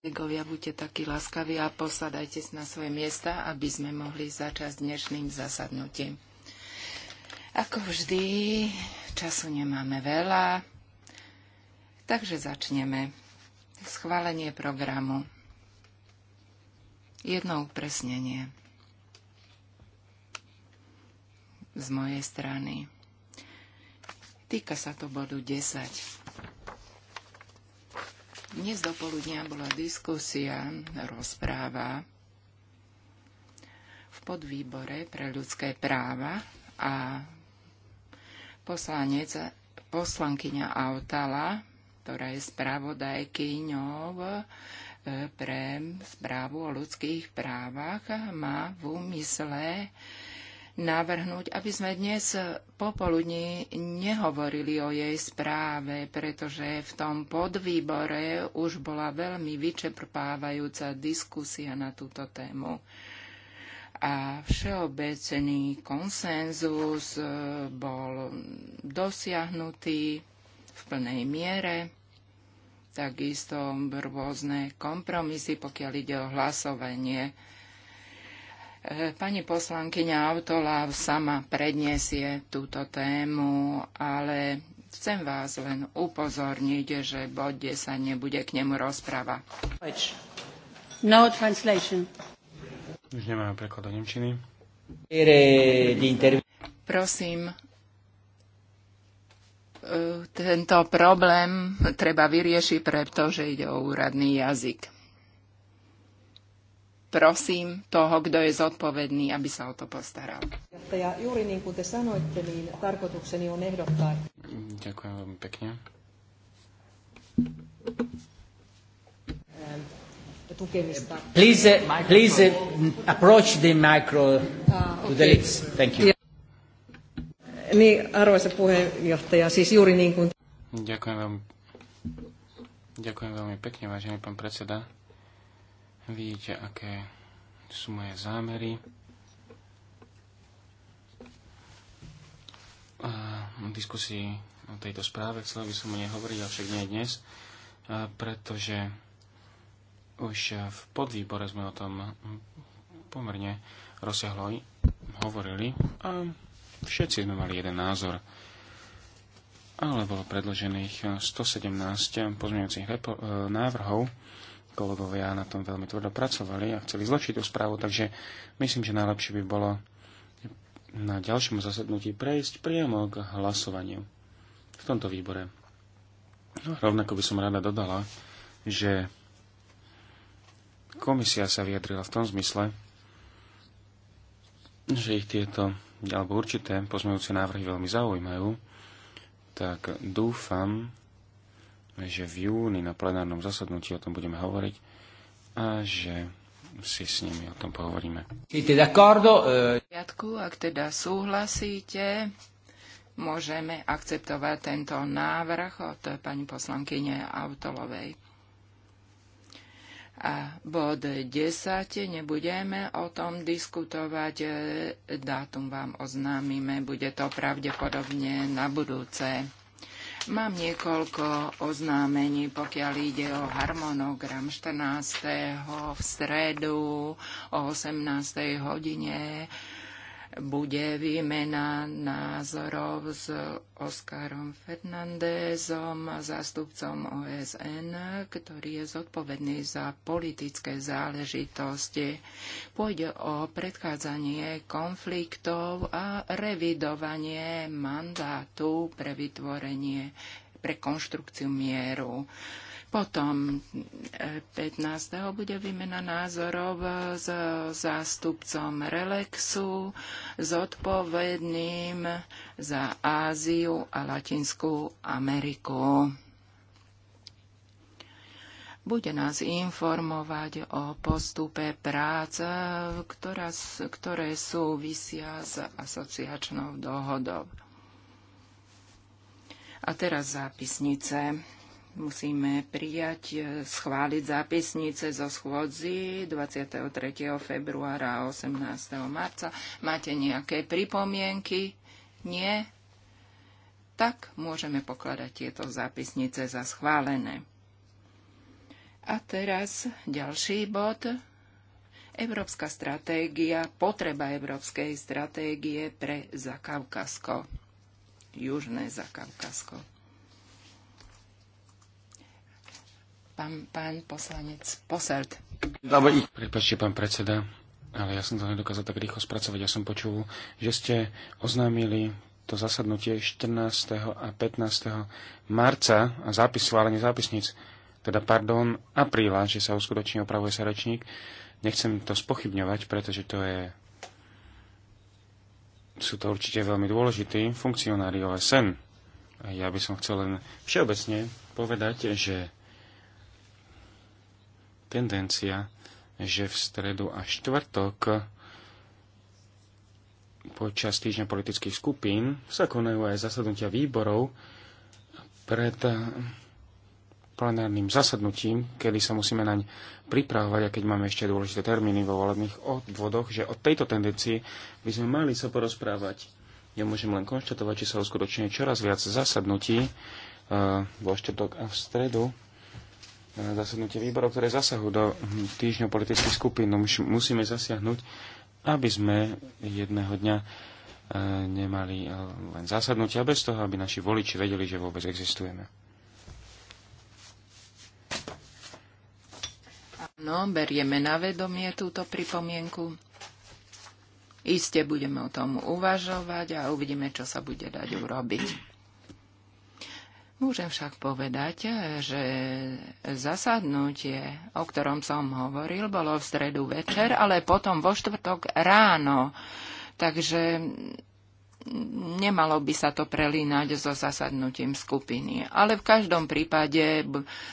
Kolegovia, buďte takí láskaví a posadajte na svoje miesta, aby sme mohli začať dnešným zasadnutím. Ako vždy, času nemáme veľa, takže začneme. Schválenie programu. Jedno upresnenie z mojej strany. Týka sa to bodu 10. Dnes do poludnia bola diskusia, rozpráva v podvýbore pre ľudské práva a poslanec, poslankyňa Autala, ktorá je spravodajkyňou e, pre správu o ľudských právach, má v úmysle navrhnúť, aby sme dnes popoludní nehovorili o jej správe, pretože v tom podvýbore už bola veľmi vyčerpávajúca diskusia na túto tému. A všeobecný konsenzus e, bol dosiahnutý v plnej miere takisto rôzne kompromisy, pokiaľ ide o hlasovanie. Pani poslankyňa Autoláv sama predniesie túto tému, ale chcem vás len upozorniť, že bod sa nebude k nemu rozpráva. No translation. Už nemáme preklad do Nemčiny. Prosím, e, tento problém treba vyriešiť, pretože ide o úradný jazyk prosím toho, kto je zodpovedný, aby sa o to postaral. Ďakujem veľmi pekne. Ehm, please, eh, please eh, approach the micro ah, to the lips. Thank you. Eh, niin, arvoisa puheenjohtaja, siis juuri niin kuin... Ďakujem veľmi, ďakujem veľmi pekne, vážený pán predseda. Vidíte, aké sú moje zámery. A v diskusii o tejto správe chcel by som o nej hovoriť, avšak nie dnes, pretože už v podvýbore sme o tom pomerne rozsiahlo hovorili a všetci sme mali jeden názor. Ale bolo predložených 117 pozmeňujúcich e, návrhov Kolegovia na tom veľmi tvrdo pracovali a chceli zlepšiť tú správu, takže myslím, že najlepšie by bolo na ďalšom zasadnutí prejsť priamo k hlasovaniu v tomto výbore. No, rovnako by som rada dodala, že komisia sa vyjadrila v tom zmysle, že ich tieto alebo určité pozmejúce návrhy veľmi zaujímajú, tak dúfam, že v júni na plenárnom zasadnutí o tom budeme hovoriť a že si s nimi o tom pohovoríme. Eh, ak teda súhlasíte, môžeme akceptovať tento návrh od pani poslankyne Autolovej. A bod 10, nebudeme o tom diskutovať, eh, dátum vám oznámime, bude to pravdepodobne na budúce. Mám niekoľko oznámení, pokiaľ ide o harmonogram 14. v stredu o 18. hodine bude výmena názorov s Oskarom Fernandézom, zástupcom OSN, ktorý je zodpovedný za politické záležitosti. Pôjde o predchádzanie konfliktov a revidovanie mandátu pre vytvorenie pre konštrukciu mieru. Potom 15. E, bude výmena názorov s zástupcom Relexu, zodpovedným za Áziu a Latinskú Ameriku. Bude nás informovať o postupe prác, ktorá, ktoré súvisia s asociačnou dohodou. A teraz zápisnice musíme prijať, e, schváliť zápisnice zo schôdzi 23. februára a 18. marca. Máte nejaké pripomienky? Nie? Tak môžeme pokladať tieto zápisnice za schválené. A teraz ďalší bod. Európska stratégia, potreba európskej stratégie pre Zakavkasko. Južné Zakavkasko. pán, pán poslanec Posert. Prepačte, pán predseda, ale ja som to nedokázal tak rýchlo spracovať. Ja som počul, že ste oznámili to zasadnutie 14. a 15. marca a zápis schválenie zápisníc, teda pardon, apríla, že sa uskutoční opravuje sa rečník. Nechcem to spochybňovať, pretože to je sú to určite veľmi dôležití funkcionári OSN. A ja by som chcel len všeobecne povedať, že tendencia, že v stredu a štvrtok počas týždňa politických skupín sa konajú aj zasadnutia výborov pred plenárnym zasadnutím, kedy sa musíme naň pripravovať, a keď máme ešte dôležité termíny vo volebných odvodoch, že od tejto tendencii by sme mali sa porozprávať. Ja môžem len konštatovať, že sa uskutočne čoraz viac zasadnutí eh, vo štvrtok a v stredu E, zasadnutie výborov, ktoré zasahujú do týždňov politických skupín. No musíme zasiahnuť, aby sme jedného dňa e, nemali e, len zasadnutia bez toho, aby naši voliči vedeli, že vôbec existujeme. Áno, berieme na vedomie túto pripomienku. Iste budeme o tom uvažovať a uvidíme, čo sa bude dať urobiť. Môžem však povedať, že zasadnutie, o ktorom som hovoril, bolo v stredu večer, ale potom vo štvrtok ráno. Takže nemalo by sa to prelínať so zasadnutím skupiny. Ale v každom prípade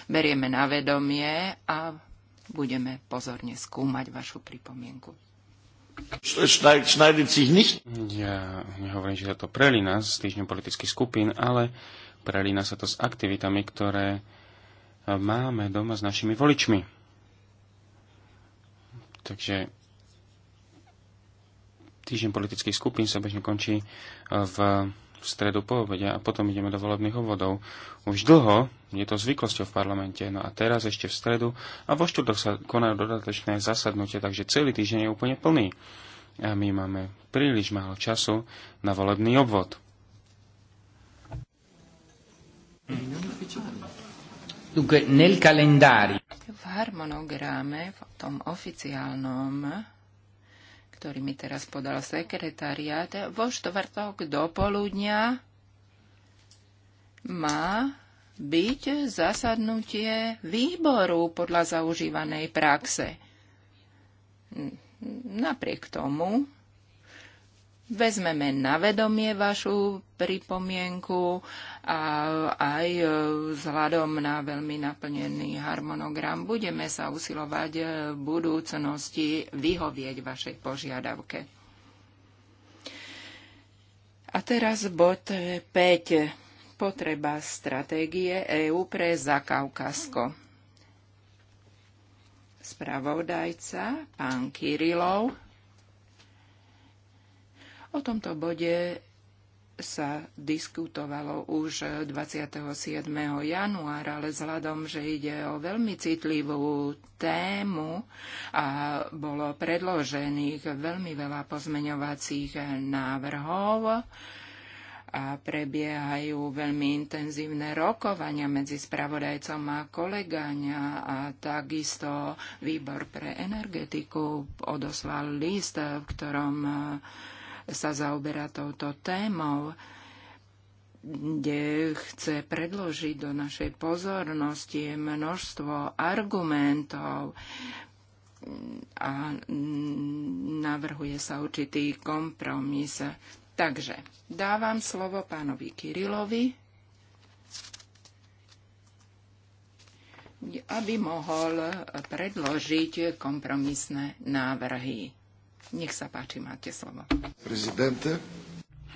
berieme na vedomie a budeme pozorne skúmať vašu pripomienku. Ja nehovorím, že sa to prelína s týždňom politických skupín, ale prelína sa to s aktivitami, ktoré máme doma s našimi voličmi. Takže týždeň politických skupín sa bežne končí e, v stredu po obede a potom ideme do volebných obvodov. Už dlho je to zvyklosťou v parlamente, no a teraz ešte v stredu a vo štvrtok sa konajú dodatočné zasadnutie, takže celý týždeň je úplne plný. A my máme príliš málo času na volebný obvod. Dunque, nel calendario. V harmonograme, v tom oficiálnom, ktorý mi teraz podal sekretariat, vo štvrtok do poludnia má byť zasadnutie výboru podľa zaužívanej praxe. Napriek tomu vezmeme na vedomie vašu pripomienku a aj e, vzhľadom na veľmi naplnený harmonogram budeme sa usilovať e, v budúcnosti vyhovieť vašej požiadavke. A teraz bod 5. Potreba stratégie EÚ pre Zakaukasko spravodajca, pán Kirilov. O tomto bode sa diskutovalo už 27. januára, ale vzhľadom, že ide o veľmi citlivú tému a bolo predložených veľmi veľa pozmeňovacích návrhov, a prebiehajú veľmi intenzívne rokovania medzi spravodajcom a kolegania a takisto výbor pre energetiku odoslal list, v ktorom sa zaoberá touto témou kde chce predložiť do našej pozornosti množstvo argumentov a navrhuje sa určitý kompromis. Takže dávam slovo pánovi Kirilovi, aby mohol predložiť kompromisné návrhy. Nech sa páči, máte slovo. Prezidente.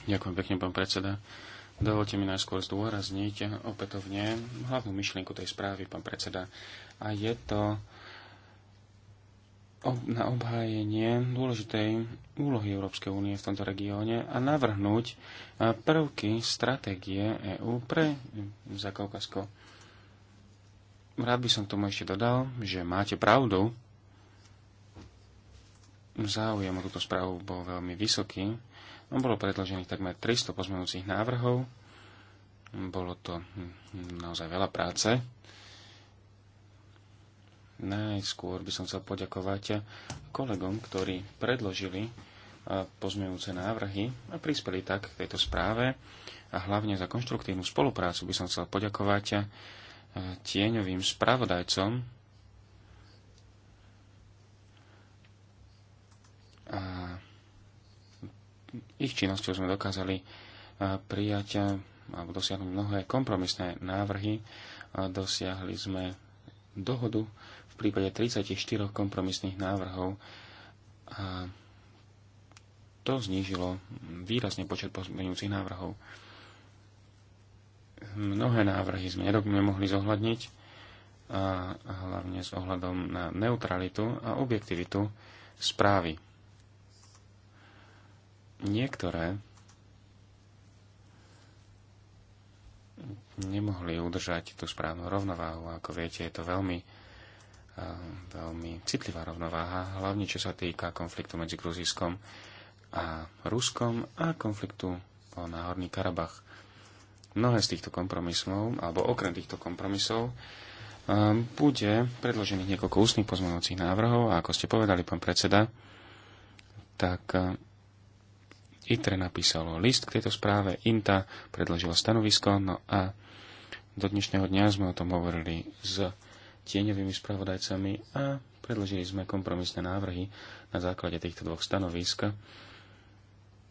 Ďakujem pekne, pán predseda. Dovolte mi najskôr zdôrazniť opätovne hlavnú myšlienku tej správy, pán predseda. A je to na obhájenie dôležitej úlohy Európskej únie v tomto regióne a navrhnúť e, prvky stratégie EÚ pre Zakaukasko. Rád by som k tomu ešte dodal, že máte pravdu, Záujem o túto správu bol veľmi vysoký. No, bolo predložených takmer 300 pozmenujúcich návrhov. Bolo to hm, naozaj veľa práce. Najskôr by som chcel poďakovať kolegom, ktorí predložili pozmenujúce návrhy a prispeli tak k tejto správe a hlavne za konštruktívnu spoluprácu by som chcel poďakovať tieňovým spravodajcom ich činnosťou sme dokázali e, prijať e, alebo dosiahnuť mnohé kompromisné návrhy. E, dosiahli sme dohodu v prípade 34 kompromisných návrhov a to znížilo výrazne počet pozmeňujúcich návrhov. Mnohé návrhy sme nemohli zohľadniť, a hlavne s ohľadom na neutralitu a objektivitu správy niektoré nemohli udržať tú správnu rovnováhu. Ako viete, je to veľmi, veľmi citlivá rovnováha, hlavne čo sa týka konfliktu medzi Gruzískom a Ruskom a konfliktu o Náhorný Karabach. Mnohé z týchto kompromisov, alebo okrem týchto kompromisov, bude predložených niekoľko ústnych pozmeňujúcich návrhov a ako ste povedali, pán predseda, tak ITRE napísalo list k tejto správe, INTA predložila stanovisko, no a do dnešného dňa sme o tom hovorili s tieňovými spravodajcami a predložili sme kompromisné návrhy na základe týchto dvoch stanovisk,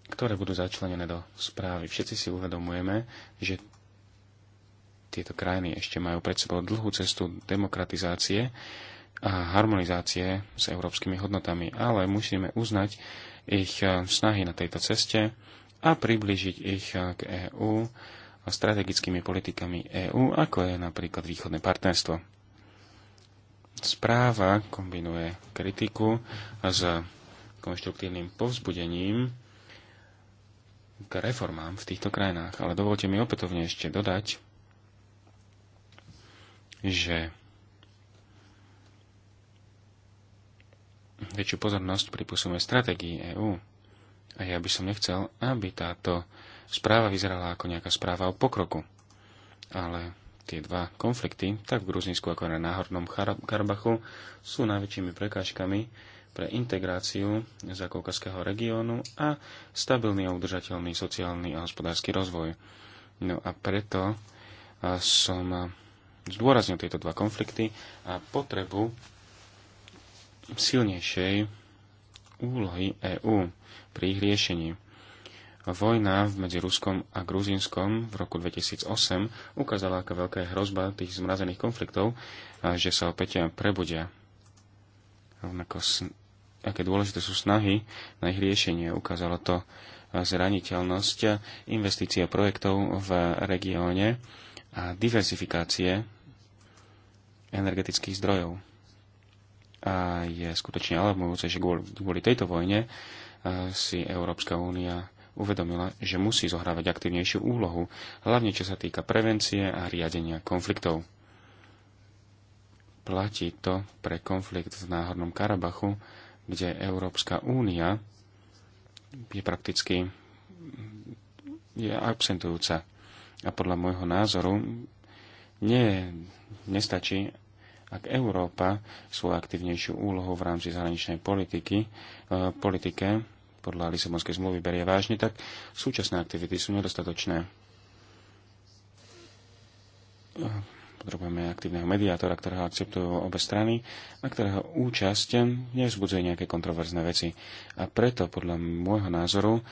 ktoré budú začlenené do správy. Všetci si uvedomujeme, že tieto krajiny ešte majú pred sebou dlhú cestu demokratizácie a harmonizácie s európskymi hodnotami, ale musíme uznať, ich eh, snahy na tejto ceste a približiť ich eh, k EÚ strategickými politikami EÚ, ako je napríklad východné partnerstvo. Správa kombinuje kritiku s konštruktívnym povzbudením k reformám v týchto krajinách. Ale dovolte mi opätovne ešte dodať, že väčšiu pozornosť pripusujeme stratégii EÚ. A ja by som nechcel, aby táto správa vyzerala ako nejaká správa o pokroku. Ale tie dva konflikty, tak v Gruzinsku ako na Náhornom Karabachu, sú najväčšími prekážkami pre integráciu zakaukaského regiónu a stabilný a udržateľný sociálny a hospodársky rozvoj. No a preto som zdôraznil tieto dva konflikty a potrebu silnejšej úlohy EÚ pri ich riešení. Vojna medzi Ruskom a Gruzínskom v roku 2008 ukázala, aká veľká je hrozba tých zmrazených konfliktov, že sa opäť prebudia. Rovnako aké dôležité sú snahy na ich riešenie. Ukázalo to zraniteľnosť investície projektov v regióne a diversifikácie energetických zdrojov. A je skutočne alarmujúce, že kvôli tejto vojne e, si Európska únia uvedomila, že musí zohrávať aktívnejšiu úlohu, hlavne čo sa týka prevencie a riadenia konfliktov. Platí to pre konflikt v Náhornom Karabachu, kde Európska únia je prakticky je absentujúca. A podľa môjho názoru nie, nestačí, ak Európa svoju aktívnejšiu úlohu v rámci zahraničnej politiky, e, politike podľa Lisabonskej zmluvy berie vážne, tak súčasné aktivity sú nedostatočné. E, potrebujeme aktívneho mediátora, ktorého akceptujú obe strany a ktorého účasť nevzbudzuje nejaké kontroverzné veci. A preto, podľa môjho názoru, e,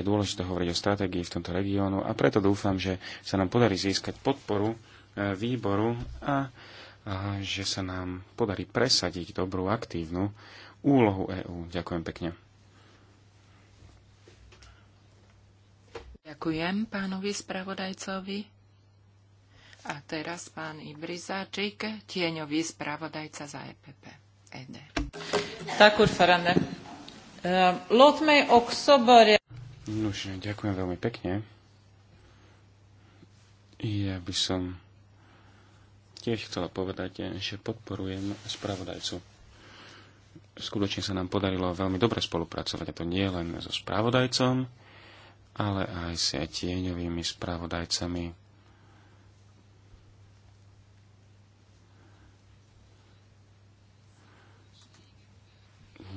je dôležité hovoriť o stratégii v tomto regiónu a preto dúfam, že sa nám podarí získať podporu výboru a že sa nám podarí presadiť dobrú aktívnu úlohu EÚ. Ďakujem pekne. Ďakujem pánovi spravodajcovi. A teraz pán Ibrizáčik, tieňový spravodajca za EPP. ED. Tak, urfarande. Ehm, Låt mig också Nož, ďakujem veľmi pekne. Ja by som tiež chcela povedať, že podporujem spravodajcu. Skutočne sa nám podarilo veľmi dobre spolupracovať, a to nie len so spravodajcom, ale aj s tieňovými spravodajcami.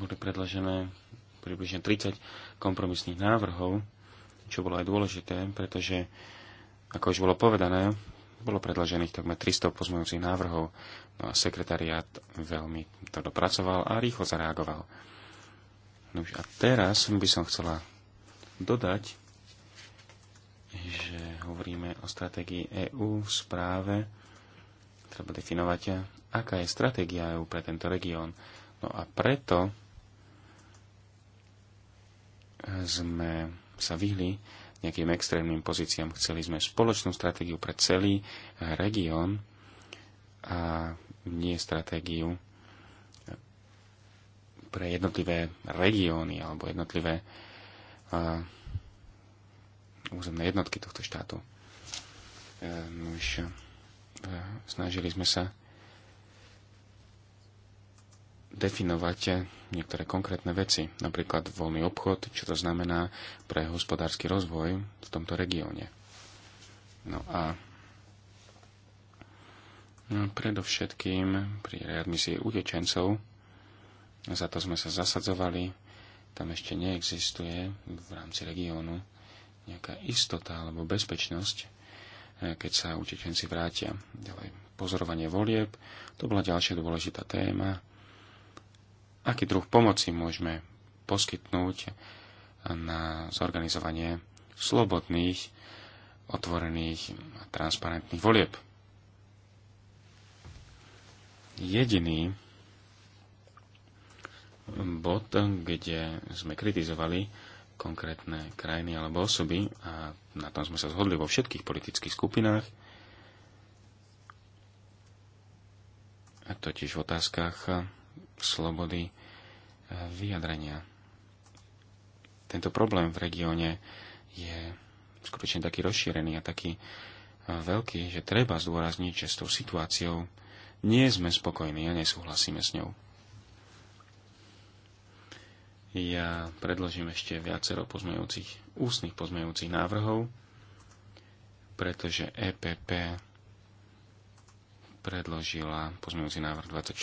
Bude predložené približne 30 kompromisných návrhov, čo bolo aj dôležité, pretože, ako už bolo povedané, bolo predložených takmer 300 pozmeňujúcich návrhov, no a sekretariát veľmi to dopracoval a rýchlo zareagoval. No a teraz by som chcela dodať, že hovoríme o stratégii EÚ v správe, treba definovať, aká je stratégia EÚ pre tento región. No a preto sme sa vyhli nejakým extrémnym pozíciám. Chceli sme spoločnú stratégiu pre celý eh, región a nie stratégiu eh, pre jednotlivé regióny alebo jednotlivé eh, územné jednotky tohto štátu. snažili sme sa definovať niektoré konkrétne veci, napríklad voľný obchod, čo to znamená pre hospodársky rozvoj v tomto regióne. No a no predovšetkým pri readmisii utečencov, za to sme sa zasadzovali, tam ešte neexistuje v rámci regiónu nejaká istota alebo bezpečnosť, e, keď sa utečenci vrátia. Ďalej, pozorovanie volieb, to bola ďalšia dôležitá téma, aký druh pomoci môžeme poskytnúť na zorganizovanie slobodných, otvorených a transparentných volieb. Jediný bod, kde sme kritizovali konkrétne krajiny alebo osoby, a na tom sme sa zhodli vo všetkých politických skupinách, a totiž v otázkach slobody e, vyjadrenia. Tento problém v regióne je skutočne taký rozšírený a taký e, veľký, že treba zdôrazniť, že s tou situáciou nie sme spokojní a nesúhlasíme s ňou. Ja predložím ešte viacero pozmejúcich, ústnych pozmejúcich návrhov, pretože EPP predložila pozmejúci návrh 24,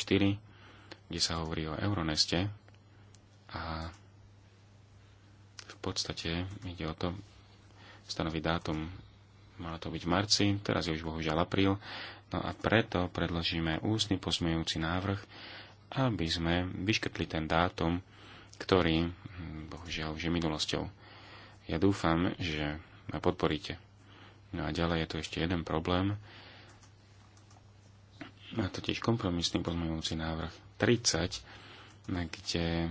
kde sa hovorí o Euroneste a v podstate ide o to stanoviť dátum. Malo to byť v marci, teraz je už bohužiaľ apríl, no a preto predložíme ústny posmejúci návrh, aby sme vyškrtli ten dátum, ktorý hm, bohužiaľ už je minulosťou. Ja dúfam, že ma podporíte. No a ďalej je tu ešte jeden problém, a totiž kompromisný pozmeňujúci návrh 30, kde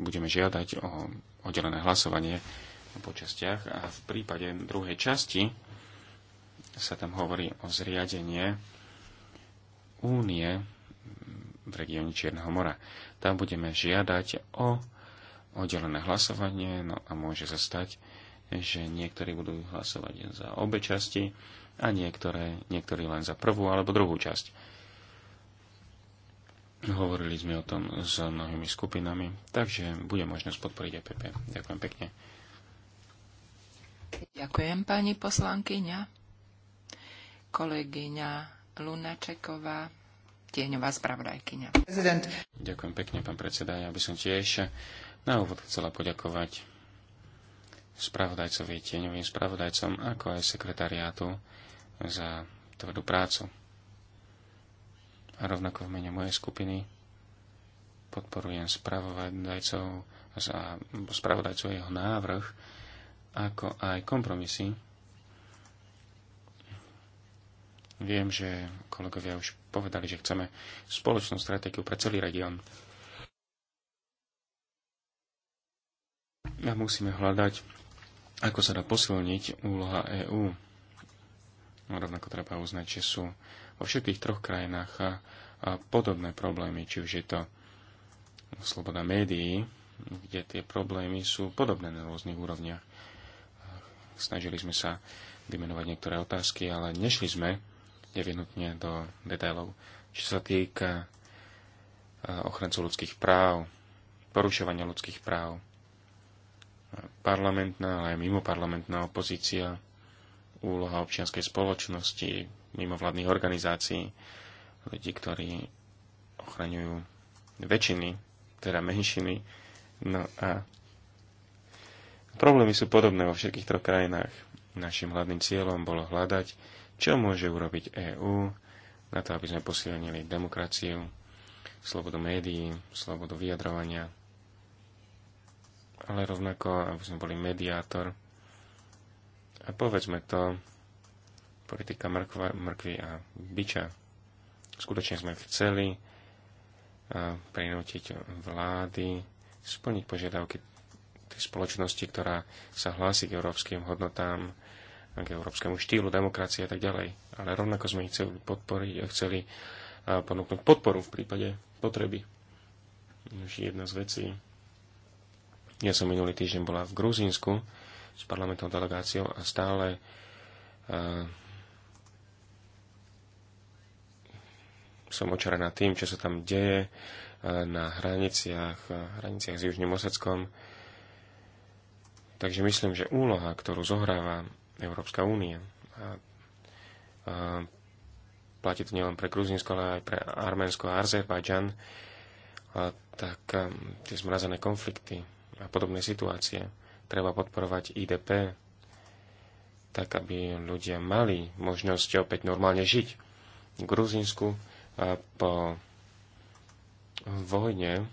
budeme žiadať o oddelené hlasovanie po častiach a v prípade druhej časti sa tam hovorí o zriadenie únie v regióne Čierneho mora. Tam budeme žiadať o oddelené hlasovanie, no a môže sa stať, že niektorí budú hlasovať za obe časti a niektoré, niektorí len za prvú alebo druhú časť. Hovorili sme o tom s mnohými skupinami, takže bude možnosť podporiť EPP. Ďakujem pekne. Ďakujem, pani poslankyňa. Kolegyňa Lunačeková, tieňová spravodajkyňa. Prezident. Ďakujem pekne, pán predseda. Ja by som tiež na úvod chcela poďakovať spravodajcovi, tieňovým spravodajcom, ako aj sekretariátu za tvrdú prácu a rovnako v mene mojej skupiny podporujem spravodajcov za spravodajcov jeho návrh, ako aj kompromisy. Viem, že kolegovia už povedali, že chceme spoločnú stratégiu pre celý región. A musíme hľadať, ako sa dá posilniť úloha EÚ. rovnako treba uznať, že sú vo všetkých troch krajinách podobné problémy, či už je to sloboda médií, kde tie problémy sú podobné na rôznych úrovniach. Snažili sme sa vymenovať niektoré otázky, ale nešli sme nevyhnutne do detailov. Čo sa týka ochrancov ľudských práv, porušovania ľudských práv, parlamentná, ale aj mimoparlamentná opozícia, úloha občianskej spoločnosti, mimovládnych organizácií, ľudí, ktorí ochraňujú väčšiny, teda menšiny. No a problémy sú podobné vo všetkých troch krajinách. Našim hlavným cieľom bolo hľadať, čo môže urobiť EÚ na to, aby sme posilnili demokraciu, slobodu médií, slobodu vyjadrovania, ale rovnako, aby sme boli mediátor. A povedzme to politika mrkva, mrkvy a byča. Skutočne sme chceli eh, prinútiť vlády splniť požiadavky tej spoločnosti, ktorá sa hlási k európskym hodnotám, k európskemu štýlu demokracie a tak ďalej. Ale rovnako sme ich chceli podporiť a eh, chceli eh, ponúknuť podporu v prípade potreby. Už jedna z vecí. Ja som minulý týždeň bola v Gruzínsku s parlamentnou delegáciou a stále som očarená tým, čo sa tam deje e, na hraniciach, e, hraniciach s Južným Oseckom. Takže myslím, že úloha, ktorú zohráva Európska únia, a, a platí to nielen pre Gruzinsko, ale aj pre Arménsko a Azerbajdžan, tak e, tie zmrazené konflikty a podobné situácie treba podporovať IDP, tak aby ľudia mali možnosť opäť normálne žiť. V Gruzinsku po vojne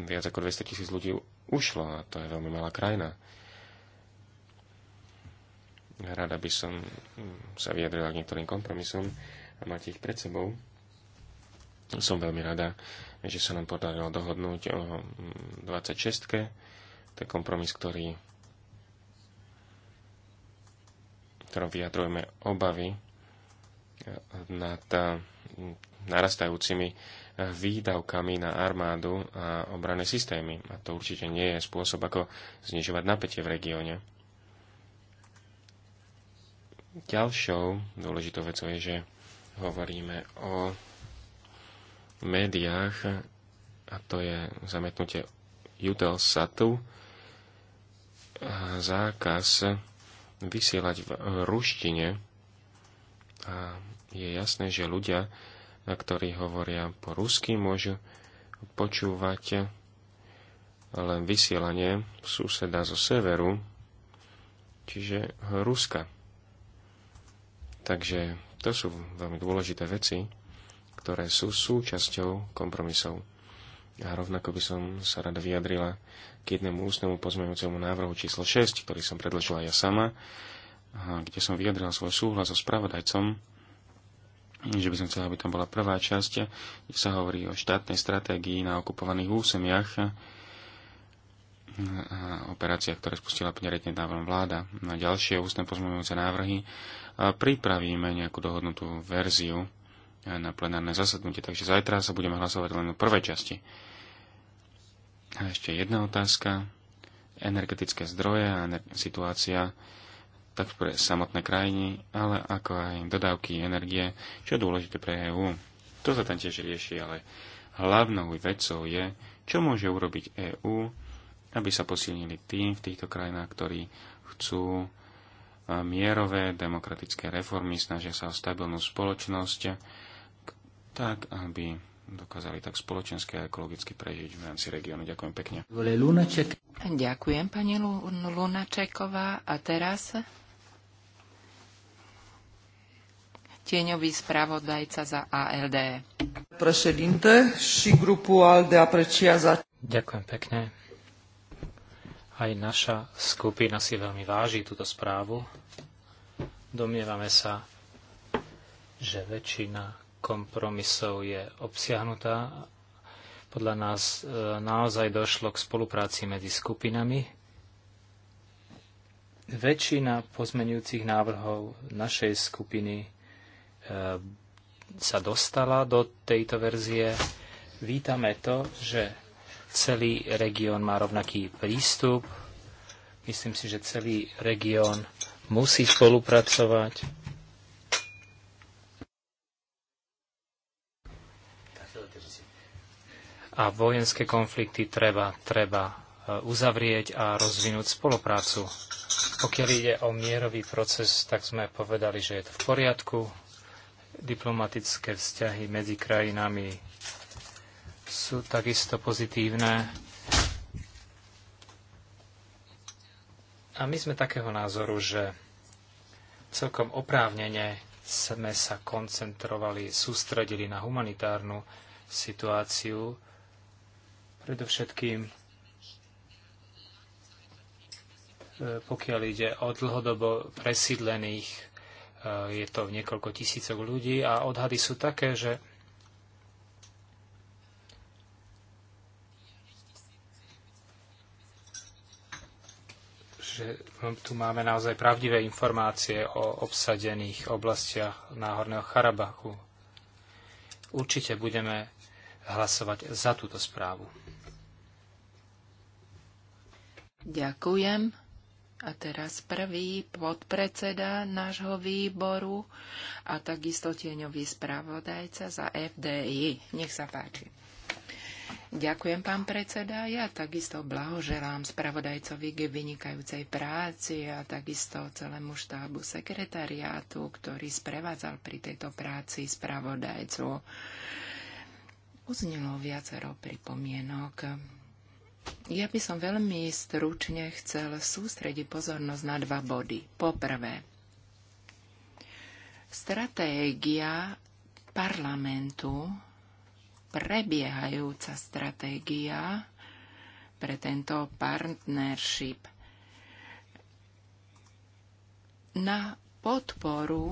viac ako 200 tisíc ľudí ušlo a to je veľmi malá krajina. Rada by som sa vyjadrila k niektorým kompromisom a máte ich pred sebou. Som veľmi rada, že sa nám podarilo dohodnúť o 26. To je kompromis, ktorý ktorom vyjadrujeme obavy nad eh, narastajúcimi eh, výdavkami na armádu a obranné systémy. A to určite nie je spôsob, ako znižovať napätie v regióne. Ďalšou dôležitou vecou je, že hovoríme o médiách a to je zametnutie satu a zákaz vysielať v ruštine a je jasné, že ľudia, ktorí hovoria po rusky, môžu počúvať len vysielanie suseda zo severu, čiže Ruska. Takže to sú veľmi dôležité veci, ktoré sú súčasťou kompromisov. A rovnako by som sa rada vyjadrila k jednému ústnemu pozmeňujúcemu návrhu číslo 6, ktorý som predložila ja sama, a kde som vyjadrila svoj súhlas so spravodajcom že by som chcel, aby tam bola prvá časť, kde sa hovorí o štátnej stratégii na okupovaných úsemiach a operáciách, ktoré spustila priorietne dávom vláda. Na ďalšie ústne pozmeňujúce návrhy pripravíme nejakú dohodnutú verziu na plenárne zasadnutie, takže zajtra sa budeme hlasovať len o prvej časti. A ešte jedna otázka. Energetické zdroje a situácia tak pre samotné krajiny, ale ako aj dodávky energie, čo je dôležité pre EÚ. To sa tam tiež rieši, ale hlavnou vecou je, čo môže urobiť EÚ, aby sa posilnili tým v týchto krajinách, ktorí chcú e, mierové demokratické reformy, snažia sa o stabilnú spoločnosť, tak aby dokázali tak spoločenské a ekologicky prežiť v rámci regiónu. Ďakujem pekne. Ďakujem, pani Lunačeková. A teraz tieňový spravodajca za ALD. Președinte și grupul ALDE apreciază. Ďakujem pekne. Aj naša skupina si veľmi váži túto správu. Domnievame sa, že väčšina kompromisov je obsiahnutá. Podľa nás e, naozaj došlo k spolupráci medzi skupinami. Väčšina pozmenujúcich návrhov našej skupiny Eh, sa dostala do tejto verzie. Vítame to, že celý región má rovnaký prístup. Myslím si, že celý región musí spolupracovať. A vojenské konflikty treba, treba eh, uzavrieť a rozvinúť spoluprácu. Pokiaľ ide o mierový proces, tak sme povedali, že je to v poriadku, diplomatické vzťahy medzi krajinami sú takisto pozitívne. A my sme takého názoru, že celkom oprávnene sme sa koncentrovali, sústredili na humanitárnu situáciu, predovšetkým e, pokiaľ ide o dlhodobo presídlených Eh, je to niekoľko tisícok ľudí a odhady sú také, že že tu máme naozaj pravdivé informácie o obsadených oblastiach Náhorného Karabachu. Určite budeme hlasovať za túto správu. Ďakujem. A teraz prvý podpredseda nášho výboru a takisto tieňový spravodajca za FDI. Nech sa páči. Ďakujem, pán predseda. Ja takisto blahoželám spravodajcovi k vynikajúcej práci a takisto celému štábu sekretariátu, ktorý sprevádzal pri tejto práci spravodajcu. Uznelo viacero pripomienok ja by som veľmi stručne chcel sústrediť pozornosť na dva body. Poprvé, stratégia parlamentu, prebiehajúca stratégia pre tento partnership na podporu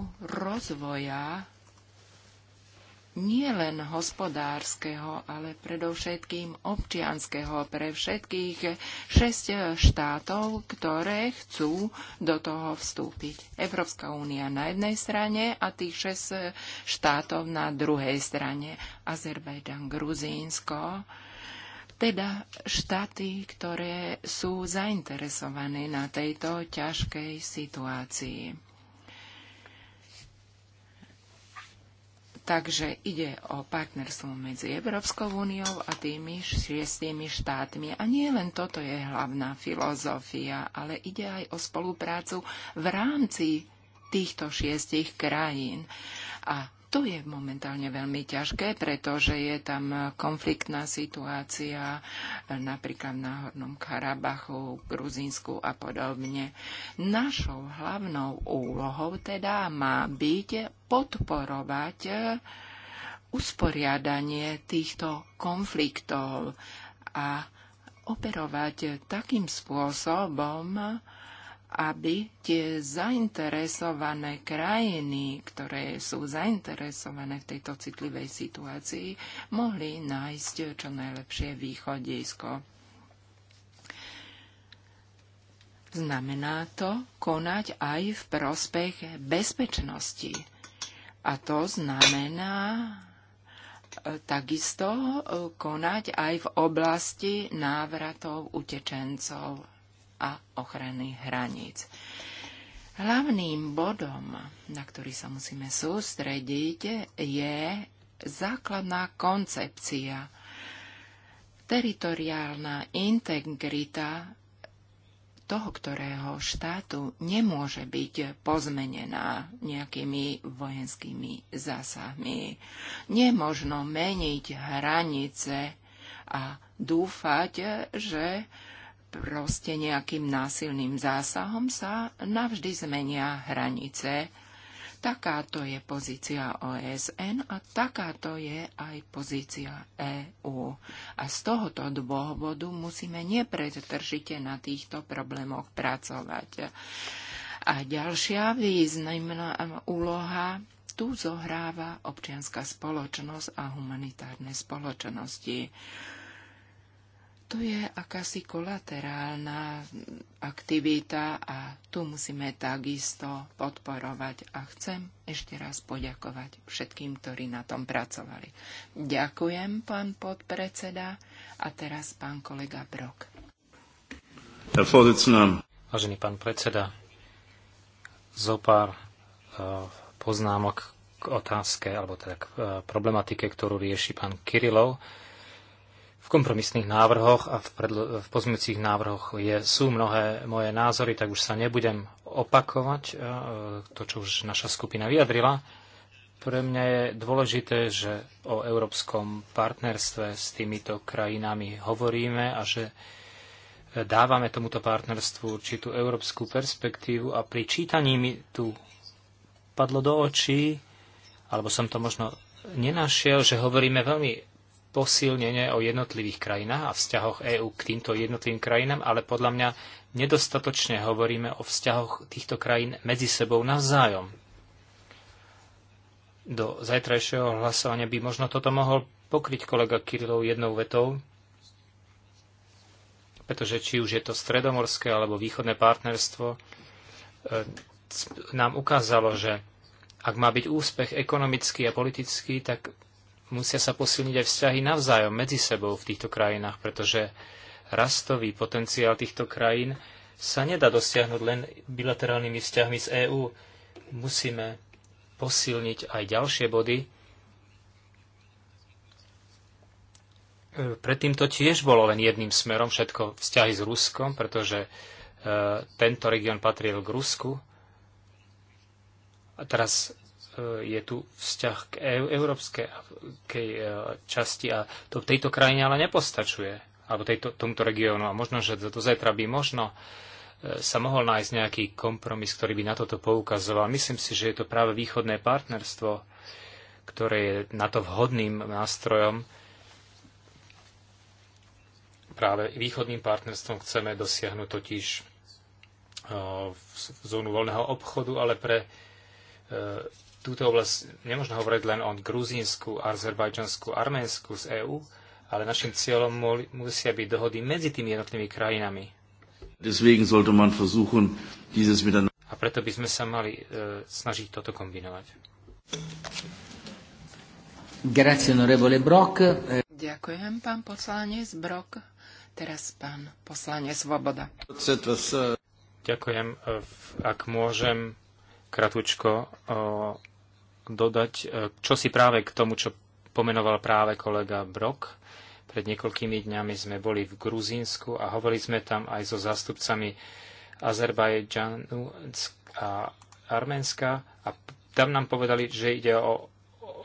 rozvoja nie len hospodárskeho, ale predovšetkým občianského pre všetkých šesť štátov, ktoré chcú do toho vstúpiť. Európska únia na jednej strane a tých šesť štátov na druhej strane. Azerbajdžan, Gruzínsko, teda štáty, ktoré sú zainteresované na tejto ťažkej situácii. Takže ide o partnerstvo medzi Európskou úniou a tými šiestimi štátmi. A nie len toto je hlavná filozofia, ale ide aj o spoluprácu v rámci týchto šiestich krajín. A to je momentálne veľmi ťažké, pretože je tam konfliktná situácia napríklad na Hornom Karabachu, Gruzínsku a podobne. Našou hlavnou úlohou teda má byť podporovať usporiadanie týchto konfliktov a operovať takým spôsobom, aby tie zainteresované krajiny, ktoré sú zainteresované v tejto citlivej situácii, mohli nájsť čo najlepšie východisko. Znamená to konať aj v prospech bezpečnosti. A to znamená e, takisto e, konať aj v oblasti návratov utečencov a ochrany hraníc. Hlavným bodom, na ktorý sa musíme sústrediť, je základná koncepcia, teritoriálna integrita toho, ktorého štátu nemôže byť pozmenená nejakými vojenskými zásahmi. Nemožno meniť hranice a dúfať, že proste nejakým násilným zásahom sa navždy zmenia hranice. Takáto je pozícia OSN a takáto je aj pozícia EÚ. A z tohoto dôvodu musíme nepretržite na týchto problémoch pracovať. A ďalšia významná úloha tu zohráva občianská spoločnosť a humanitárne spoločnosti. To je akási kolaterálna aktivita a tu musíme takisto podporovať. A chcem ešte raz poďakovať všetkým, ktorí na tom pracovali. Ďakujem, pán podpredseda. A teraz pán kolega Brok. Vážený pán predseda, zo pár e, poznámok k otázke, alebo teda k e, problematike, ktorú rieši pán Kirilov v kompromisných návrhoch a v, predlo- v návrhoch je, sú mnohé moje názory, tak už sa nebudem opakovať e, to, čo už naša skupina vyjadrila. Pre mňa je dôležité, že o európskom partnerstve s týmito krajinami hovoríme a že dávame tomuto partnerstvu určitú európsku perspektívu a pri čítaní mi tu padlo do očí, alebo som to možno nenašiel, že hovoríme veľmi posilnenie o jednotlivých krajinách a vzťahoch EÚ k týmto jednotlivým krajinám, ale podľa mňa nedostatočne hovoríme o vzťahoch týchto krajín medzi sebou navzájom. Do zajtrajšieho hlasovania by možno toto mohol pokryť kolega Kirilov jednou vetou, pretože či už je to stredomorské alebo východné partnerstvo, e, nám ukázalo, že ak má byť úspech ekonomický a politický, tak musia sa posilniť aj vzťahy navzájom medzi sebou v týchto krajinách, pretože rastový potenciál týchto krajín sa nedá dosiahnuť len bilaterálnymi vzťahmi z EÚ. Musíme posilniť aj ďalšie body. E, predtým to tiež bolo len jedným smerom, všetko vzťahy s Ruskom, pretože e, tento región patril k Rusku. A teraz E, je tu vzťah k európskej e, časti a to v tejto krajine ale nepostačuje, alebo tejto, tomto regiónu. A možno, že do zajtra by možno e, sa mohol nájsť nejaký kompromis, ktorý by na toto poukazoval. Myslím si, že je to práve východné partnerstvo, ktoré je na to vhodným nástrojom. Práve východným partnerstvom chceme dosiahnuť totiž zónu voľného obchodu, ale pre túto oblasť nemôžno hovoriť len o gruzínsku, azerbajdžansku, arménsku z EÚ, ale našim cieľom musia byť dohody medzi tými jednotnými krajinami. A preto by sme sa mali e, snažiť toto kombinovať. Ďakujem, pán poslanec Brok. Teraz pán poslanec Svoboda. Ďakujem, e, ak môžem kratučko dodať e, čo si práve k tomu, čo pomenoval práve kolega Brok. Pred niekoľkými dňami sme boli v Gruzínsku a hovorili sme tam aj so zástupcami Azerbajdžanu a Arménska a tam nám povedali, že ide o,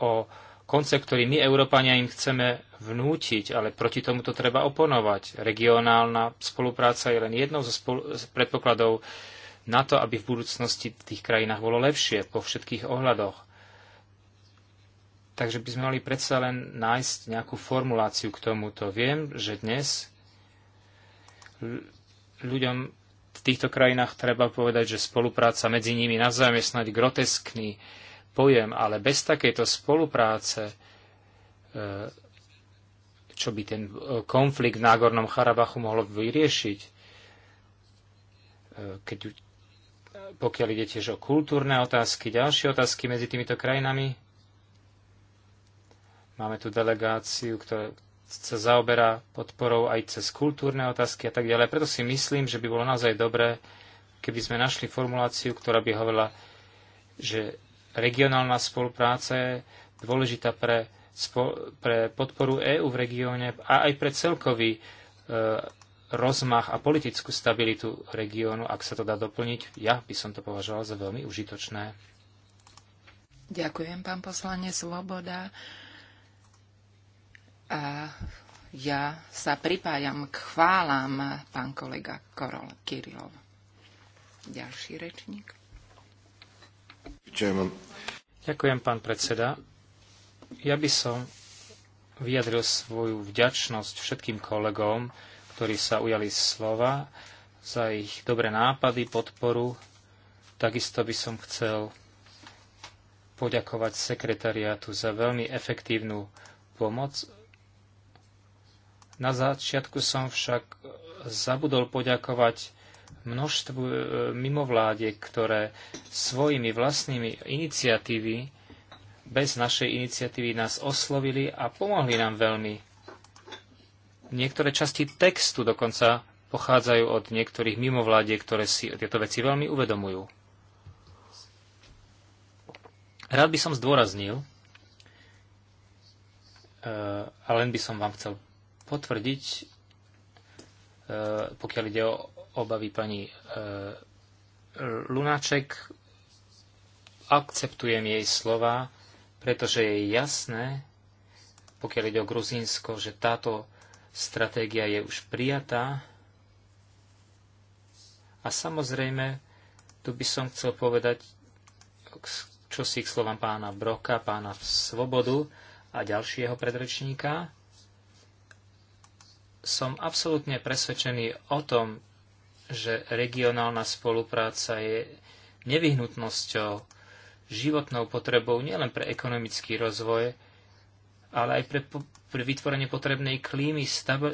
o koncept, ktorý my, Európania, im chceme vnútiť, ale proti tomu to treba oponovať. Regionálna spolupráca je len jednou zo spolu- z predpokladov na to, aby v budúcnosti v tých krajinách bolo lepšie po všetkých ohľadoch. Takže by sme mali predsa len nájsť nejakú formuláciu k tomuto. Viem, že dnes ľuďom v týchto krajinách treba povedať, že spolupráca medzi nimi navzájom je snáď groteskný pojem, ale bez takejto spolupráce, e, čo by ten e, konflikt v Nágornom Charabachu mohlo vyriešiť, e, keď, pokiaľ ide tiež o kultúrne otázky, ďalšie otázky medzi týmito krajinami, Máme tu delegáciu, ktorá sa zaoberá podporou aj cez kultúrne otázky a tak ďalej. Preto si myslím, že by bolo naozaj dobré, keby sme našli formuláciu, ktorá by hovorila, že regionálna spolupráca je dôležitá pre, pre podporu EÚ v regióne a aj pre celkový e, rozmach a politickú stabilitu regiónu, ak sa to dá doplniť. Ja by som to považoval za veľmi užitočné. Ďakujem, pán poslanec Sloboda. A ja sa pripájam k chválam pán kolega Korol Kirilov. Ďalší rečník. Ďakujem. Ďakujem, pán predseda. Ja by som vyjadril svoju vďačnosť všetkým kolegom, ktorí sa ujali slova za ich dobré nápady, podporu. Takisto by som chcel poďakovať sekretariátu za veľmi efektívnu pomoc na začiatku som však zabudol poďakovať množstvu e, mimovládie, ktoré svojimi vlastnými iniciatívy, bez našej iniciatívy nás oslovili a pomohli nám veľmi. Niektoré časti textu dokonca pochádzajú od niektorých mimovládiek, ktoré si tieto veci veľmi uvedomujú. Rád by som zdôraznil, e, a len by som vám chcel potvrdiť, e, pokiaľ ide o obavy pani e, Lunáček, akceptujem jej slova, pretože je jasné, pokiaľ ide o Gruzínsko, že táto stratégia je už prijatá. A samozrejme, tu by som chcel povedať, čo si k slovám pána Broka, pána Svobodu a ďalšieho predrečníka som absolútne presvedčený o tom, že regionálna spolupráca je nevyhnutnosťou, životnou potrebou nielen pre ekonomický rozvoj, ale aj pre, pre vytvorenie potrebnej klímy,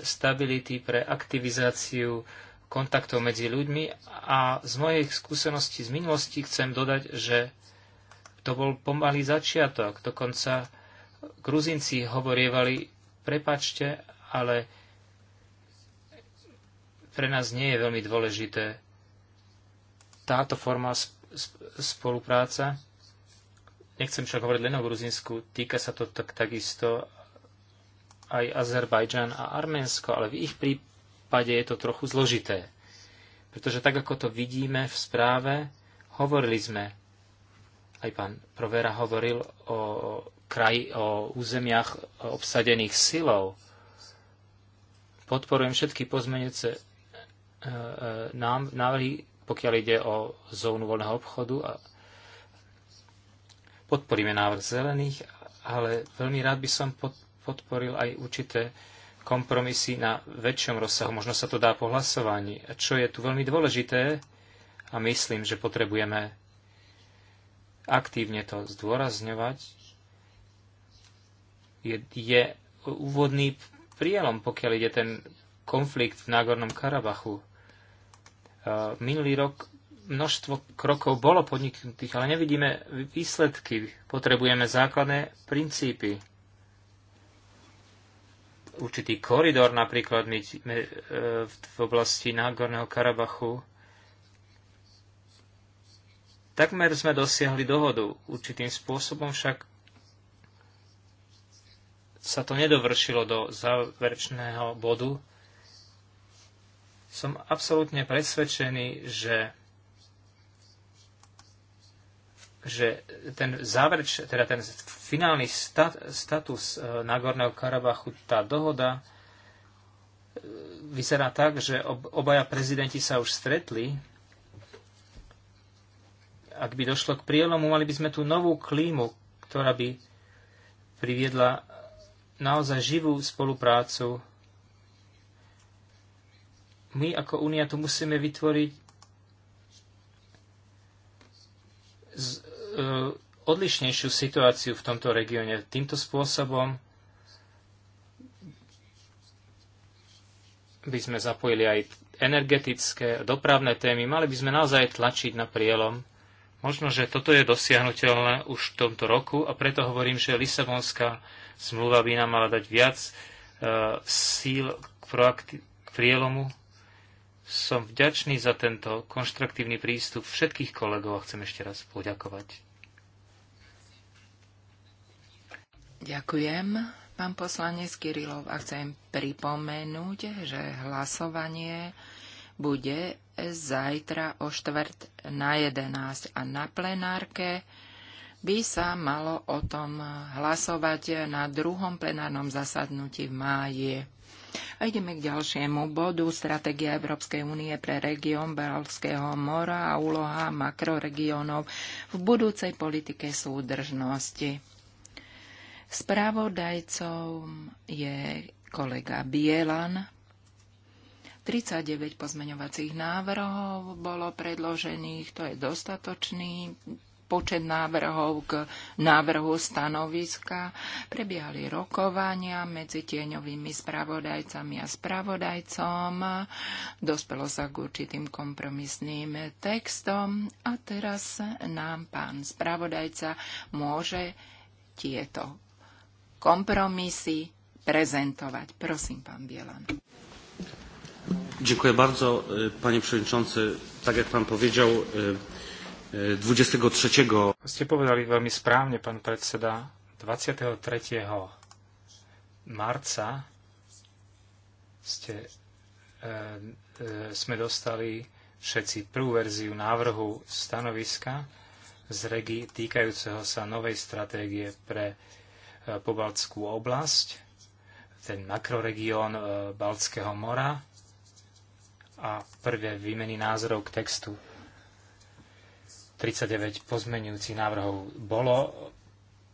stability, pre aktivizáciu kontaktov medzi ľuďmi. A z mojej skúsenosti z minulosti chcem dodať, že to bol pomalý začiatok. Dokonca Gruzinci hovorievali, prepačte, ale pre nás nie je veľmi dôležité táto forma spolupráca. Nechcem však hovoriť len o Gruzinsku, týka sa to tak, takisto aj Azerbajdžan a Arménsko, ale v ich prípade je to trochu zložité. Pretože tak, ako to vidíme v správe, hovorili sme, aj pán Provera hovoril o, kraji, o územiach obsadených silou. Podporujem všetky pozmenujúce E, nám návrhy, pokiaľ ide o zónu voľného obchodu. A podporíme návrh zelených, ale veľmi rád by som podporil aj určité kompromisy na väčšom rozsahu. Možno sa to dá po hlasovaní. Čo je tu veľmi dôležité a myslím, že potrebujeme aktívne to zdôrazňovať, je, je úvodný prielom, pokiaľ ide ten konflikt v Nágornom Karabachu. Eh, minulý rok množstvo krokov bolo podniknutých, ale nevidíme výsledky. Potrebujeme základné princípy. Určitý koridor napríklad eh, v oblasti Nágorného Karabachu. Takmer sme dosiahli dohodu. Určitým spôsobom však sa to nedovršilo do záverečného bodu som absolútne presvedčený, že že ten záverč, teda ten finálny stat, status e, Nagorného Karabachu, tá dohoda e, vyzerá tak, že ob, obaja prezidenti sa už stretli. Ak by došlo k prielomu, mali by sme tú novú klímu, ktorá by priviedla naozaj živú spoluprácu my ako Únia tu musíme vytvoriť z, e, odlišnejšiu situáciu v tomto regióne. Týmto spôsobom by sme zapojili aj energetické, dopravné témy. Mali by sme naozaj tlačiť na prielom. Možno, že toto je dosiahnutelné už v tomto roku a preto hovorím, že Lisabonská zmluva by nám mala dať viac e, síl k, proakti- k prielomu som vďačný za tento konštruktívny prístup všetkých kolegov a chcem ešte raz poďakovať. Ďakujem, pán poslanec Kirilov, a chcem pripomenúť, že hlasovanie bude zajtra o štvrt na 11 a na plenárke by sa malo o tom hlasovať na druhom plenárnom zasadnutí v máji. A ideme k ďalšiemu bodu. Stratégia Európskej únie pre región Beralského mora a úloha makroregiónov v budúcej politike súdržnosti. Spravodajcom je kolega Bielan. 39 pozmeňovacích návrhov bolo predložených, to je dostatočný počet návrhov k návrhu stanoviska. Prebiehali rokovania medzi tieňovými spravodajcami a spravodajcom. Dospelo sa k určitým kompromisným textom a teraz nám pán spravodajca môže tieto kompromisy prezentować. Prosím, pán Bielan. Dziękuję bardzo, panie przewodniczący. Tak jak pan powiedział, 23. Ste povedali veľmi správne, pán predseda, 23. marca ste, e, e, sme dostali všetci prvú verziu návrhu stanoviska z regi týkajúceho sa novej stratégie pre e, pobaltskú oblasť, ten makroregión e, Baltského mora a prvé výmeny názorov k textu 39 pozmenujúcich návrhov bolo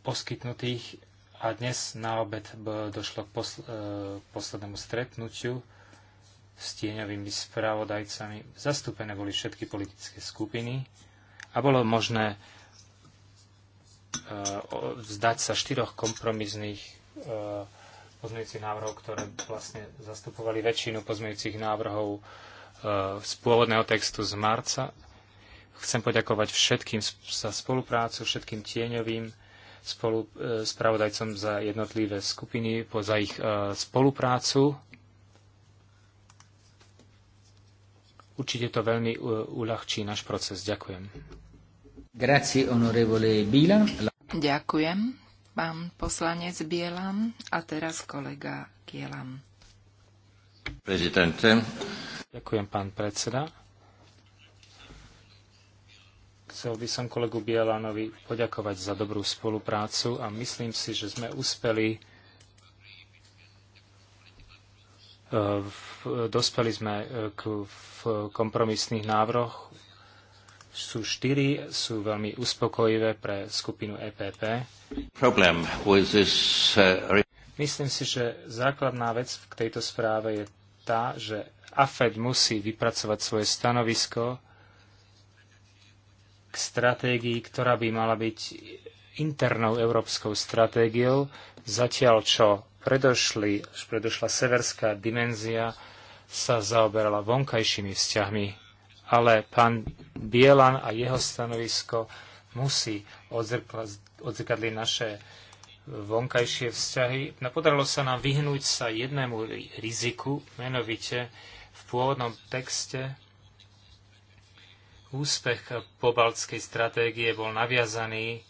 poskytnutých a dnes na obed došlo k posl- e, poslednému stretnutiu s tieňovými spravodajcami. Zastúpené boli všetky politické skupiny a bolo možné e, vzdať sa štyroch kompromisných e, pozmeňujúcich návrhov, ktoré vlastne zastupovali väčšinu pozmeňujúcich návrhov z pôvodného textu z marca Chcem poďakovať všetkým za spoluprácu, všetkým tieňovým spolu, e, spravodajcom za jednotlivé skupiny, za ich e, spoluprácu. Určite to veľmi e, uľahčí náš proces. Ďakujem. Grazie, onorevole Bila. Ďakujem, pán poslanec Bielam a teraz kolega Kielam. Prezidente. Ďakujem, pán predseda. Chcel by som kolegu Bielanovi poďakovať za dobrú spoluprácu a myslím si, že sme uspeli e, dospeli sme e, k v kompromisných návrhoch. Sú štyri, sú veľmi uspokojivé pre skupinu EPP. Uh, myslím si, že základná vec k tejto správe je tá, že AFED musí vypracovať svoje stanovisko stratégii, ktorá by mala byť internou európskou stratégiou, zatiaľ čo predošli, predošla severská dimenzia sa zaoberala vonkajšími vzťahmi. Ale pán Bielan a jeho stanovisko musí odzrkadliť naše vonkajšie vzťahy. No, podarilo sa nám vyhnúť sa jednému riziku, menovite v pôvodnom texte Úspech pobaltskej stratégie bol naviazaný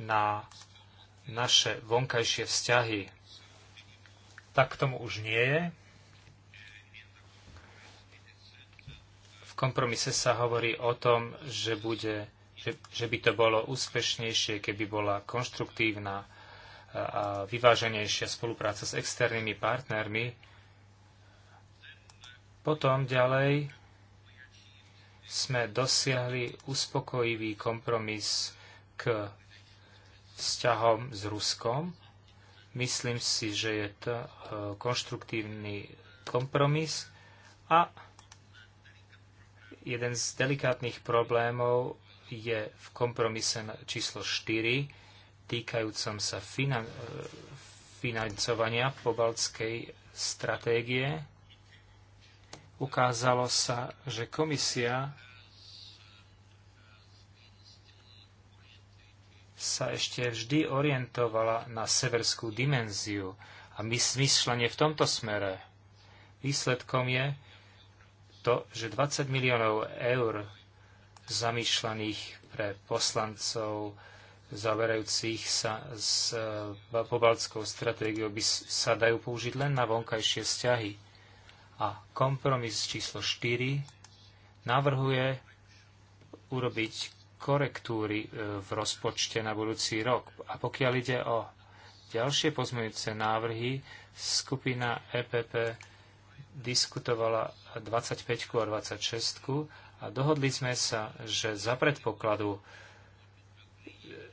na naše vonkajšie vzťahy. Tak tomu už nie je. V kompromise sa hovorí o tom, že, bude, že, že by to bolo úspešnejšie, keby bola konštruktívna a vyváženejšia spolupráca s externými partnermi. Potom ďalej sme dosiahli uspokojivý kompromis k vzťahom s Ruskom. Myslím si, že je to e, konštruktívny kompromis a jeden z delikátnych problémov je v kompromise číslo 4 týkajúcom sa e, financovania pobaltskej stratégie ukázalo sa, že komisia sa ešte vždy orientovala na severskú dimenziu a myslenie v tomto smere. Výsledkom je to, že 20 miliónov eur zamýšľaných pre poslancov zaverajúcich sa s e, pobaltskou stratégiou by sa dajú použiť len na vonkajšie vzťahy. A kompromis číslo 4 navrhuje urobiť korektúry e, v rozpočte na budúci rok. A pokiaľ ide o ďalšie pozmeňujúce návrhy, skupina EPP diskutovala 25 a 26 a dohodli sme sa, že za predpokladu,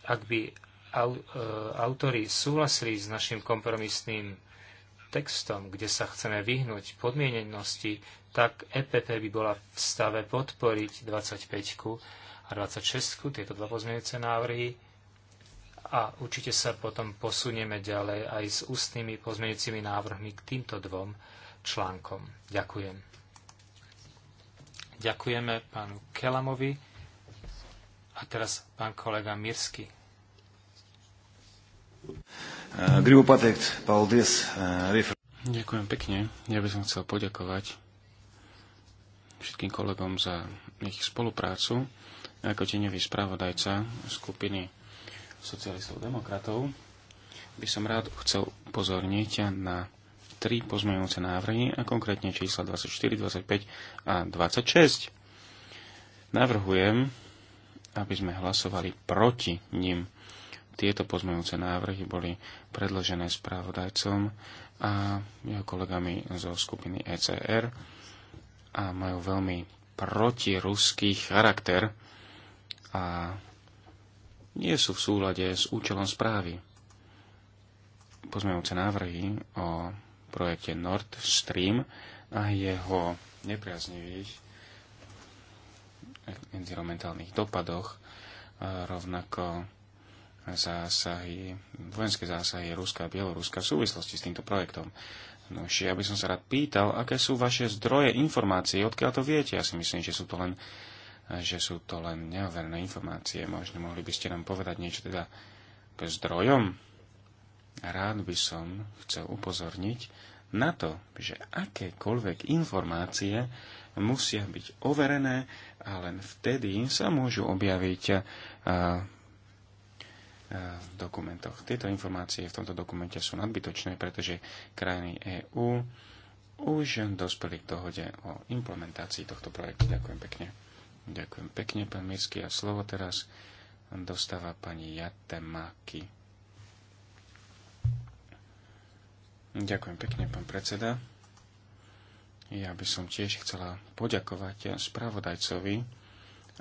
ak by e, autori súhlasili s našim kompromisným textom, kde sa chceme vyhnúť podmienenosti, tak EPP by bola v stave podporiť 25 a 26 tieto dva pozmeňujúce návrhy a určite sa potom posunieme ďalej aj s ústnymi pozmeňujúcimi návrhmi k týmto dvom článkom. Ďakujem. Ďakujeme pánu Kelamovi a teraz pán kolega Mirsky. Eh, Ďakujem pekne. Ja by som chcel poďakovať všetkým kolegom za ich spoluprácu. Ako tenevý spravodajca skupiny socialistov demokratov by som rád chcel upozorniť na tri pozmeňujúce návrhy a konkrétne čísla 24, 25 a 26. Navrhujem, aby sme hlasovali proti nim. Tieto pozmeňujúce návrhy boli predložené správodajcom a jeho kolegami zo skupiny ECR a majú veľmi protiruský charakter a nie sú v súlade s účelom správy. Pozmeňujúce návrhy o projekte Nord Stream a jeho nepriaznivých environmentálnych dopadoch, rovnako zásahy, vojenské zásahy Ruska a Bieloruska v súvislosti s týmto projektom. No ešte, ja by som sa rád pýtal, aké sú vaše zdroje informácií, odkiaľ to viete. Ja si myslím, že sú to len, že sú to len neoverné informácie. Možno mohli by ste nám povedať niečo teda k zdrojom. Rád by som chcel upozorniť na to, že akékoľvek informácie musia byť overené a len vtedy sa môžu objaviť E, dokumentoch. Tieto informácie v tomto dokumente sú nadbytočné, pretože krajiny EÚ už dospeli k dohode o implementácii tohto projektu. Ďakujem pekne. Ďakujem pekne, pán Mirsky. A slovo teraz dostáva pani Jatemáky. Ďakujem pekne, pán predseda. Ja by som tiež chcela poďakovať spravodajcovi,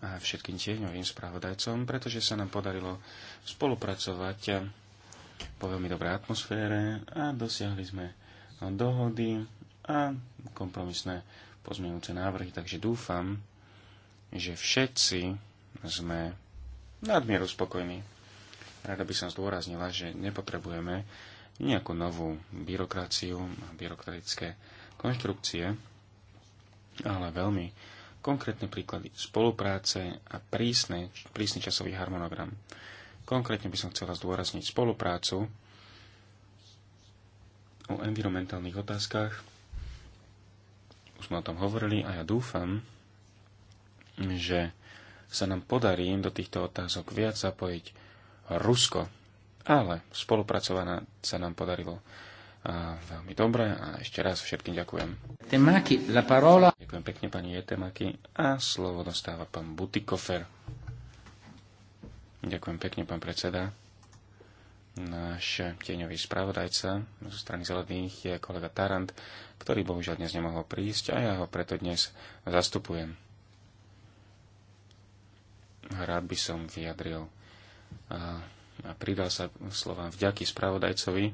a všetkým tieňovým správodajcom, pretože sa nám podarilo spolupracovať po veľmi dobrej atmosfére a dosiahli sme dohody a kompromisné pozmeňujúce návrhy, takže dúfam, že všetci sme nadmieru spokojní. Rada by som zdôraznila, že nepotrebujeme nejakú novú byrokraciu a byrokratické konštrukcie, ale veľmi konkrétne príklady spolupráce a prísne, prísny časový harmonogram. Konkrétne by som chcela zdôrazniť spoluprácu o environmentálnych otázkach. Už sme o tom hovorili a ja dúfam, že sa nám podarí do týchto otázok viac zapojiť Rusko, ale spolupracovaná sa nám podarilo veľmi dobre a ešte raz všetkým ďakujem. Temaki, la parola. Ďakujem pekne pani Jetemaki a slovo dostáva pán Butikofer. Ďakujem pekne, pán predseda. Náš tieňový spravodajca zo strany zelených je kolega Tarant, ktorý bohužiaľ dnes nemohol prísť a ja ho preto dnes zastupujem. Rád by som vyjadril a, a pridal sa slovám vďaky spravodajcovi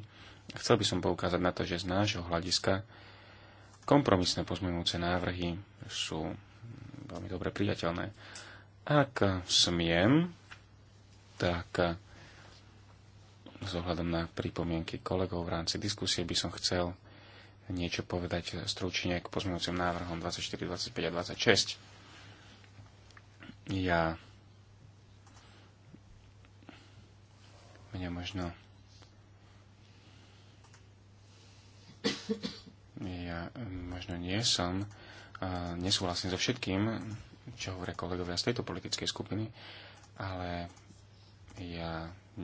Chcel by som poukázať na to, že z nášho hľadiska kompromisné pozmenujúce návrhy sú veľmi dobre priateľné. Ak smiem, tak zohľadom na pripomienky kolegov v rámci diskusie by som chcel niečo povedať stručne k pozmeňujúcim návrhom 24, 25 a 26. Ja... Mňa možno Ja eh, možno nie som, eh, nesúhlasím so všetkým, čo hovoria kolegovia z tejto politickej skupiny, ale ja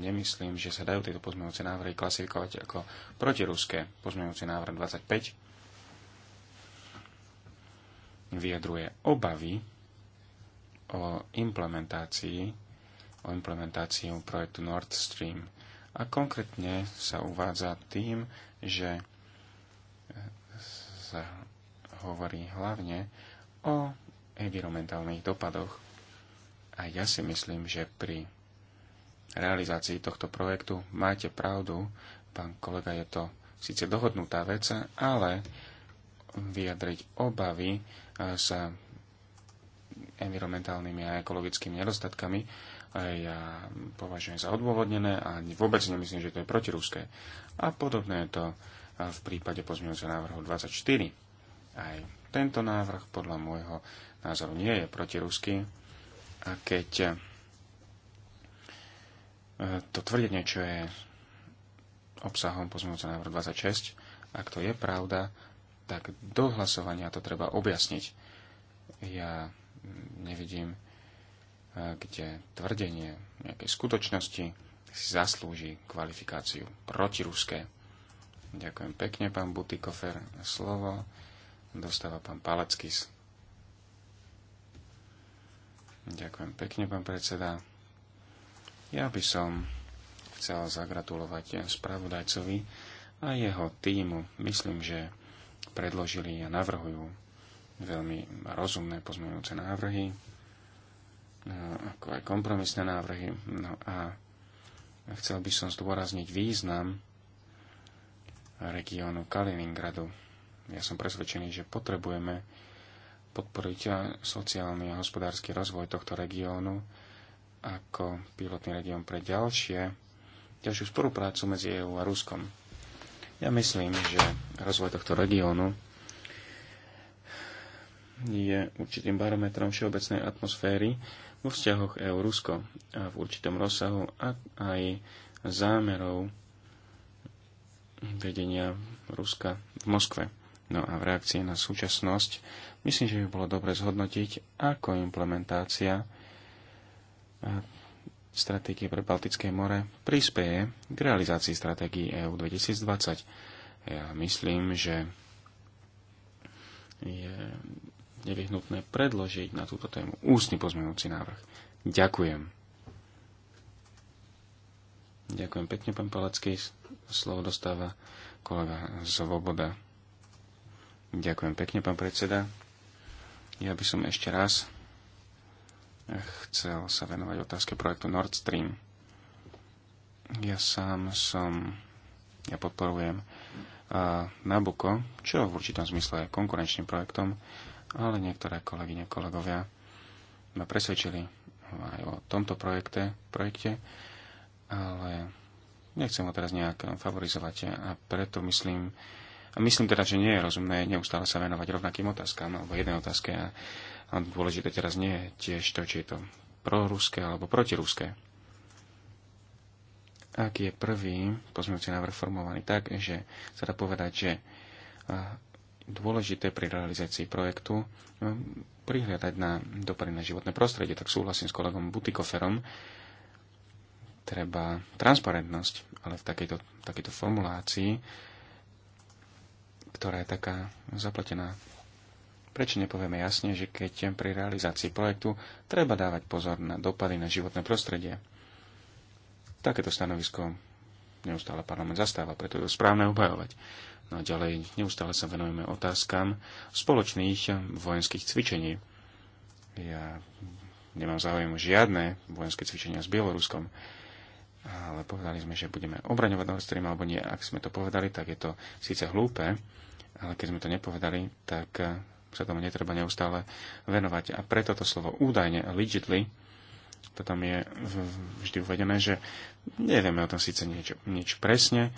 nemyslím, že sa dajú tieto pozmeňujúce návrhy klasifikovať ako protiruské. Pozmeňujúci návrh 25 vyjadruje obavy o implementácii o implementáciu projektu Nord Stream. A konkrétne sa uvádza tým, že sa hovorí hlavne o environmentálnych dopadoch. A ja si myslím, že pri realizácii tohto projektu máte pravdu, pán kolega, je to síce dohodnutá vec, ale vyjadriť obavy e, s environmentálnymi a ekologickými nedostatkami e, ja považujem za odôvodnené a vôbec nemyslím, že to je protiruské. A podobné je to v prípade pozmeňujúceho návrhu 24. Aj tento návrh podľa môjho názoru nie je protiruský a keď e, to tvrdenie, čo je obsahom pozmeňujúceho návrhu 26, ak to je pravda, tak do hlasovania to treba objasniť. Ja nevidím, e, kde tvrdenie nejakej skutočnosti si zaslúži kvalifikáciu protiruské. Ďakujem pekne, pán Butikofer. Slovo dostáva pán Paleckis. Ďakujem pekne, pán predseda. Ja by som chcel zagratulovať spravodajcovi a jeho týmu. Myslím, že predložili a navrhujú veľmi rozumné pozmeňujúce návrhy, no, ako aj kompromisné návrhy. No a chcel by som zdôrazniť význam regiónu Kaliningradu. Ja som presvedčený, že potrebujeme podporiť sociálny a hospodársky rozvoj tohto regiónu ako pilotný región pre ďalšie, ďalšiu spoluprácu medzi EÚ a Ruskom. Ja myslím, že rozvoj tohto regiónu je určitým barometrom všeobecnej atmosféry vo vzťahoch EU-Rusko v určitom rozsahu a aj zámerov vedenia Ruska v Moskve. No a v reakcii na súčasnosť myslím, že by bolo dobre zhodnotiť, ako implementácia stratégie pre Baltické more prispieje k realizácii stratégie EU 2020. Ja myslím, že je nevyhnutné predložiť na túto tému ústny pozmenujúci návrh. Ďakujem. Ďakujem pekne, pán Palacký. Slovo dostáva kolega Zvoboda. Ďakujem pekne, pán predseda. Ja by som ešte raz chcel sa venovať otázke projektu Nord Stream. Ja sám som, ja podporujem uh, Nabuko, čo v určitom zmysle je konkurenčným projektom, ale niektoré kolegyne, kolegovia ma presvedčili aj o tomto projekte, projekte ale nechcem ho teraz nejak favorizovať a preto myslím, a myslím teda, že nie je rozumné neustále sa venovať rovnakým otázkam alebo jednej otázke a, a dôležité teraz nie je tiež to, či je to proruské alebo protiruské. Ak je prvý pozmeňujúci návrh formovaný tak, že sa dá povedať, že dôležité pri realizácii projektu prihľadať na dopady na životné prostredie, tak súhlasím s kolegom Butikoferom, treba transparentnosť, ale v takejto, takejto formulácii, ktorá je taká zapletená. Prečo nepovieme jasne, že keď pri realizácii projektu treba dávať pozor na dopady na životné prostredie? Takéto stanovisko neustále parlament zastáva, preto je to správne obhajovať. No a ďalej neustále sa venujeme otázkam spoločných vojenských cvičení. Ja nemám záujem žiadne vojenské cvičenia s Bieloruskom ale povedali sme, že budeme obraňovať Nord Stream alebo nie. Ak sme to povedali, tak je to síce hlúpe, ale keď sme to nepovedali, tak sa tomu netreba neustále venovať. A preto to slovo údajne, allegedly, to tam je vždy uvedené, že nevieme o tom síce niečo, nič presne,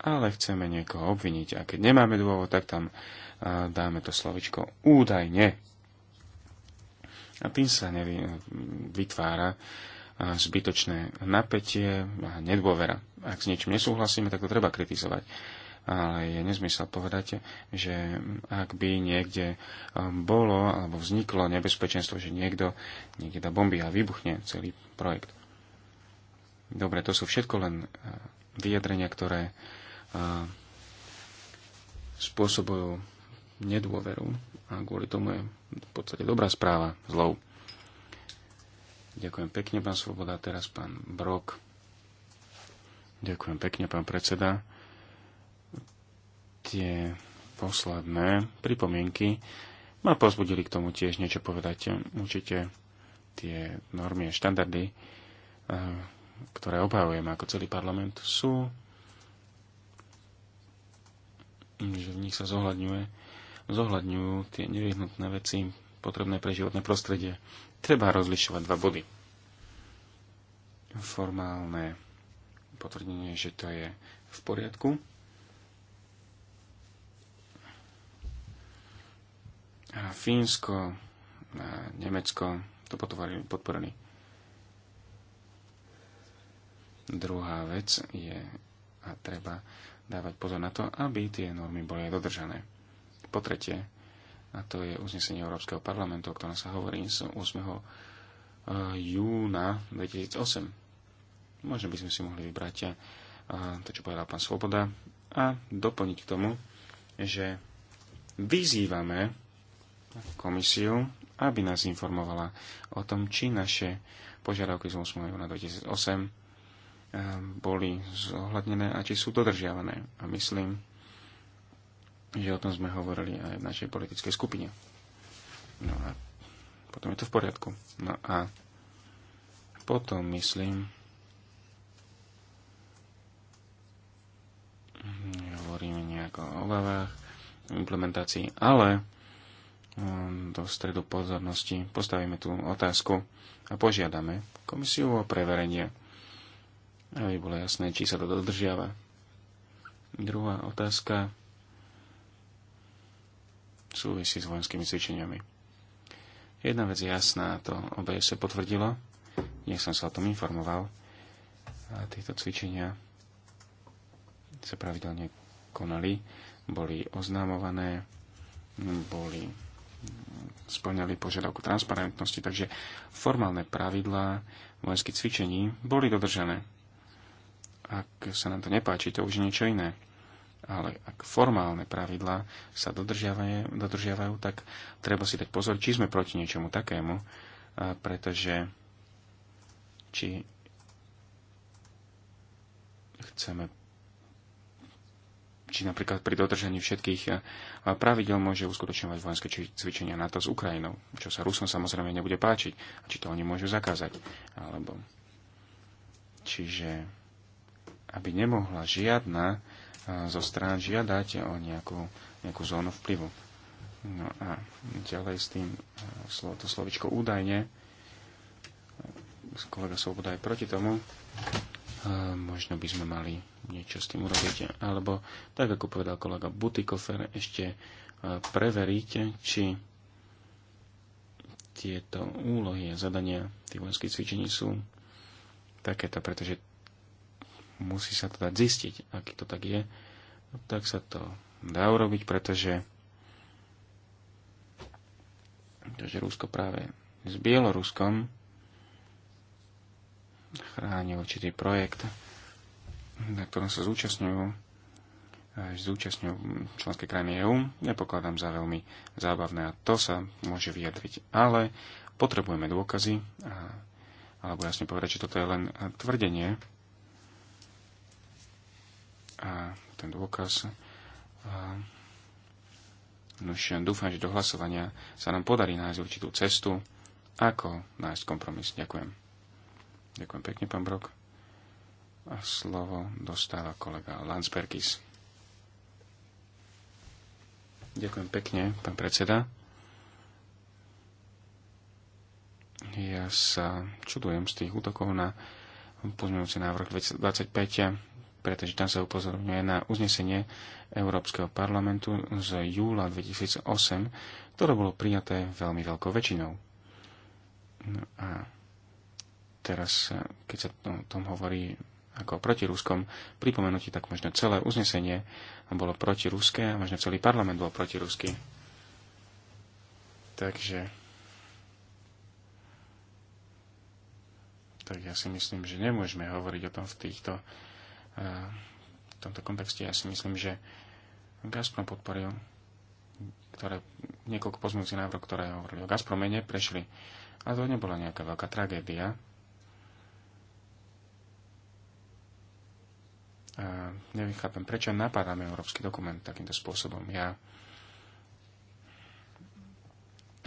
ale chceme niekoho obviniť. A keď nemáme dôvod, tak tam dáme to slovičko údajne. A tým sa nevy, vytvára zbytočné napätie a nedôvera. Ak s niečím nesúhlasíme, tak to treba kritizovať. Ale je nezmysel povedať, že ak by niekde um, bolo alebo vzniklo nebezpečenstvo, že niekto niekde dá bomby a vybuchne celý projekt. Dobre, to sú všetko len uh, vyjadrenia, ktoré uh, spôsobujú nedôveru a kvôli tomu je v podstate dobrá správa zlou. Ďakujem pekne, pán Svoboda. Teraz pán Brok. Ďakujem pekne, pán predseda. Tie posledné pripomienky ma pozbudili k tomu tiež niečo povedať. Určite tie normy a štandardy, eh, ktoré obhajujeme ako celý parlament, sú, že v nich sa zohľadňuje, zohľadňujú tie nevyhnutné veci potrebné pre životné prostredie. Treba rozlišovať dva body. Formálne potvrdenie, že to je v poriadku. A Fínsko a Nemecko to podporili. Druhá vec je, a treba dávať pozor na to, aby tie normy boli dodržané. Po tretie, a to je uznesenie Európskeho parlamentu, o ktorom sa hovorí z 8. Eh, júna 2008. Možno by sme si mohli vybrať eh, to, čo povedal pán Svoboda, a doplniť k tomu, že vyzývame komisiu, aby nás informovala o tom, či naše požiadavky z 8. júna 2008 eh, boli zohľadnené a či sú dodržiavané. A myslím, že o tom sme hovorili aj v našej politickej skupine. No a potom je to v poriadku. No a potom myslím, hovoríme nejako o obavách, implementácii, ale mm, do stredu pozornosti postavíme tú otázku a požiadame komisiu o preverenie, aby bolo jasné, či sa to dodržiava. Druhá otázka súvisí s vojenskými cvičeniami. Jedna vec je jasná, to obe sa potvrdilo, nie som sa o tom informoval, a tieto cvičenia sa pravidelne konali, boli oznámované, boli splňali požiadavku transparentnosti, takže formálne pravidlá vojenských cvičení boli dodržané. Ak sa nám to nepáči, to už je niečo iné ale ak formálne pravidlá sa dodržiavajú, dodržiavajú, tak treba si dať pozor, či sme proti niečomu takému, pretože či chceme či napríklad pri dodržaní všetkých pravidel môže uskutočňovať vojenské cvičenia NATO s Ukrajinou, čo sa Rusom samozrejme nebude páčiť, a či to oni môžu zakázať. Alebo... Čiže aby nemohla žiadna zo strán žiadať o nejakú, nejakú zónu vplyvu. No a ďalej s tým e, to slovičko údajne. Kolega Svoboda aj proti tomu. E, možno by sme mali niečo s tým urobiť. Alebo, tak ako povedal kolega Butikofer, ešte e, preveriť, či tieto úlohy a zadania tých vojenských cvičení sú takéto, pretože musí sa to zistiť. Ak to tak je, no, tak sa to dá urobiť, pretože, pretože Rusko práve s Bieloruskom chráni určitý projekt, na ktorom sa zúčastňujú zúčastňujú členské krajiny EÚ, nepokladám za veľmi zábavné a to sa môže vyjadriť. Ale potrebujeme dôkazy, a, alebo jasne povedať, že toto je len tvrdenie, a ten dôkaz. A, no dúfam, že do hlasovania sa nám podarí nájsť určitú cestu, ako nájsť kompromis. Ďakujem. Ďakujem pekne, pán Brok. A slovo dostáva kolega Landsbergis. Ďakujem pekne, pán predseda. Ja sa čudujem z tých útokov na pozmeňujúci návrh 25 pretože tam sa upozorňuje na uznesenie Európskeho parlamentu z júla 2008, ktoré bolo prijaté veľmi veľkou väčšinou. No a teraz, keď sa o tom hovorí ako proti ruskom pripomenutí, tak možno celé uznesenie bolo proti ruské a možno celý parlament bol proti Rusky. Takže... Tak ja si myslím, že nemôžeme hovoriť o tom v týchto v tomto kontexte ja si myslím, že Gazprom podporil ktoré, niekoľko pozmúci návrh, ktoré hovorili o Gazprome, neprešli. Ale to nebola nejaká veľká tragédia. A nechápem, prečo napadáme európsky dokument takýmto spôsobom. Ja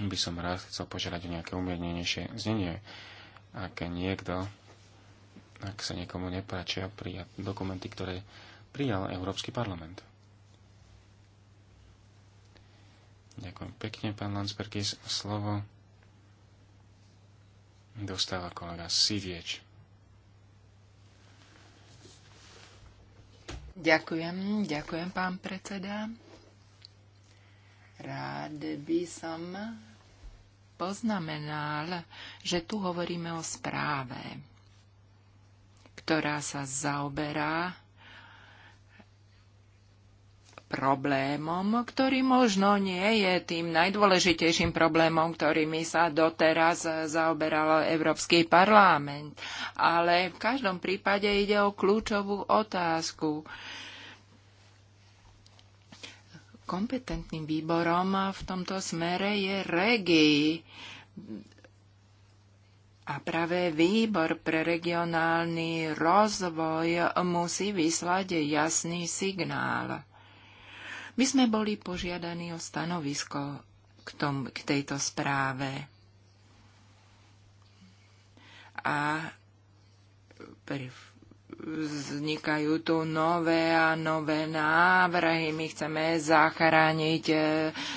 by som rád chcel požiadať o nejaké umiernenejšie znenie. Ak niekto ak sa niekomu nepáčia prijať dokumenty, ktoré prijal Európsky parlament. Ďakujem pekne, pán Landsbergis. Slovo dostáva kolega Sivieč. Ďakujem, ďakujem, pán predseda. Rád by som poznamenal, že tu hovoríme o správe ktorá sa zaoberá problémom, ktorý možno nie je tým najdôležitejším problémom, ktorými sa doteraz zaoberal Európsky parlament. Ale v každom prípade ide o kľúčovú otázku. Kompetentným výborom v tomto smere je REGI a práve výbor pre regionálny rozvoj musí vyslať jasný signál. My sme boli požiadaní o stanovisko k, tom, k tejto správe. A vznikajú tu nové a nové návrhy. My chceme zachrániť e,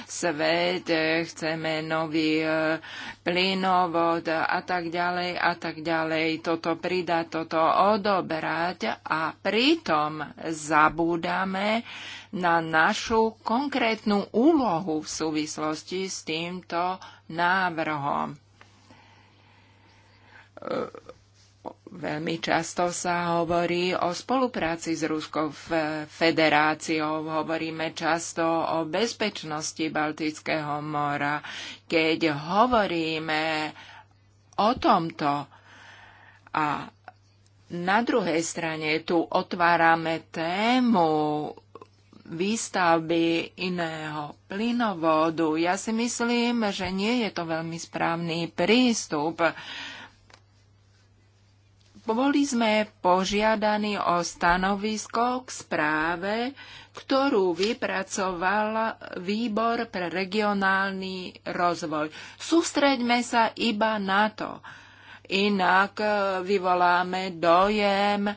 svet, e, chceme nový e, plynovod a tak ďalej a tak ďalej. Toto pridať, toto odobrať a pritom zabúdame na našu konkrétnu úlohu v súvislosti s týmto návrhom Veľmi často sa hovorí o spolupráci s Ruskou federáciou, hovoríme často o bezpečnosti Baltického mora. Keď hovoríme o tomto a na druhej strane tu otvárame tému výstavby iného plynovodu. Ja si myslím, že nie je to veľmi správny prístup. Boli sme požiadaní o stanovisko k správe, ktorú vypracoval Výbor pre regionálny rozvoj. Sústreďme sa iba na to. Inak e, vyvoláme dojem,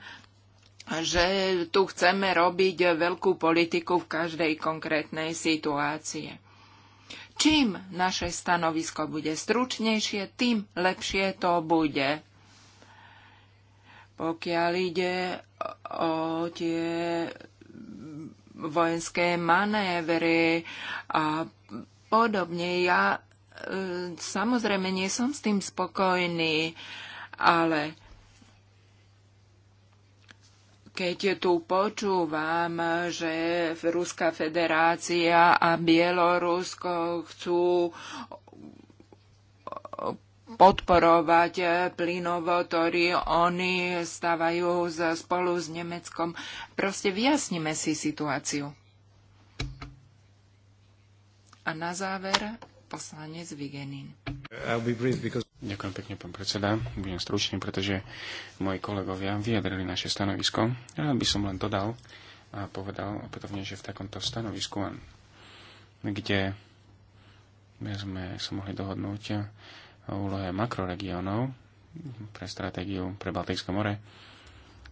že tu chceme robiť veľkú politiku v každej konkrétnej situácii. Čím naše stanovisko bude stručnejšie, tým lepšie to bude pokiaľ ide o tie vojenské manévery a podobne. Ja e, samozrejme nie som s tým spokojný, ale keď tu počúvam, že Ruská federácia a Bielorusko chcú podporovať eh, plynovod, ktorý oni stávajú spolu s Nemeckom. Proste vyjasnime si situáciu. A na záver poslanec Vigenin. Ďakujem pekne, pán predseda. Budem stručný, pretože moji kolegovia vyjadrili naše stanovisko. Rád by som len dodal a povedal opätovne, že v takomto stanovisku, kde sme sa mohli dohodnúť o úlohe makroregiónov pre stratégiu pre Baltické more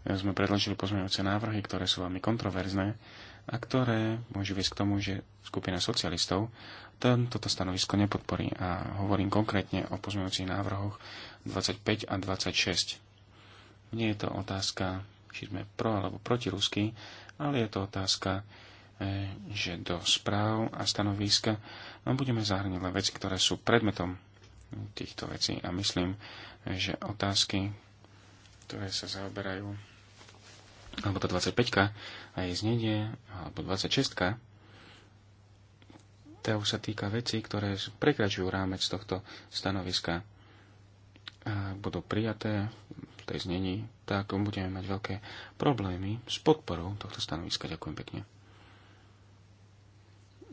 sme predložili pozmeňujúce návrhy, ktoré sú veľmi kontroverzné a ktoré môžu viesť k tomu, že skupina socialistov toto stanovisko nepodporí. A hovorím konkrétne o pozmeňujúcich návrhoch 25 a 26. Nie je to otázka, či sme pro alebo proti rusky, ale je to otázka, e, že do správ a stanoviska no, budeme zahrniť len veci, ktoré sú predmetom týchto vecí a myslím, že otázky, ktoré sa zaoberajú, alebo tá 25 a jej znenie, alebo 26 tá už sa týka vecí, ktoré prekračujú rámec tohto stanoviska a budú prijaté v tej znení, tak budeme mať veľké problémy s podporou tohto stanoviska. Ďakujem pekne.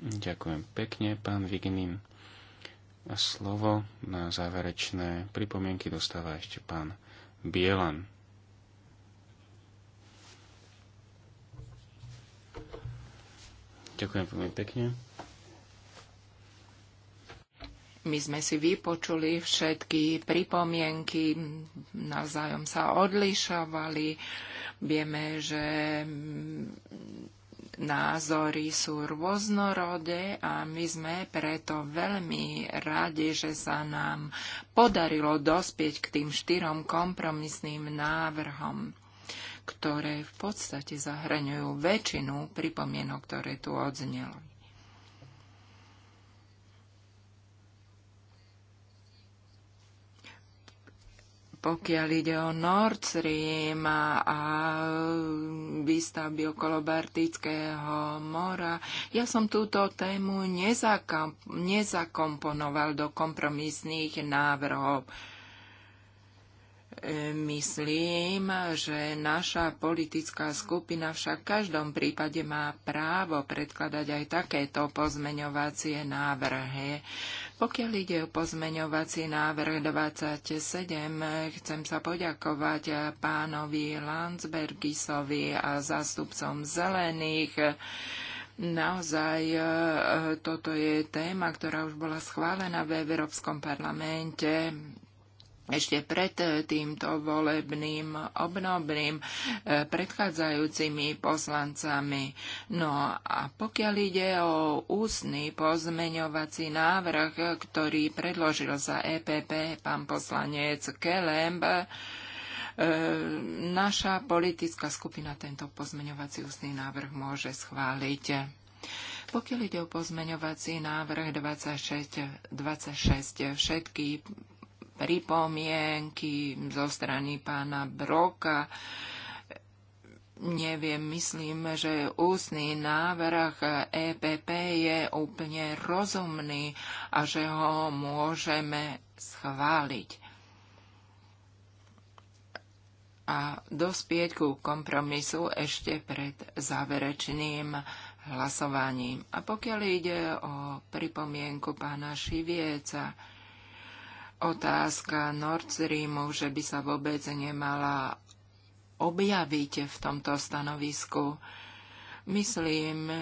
Ďakujem pekne, pán Vigenin. A slovo na záverečné pripomienky dostáva ešte pán Bielan. Ďakujem veľmi pekne. My sme si vypočuli všetky pripomienky, navzájom sa odlišovali. Vieme, že názory sú rôznorodé a my sme preto veľmi radi, že sa nám podarilo dospieť k tým štyrom kompromisným návrhom ktoré v podstate zahraňujú väčšinu pripomienok, ktoré tu odznelo. Pokiaľ ide o Nord Stream a, a výstavby okolo Bartického mora, ja som túto tému nezakom, nezakomponoval do kompromisných návrhov. E, myslím, že naša politická skupina však v každom prípade má právo predkladať aj takéto pozmeňovacie návrhy. Pokiaľ ide o pozmeňovací návrh 27, chcem sa poďakovať pánovi Landsbergisovi a zástupcom zelených. Naozaj e, toto je téma, ktorá už bola schválená v Európskom parlamente ešte pred e, týmto volebným obnobným e, predchádzajúcimi poslancami. No a pokiaľ ide o ústny pozmeňovací návrh, ktorý predložil za EPP pán poslanec Kelemb, e, naša politická skupina tento pozmeňovací ústny návrh môže schváliť. Pokiaľ ide o pozmeňovací návrh 26, 26 všetky pripomienky zo strany pána Broka. Neviem, myslím, že ústny návrh EPP je úplne rozumný a že ho môžeme schváliť a dospieť ku kompromisu ešte pred záverečným hlasovaním. A pokiaľ ide o pripomienku pána Šivieca, otázka Nord Streamu, že by sa vôbec nemala objaviť v tomto stanovisku. Myslím, e,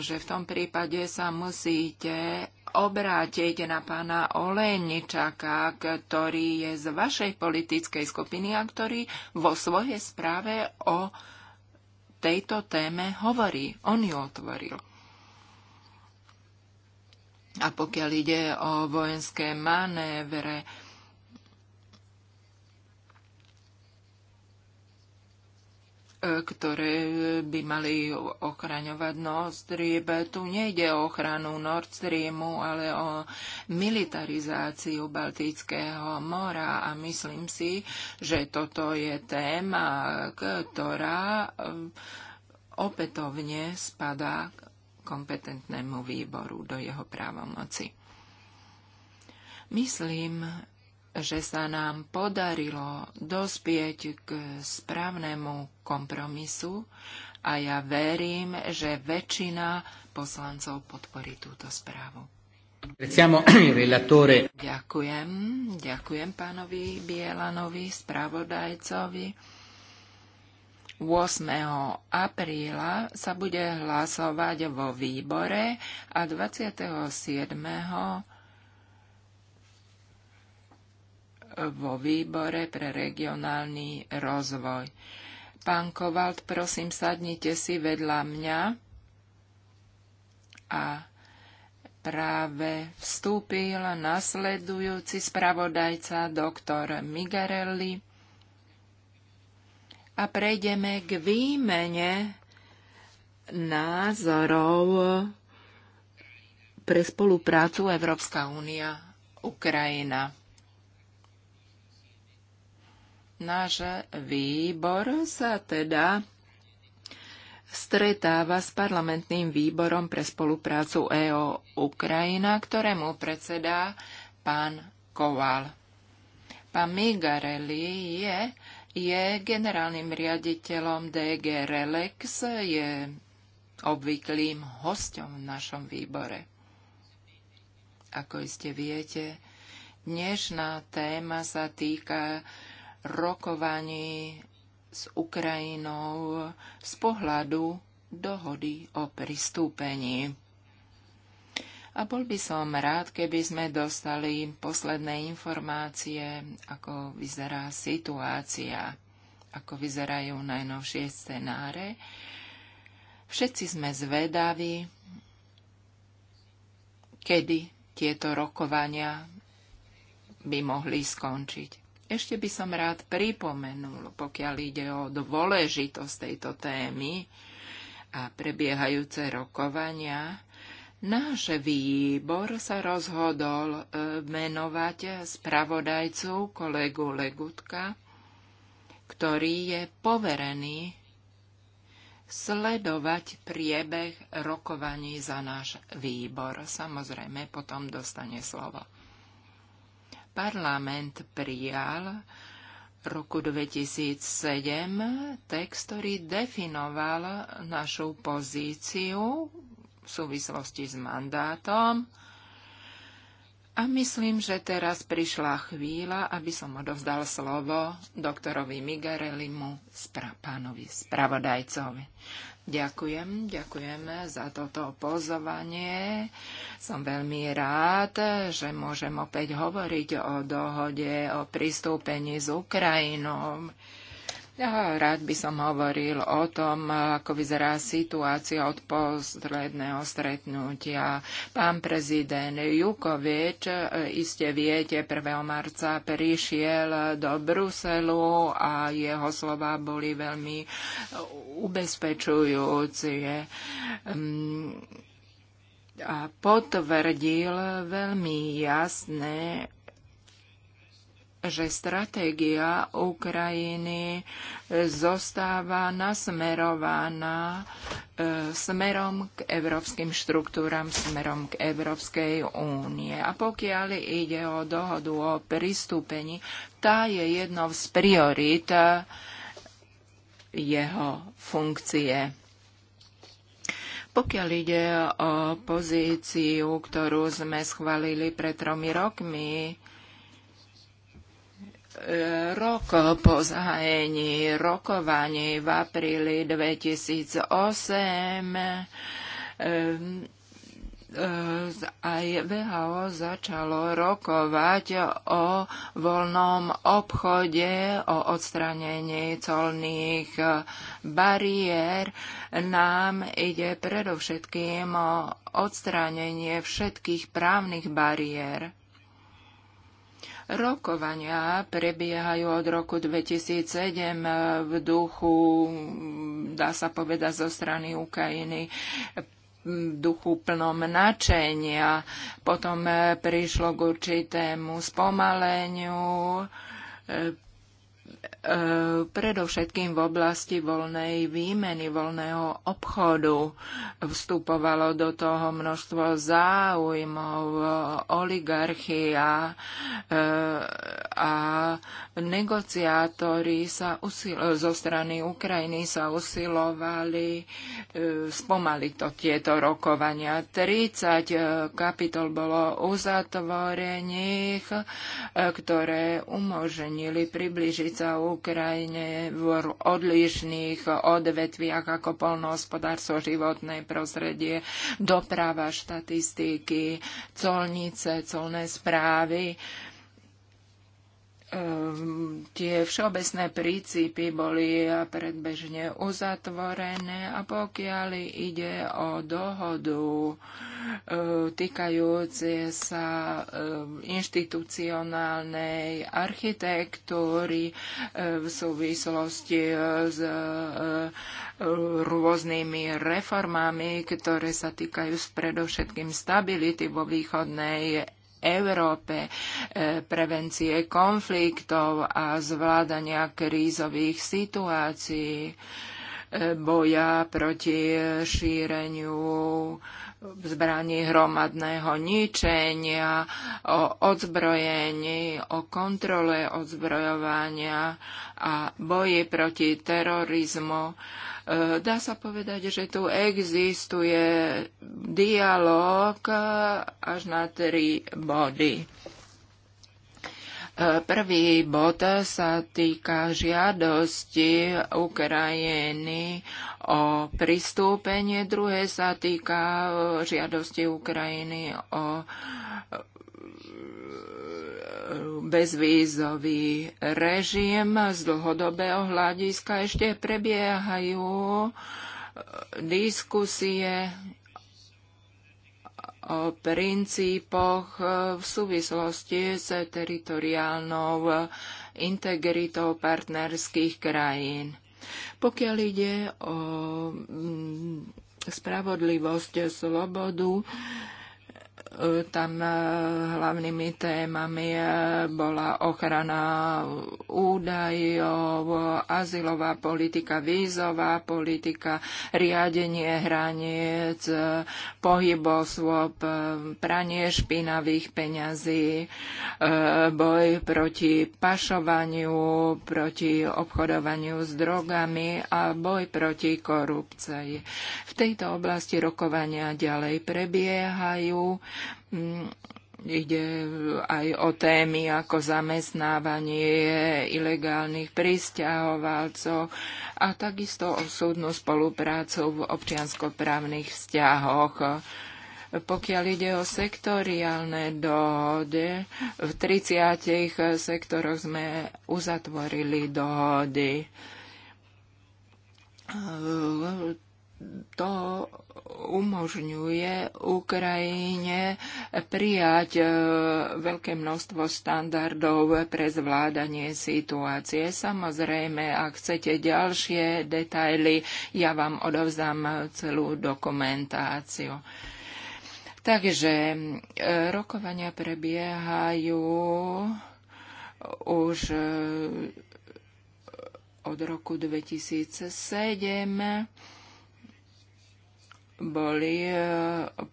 že v tom prípade sa musíte obrátiť na pána Olejničaka, ktorý je z vašej politickej skupiny a ktorý vo svojej správe o tejto téme hovorí. On ju otvoril. A pokiaľ ide o vojenské manévere, ktoré by mali ochraňovať Nord Stream. Tu nejde o ochranu Nord Streamu, ale o militarizáciu Baltického mora a myslím si, že toto je téma, ktorá eh, opätovne spadá kompetentnému výboru do jeho právomoci. Myslím, že sa nám podarilo dospieť k správnemu kompromisu a ja verím, že väčšina poslancov podporí túto správu. Ďakujem, ďakujem pánovi Bielanovi, spravodajcovi. 8. apríla sa bude hlasovať vo výbore a 27. vo výbore pre regionálny rozvoj. Pán Kovalt, prosím, sadnite si vedľa mňa a práve vstúpil nasledujúci spravodajca doktor Migarelli a prejdeme k výmene názorov pre spoluprácu Európska únia Ukrajina. Náš výbor sa teda stretáva s parlamentným výborom pre spoluprácu EO Ukrajina, ktorému predsedá pán Koval. Pán Migarelli je je generálnym riaditeľom DG Relex, je obvyklým hostom v našom výbore. Ako iste viete, dnešná téma sa týka rokovaní s Ukrajinou z pohľadu dohody o pristúpení. A bol by som rád, keby sme dostali posledné informácie, ako vyzerá situácia, ako vyzerajú najnovšie scenáre. Všetci sme zvedaví, kedy tieto rokovania by mohli skončiť. Ešte by som rád pripomenul, pokiaľ ide o dôležitosť tejto témy a prebiehajúce rokovania, Náš výbor sa rozhodol menovať e, spravodajcu kolegu Legutka, ktorý je poverený sledovať priebeh rokovaní za náš výbor. Samozrejme, potom dostane slovo. Parlament prijal roku 2007 text, ktorý definoval našu pozíciu v súvislosti s mandátom. A myslím, že teraz prišla chvíľa, aby som odovzdal slovo doktorovi Migarelimu, spra- pánovi spravodajcovi. Ďakujem, ďakujem za toto pozovanie. Som veľmi rád, že môžem opäť hovoriť o dohode o pristúpení s Ukrajinou. Rád by som hovoril o tom, ako vyzerá situácia od posledného stretnutia. Pán prezident Jukovič, iste viete, 1. marca prišiel do Bruselu a jeho slova boli veľmi ubezpečujúce mm, a potvrdil veľmi jasné že stratégia Ukrajiny e, zostáva nasmerovaná e, smerom k európskym štruktúram, smerom k Európskej únie. A pokiaľ ide o dohodu o pristúpení, tá je jednou z priorit e, jeho funkcie. Pokiaľ ide o pozíciu, ktorú sme schválili pred tromi rokmi, rok po zahájení rokovaní v apríli 2008 eh, eh, aj VHO začalo rokovať o voľnom obchode, o odstranení colných bariér. Nám ide predovšetkým o odstránenie všetkých právnych bariér. Rokovania prebiehajú od roku 2007 e, v duchu, mm, dá sa povedať, zo strany Ukrajiny duchu plnom načenia. Potom e, prišlo k určitému spomaleniu e, E, predovšetkým v oblasti voľnej výmeny, voľného obchodu. Vstupovalo do toho množstvo záujmov, oligarchia e, a negociátori sa usil- zo strany Ukrajiny sa usilovali e, spomaliť to, tieto rokovania. 30 kapitol bolo uzatvorených, ktoré umožnili približiť sa Ukrajine v odlišných odvetviach ako polnohospodárstvo, životné prostredie, doprava, štatistiky, colnice, colné správy. Ehm, tie všeobecné princípy boli predbežne uzatvorené a pokiaľ ide o dohodu e, týkajúce sa e, inštitucionálnej architektúry e, v súvislosti s rôznymi reformami, ktoré sa týkajú predovšetkým stability vo východnej Európe, e, prevencie konfliktov a zvládania krízových situácií boja proti šíreniu zbraní hromadného ničenia, o odzbrojení, o kontrole odzbrojovania a boji proti terorizmu. E, dá sa povedať, že tu existuje dialog e, až na tri body. Prvý bod sa týka žiadosti Ukrajiny o pristúpenie, druhé sa týka eh, žiadosti Ukrajiny o eh, bezvízový režim z dlhodobého hľadiska. Ešte prebiehajú eh, diskusie o princípoch e, v súvislosti s teritoriálnou integritou partnerských krajín. Pokiaľ ide o mm, spravodlivosť, slobodu, tam e, hlavnými témami e, bola ochrana údajov, azylová politika, vízová politika, riadenie hraniec, e, pohyb osôb, pranie špinavých peňazí, boj proti pašovaniu, proti obchodovaniu s drogami a boj proti korupcii. V tejto oblasti rokovania ďalej prebiehajú Mm, ide aj o témy ako zamestnávanie ilegálnych pristahovalcov a takisto o súdnu spoluprácu v občianskoprávnych vzťahoch. Pokiaľ ide o sektoriálne dohody, v 30 sektoroch sme uzatvorili dohody to umožňuje Ukrajine prijať e, veľké množstvo standardov pre zvládanie situácie. Samozrejme, ak chcete ďalšie detaily, ja vám odovzdám celú dokumentáciu. Takže e, rokovania prebiehajú už e, od roku 2007 boli, e,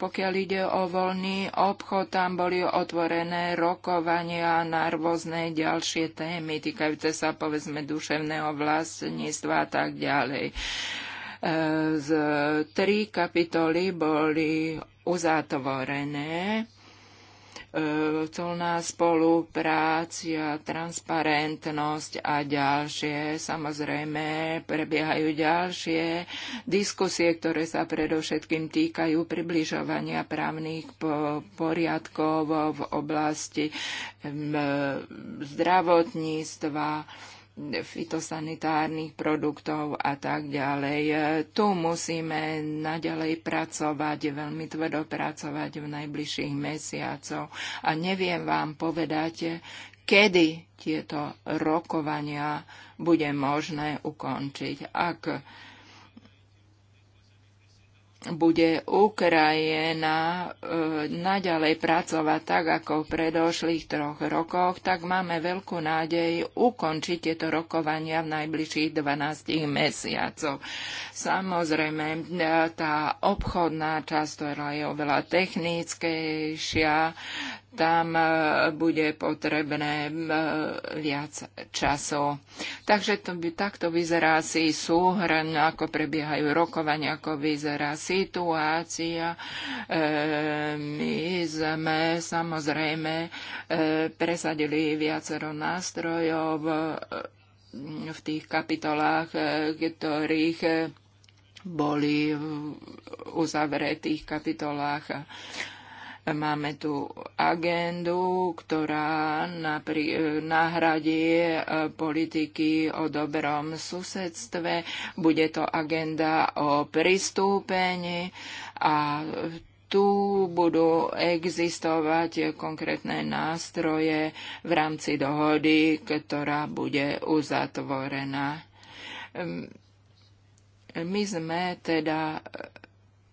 pokiaľ ide o voľný obchod, tam boli otvorené rokovania na rôzne ďalšie témy týkajúce sa povedzme duševného vlastníctva a tak ďalej. E, z tri kapitoly boli uzatvorené E, colná spolupráca, transparentnosť a ďalšie. Samozrejme, prebiehajú ďalšie diskusie, ktoré sa predovšetkým týkajú približovania právnych poriadkov v oblasti e, zdravotníctva, fitosanitárnych produktov a tak ďalej. Tu musíme naďalej pracovať, veľmi tvrdo pracovať v najbližších mesiacoch a neviem vám povedať, kedy tieto rokovania bude možné ukončiť. Ak bude Ukrajina e, naďalej pracovať tak, ako v predošlých troch rokoch, tak máme veľkú nádej ukončiť tieto rokovania v najbližších 12 mesiacoch. Samozrejme, e, tá obchodná časť, ktorá je oveľa technickejšia, tam e, bude potrebné e, viac času. Takže to by, takto vyzerá si súhrn, ako prebiehajú rokovania, ako vyzerá situácia. E, my sme samozrejme presadili viacero nástrojov v tých kapitolách, ktorých boli v uzavretých kapitolách Máme tu agendu, ktorá napri- e, nahradí e, politiky o dobrom susedstve. Bude to agenda o pristúpení a tu budú existovať konkrétne nástroje v rámci dohody, ktorá bude uzatvorená. My sme teda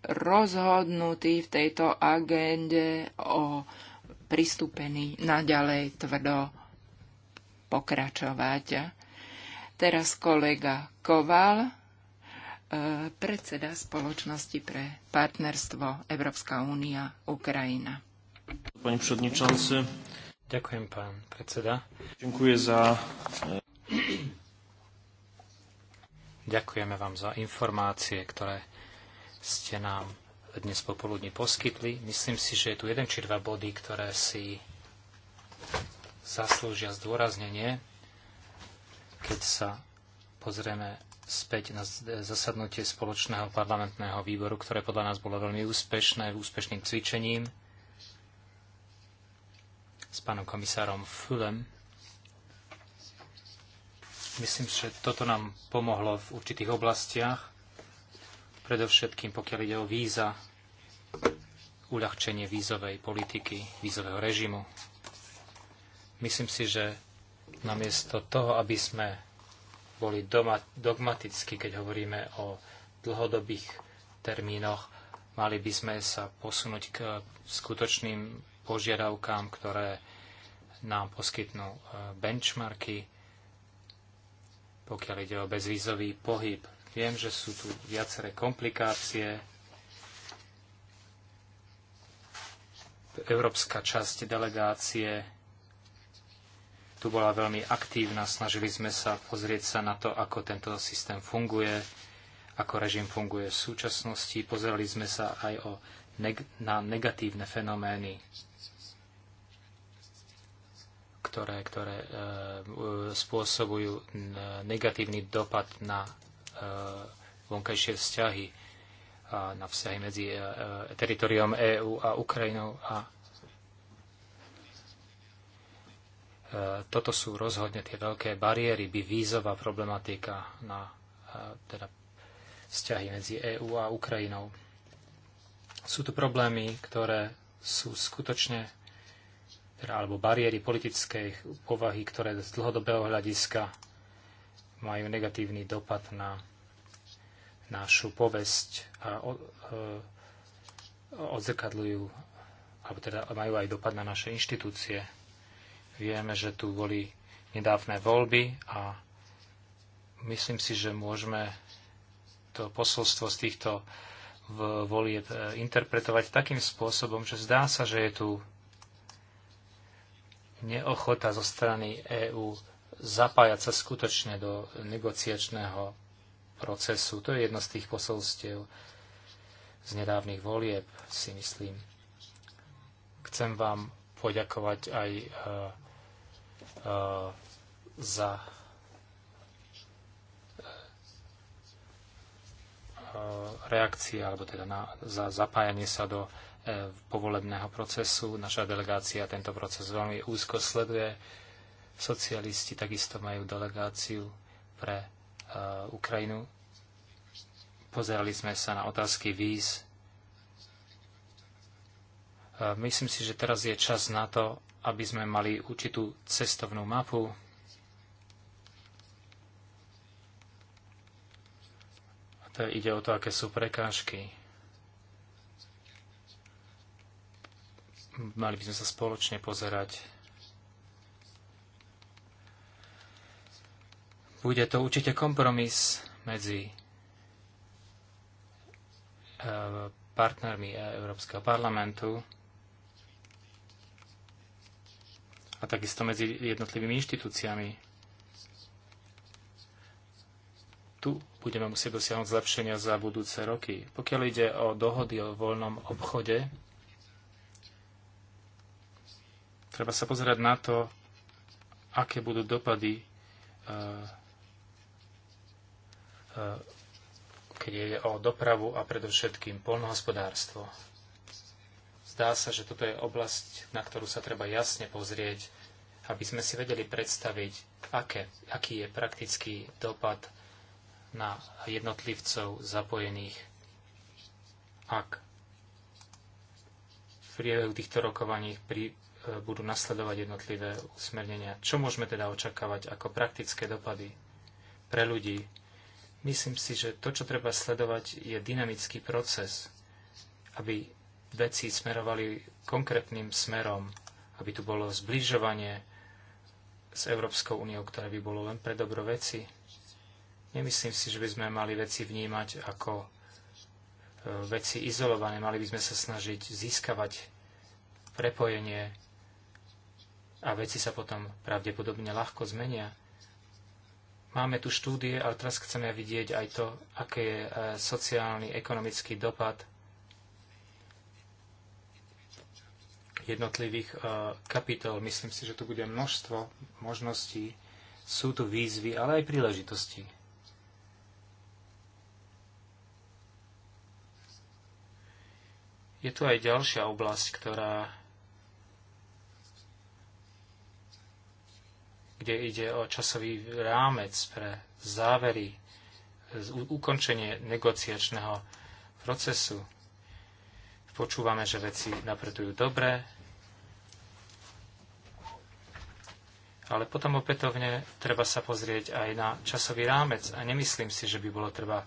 rozhodnutí v tejto agende o pristúpení naďalej tvrdo pokračovať. Teraz kolega Koval, e, predseda spoločnosti pre partnerstvo Európska únia Ukrajina. Pani przewodniczący. Ďakujem, pán predseda. Ďakujem za... E, Ďakujeme vám za informácie, ktoré ste nám dnes popoludne poskytli. Myslím si, že je tu jeden či dva body, ktoré si zaslúžia zdôraznenie, keď sa pozrieme späť na zasadnutie spoločného parlamentného výboru, ktoré podľa nás bolo veľmi úspešné, úspešným cvičením s pánom komisárom Fulem. Myslím, že toto nám pomohlo v určitých oblastiach predovšetkým pokiaľ ide o víza, uľahčenie vízovej politiky, vízového režimu. Myslím si, že namiesto toho, aby sme boli doma, dogmaticky, keď hovoríme o dlhodobých termínoch, mali by sme sa posunúť k skutočným požiadavkám, ktoré nám poskytnú e, benchmarky, pokiaľ ide o bezvízový pohyb. Viem, že sú tu viaceré komplikácie. Európska časť delegácie tu bola veľmi aktívna. Snažili sme sa pozrieť sa na to, ako tento systém funguje, ako režim funguje v súčasnosti. Pozerali sme sa aj o neg- na negatívne fenomény, ktoré, ktoré e, spôsobujú negatívny dopad na Eh, vonkajšie vzťahy eh, na vzťahy medzi eh, teritoriom EÚ a Ukrajinou a toto sú rozhodne tie veľké bariéry, by vízová problematika na teda vzťahy medzi EÚ a Ukrajinou. Sú tu problémy, ktoré sú skutočne teda, alebo bariéry politickej povahy, ktoré z dlhodobého hľadiska majú negatívny dopad na našu povesť a e, odzrkadľujú, alebo teda majú aj dopad na naše inštitúcie. Vieme, že tu boli nedávne voľby a myslím si, že môžeme to posolstvo z týchto volieb e, interpretovať takým spôsobom, že zdá sa, že je tu neochota zo strany EÚ zapájať sa skutočne do negociačného procesu. To je jedno z tých posolstiev z nedávnych volieb, si myslím. Chcem vám poďakovať aj uh, uh, za e, reakcie, alebo teda na, za zapájanie sa do e, povolebného procesu. Naša delegácia tento proces veľmi úzko sleduje. E, Socialisti takisto majú delegáciu pre uh, Ukrajinu. Pozerali sme sa na otázky víz. Uh, myslím si, že teraz je čas na to, aby sme mali určitú cestovnú mapu. A to ide o to, aké sú prekážky. Mali by sme sa spoločne pozerať Bude to určite kompromis medzi e, partnermi e, Európskeho parlamentu a takisto medzi jednotlivými inštitúciami. Tu budeme musieť dosiahnuť zlepšenia za budúce roky. Pokiaľ ide o dohody o voľnom obchode, treba sa pozerať na to, aké budú dopady e, Eh, keď je o dopravu a predovšetkým polnohospodárstvo. Zdá sa, že toto je oblasť, na ktorú sa treba jasne pozrieť, aby sme si vedeli predstaviť, aké, aký je praktický dopad na jednotlivcov zapojených, ak v priebehu týchto rokovaní pri, e, budú nasledovať jednotlivé usmernenia. Čo môžeme teda očakávať ako praktické dopady pre ľudí, Myslím si, že to, čo treba sledovať, je dynamický proces, aby veci smerovali konkrétnym smerom, aby tu bolo zbližovanie s Európskou úniou, ktoré by bolo len pre dobro veci. Nemyslím si, že by sme mali veci vnímať ako e, veci izolované. Mali by sme sa snažiť získavať prepojenie a veci sa potom pravdepodobne ľahko zmenia Máme tu štúdie, ale teraz chceme vidieť aj to, aký je e, sociálny, ekonomický dopad jednotlivých e, kapitol. Myslím si, že tu bude množstvo možností. Sú tu výzvy, ale aj príležitosti. Je tu aj ďalšia oblasť, ktorá kde ide o časový rámec pre závery, ukončenie negociačného procesu. Počúvame, že veci napredujú dobre, ale potom opätovne treba sa pozrieť aj na časový rámec a nemyslím si, že by bolo treba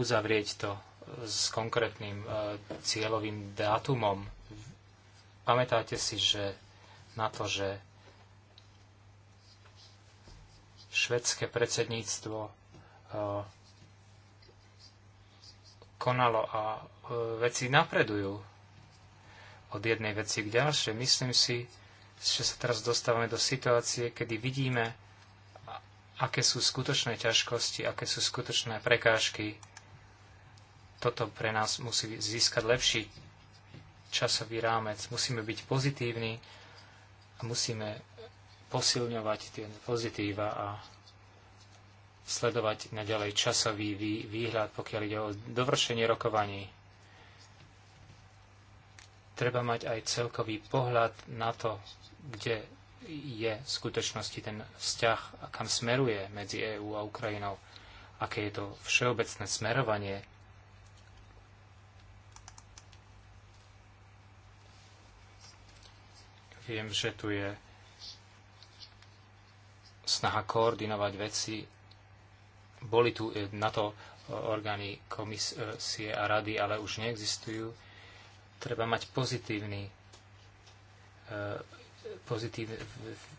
uzavrieť to e, s konkrétnym e, cieľovým dátumom. Pamätáte si, že na to, že švedské predsedníctvo e, konalo a e, veci napredujú od jednej veci k ďalšej. Myslím si, že sa teraz dostávame do situácie, kedy vidíme, aké sú skutočné ťažkosti, aké sú skutočné prekážky. Toto pre nás musí získať lepší časový rámec. Musíme byť pozitívni a musíme posilňovať tie pozitíva a sledovať naďalej časový výhľad, pokiaľ ide o dovršenie rokovaní. Treba mať aj celkový pohľad na to, kde je v skutočnosti ten vzťah a kam smeruje medzi EÚ a Ukrajinou, aké je to všeobecné smerovanie viem, že tu je snaha koordinovať veci. Boli tu eh, na to eh, orgány komisie a rady, ale už neexistujú. Treba mať pozitívny, eh, pozitívny,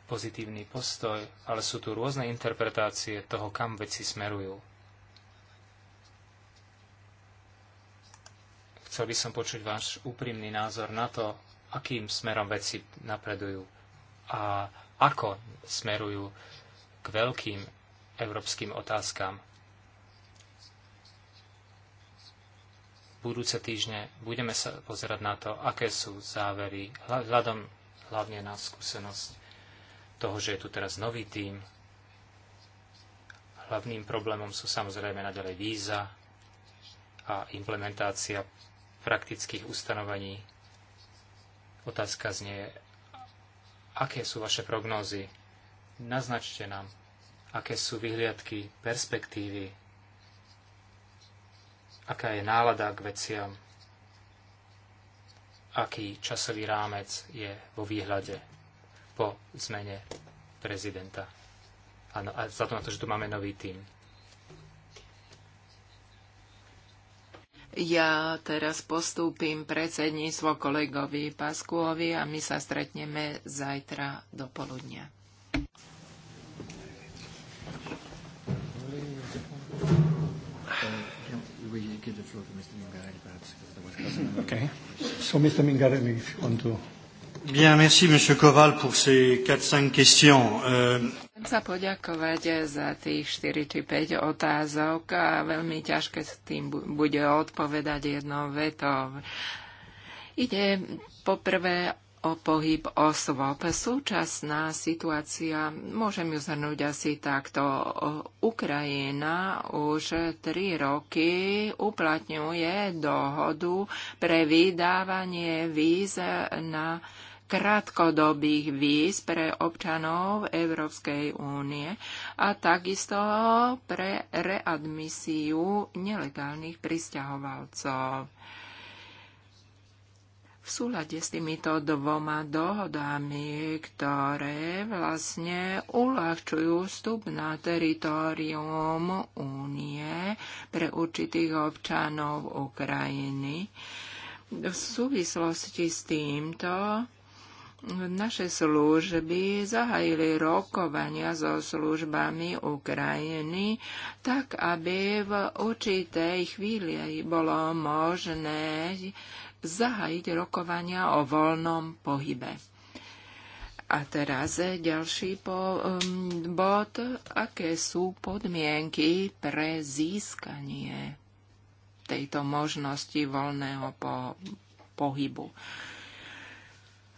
pozitívny postoj, ale sú tu rôzne interpretácie toho, kam veci smerujú. Chcel by som počuť váš úprimný názor na to, akým smerom veci napredujú a ako smerujú k veľkým európskym otázkam. Budúce týždne budeme sa pozerať na to, aké sú závery, hľadom hlavne na skúsenosť toho, že je tu teraz nový tým. Hlavným problémom sú samozrejme naďalej víza a implementácia praktických ustanovení. Otázka znie, aké sú vaše prognózy Naznačte nám, aké sú vyhliadky, perspektívy, aká je nálada k veciam, aký časový rámec je vo výhľade po zmene prezidenta. A, za to na to, že tu máme nový tým. Ja teraz postúpim predsedníctvo kolegovi Paskuovi a my sa stretneme zajtra do poludnia. give the floor to Mr. Mingarelli, perhaps, because there was Okay. So, Mr. Mingarelli, if you want to... Bien, merci, Monsieur Koval, pour ces 4-5 questions. Uh... Chcem sa poďakovať za tých 4 či 5 otázok a veľmi ťažké s tým bude odpovedať jednou vetou. Ide poprvé o pohyb osôb. Súčasná situácia, môžem ju zhrnúť asi takto. Ukrajina už tri roky uplatňuje dohodu pre vydávanie víz na krátkodobých víz pre občanov Európskej únie a takisto pre readmisiu nelegálnych pristahovalcov v súlade s týmito dvoma dohodami, ktoré vlastne uľahčujú vstup na teritorium únie pre určitých občanov Ukrajiny. V súvislosti s týmto naše služby zahajili rokovania so službami Ukrajiny, tak aby v určitej chvíli bolo možné zahájiť rokovania o voľnom pohybe. A teraz ďalší po, um, bod, aké sú podmienky pre získanie tejto možnosti voľného po, pohybu. Uh,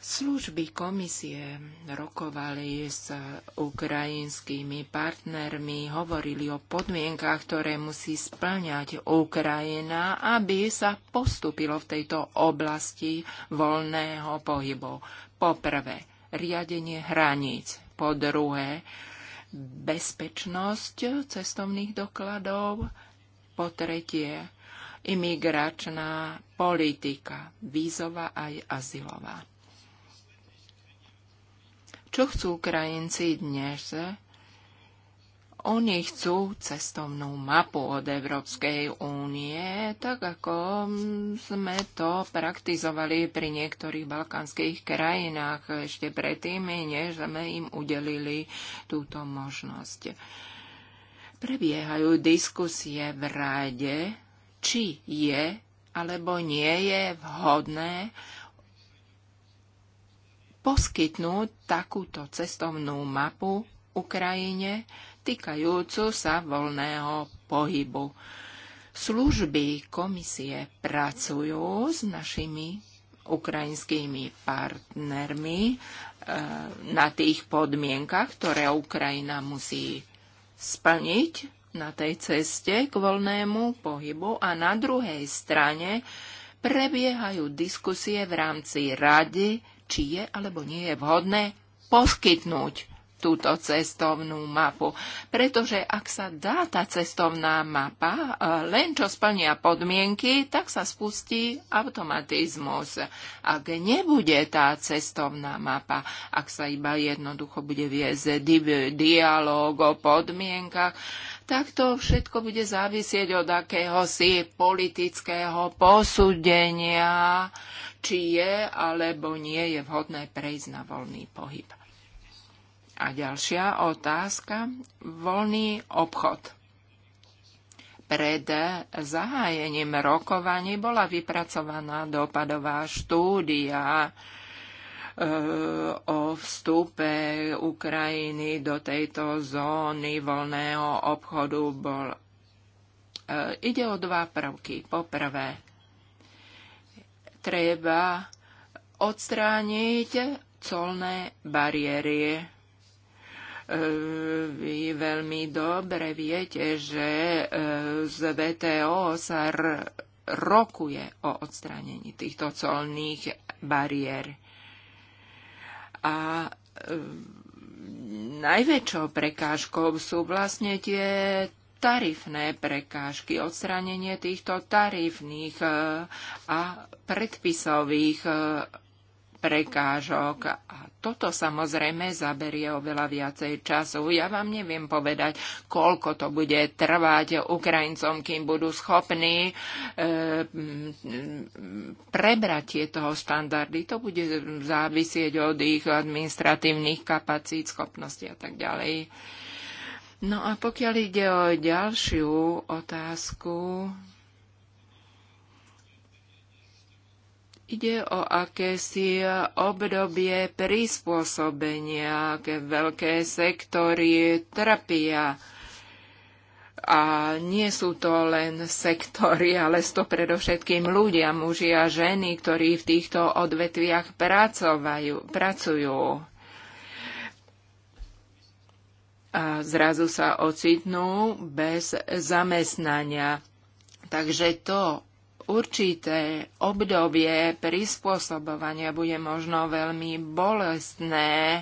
Služby komisie rokovali s ukrajinskými partnermi, hovorili o podmienkach, ktoré musí splňať Ukrajina, aby sa postupilo v tejto oblasti voľného pohybu. Po prvé, riadenie hraníc. Po druhé, bezpečnosť cestovných dokladov. Po tretie, imigračná politika, vízová aj azylová. Čo chcú Ukrajinci dnes? Oni chcú cestovnú mapu od Európskej únie, tak ako sme to praktizovali pri niektorých balkánskych krajinách ešte predtým, než sme im udelili túto možnosť. Prebiehajú diskusie v rade, či je alebo nie je vhodné poskytnúť takúto cestovnú mapu Ukrajine týkajúcu sa voľného pohybu. Služby komisie pracujú s našimi ukrajinskými partnermi e, na tých podmienkach, ktoré Ukrajina musí splniť na tej ceste k voľnému pohybu a na druhej strane prebiehajú diskusie v rámci Rady či je alebo nie je vhodné poskytnúť túto cestovnú mapu. Pretože ak sa dá tá cestovná mapa, e, len čo splnia podmienky, tak sa spustí automatizmus. Ak nebude tá cestovná mapa, ak sa iba jednoducho bude viesť dialog o podmienkach, tak to všetko bude závisieť od akéhosi politického posúdenia, či je alebo nie je vhodné prejsť na voľný pohyb. A ďalšia otázka. Voľný obchod. Pred zahájením rokovaní bola vypracovaná dopadová štúdia o vstupe Ukrajiny do tejto zóny voľného obchodu bol. E, ide o dva prvky. Poprvé, treba odstrániť colné bariéry e, vy veľmi dobre viete, že e, z VTO sa rokuje o odstránení týchto colných bariér. A e, najväčšou prekážkou sú vlastne tie tarifné prekážky, odstránenie týchto tarifných e, a predpisových e, prekážok. A toto samozrejme zaberie oveľa viacej času. Ja vám neviem povedať, koľko to bude trvať Ukrajincom, kým budú schopní e, prebrať tieto štandardy. To bude závisieť od ich administratívnych kapacít, schopností a tak ďalej. No a pokiaľ ide o ďalšiu otázku, Ide o akési obdobie prispôsobenia, aké veľké sektory trpia. A nie sú to len sektory, ale sú to predovšetkým ľudia, muži a ženy, ktorí v týchto odvetviach pracujú. A zrazu sa ocitnú bez zamestnania. Takže to, určité obdobie prispôsobovania bude možno veľmi bolestné e,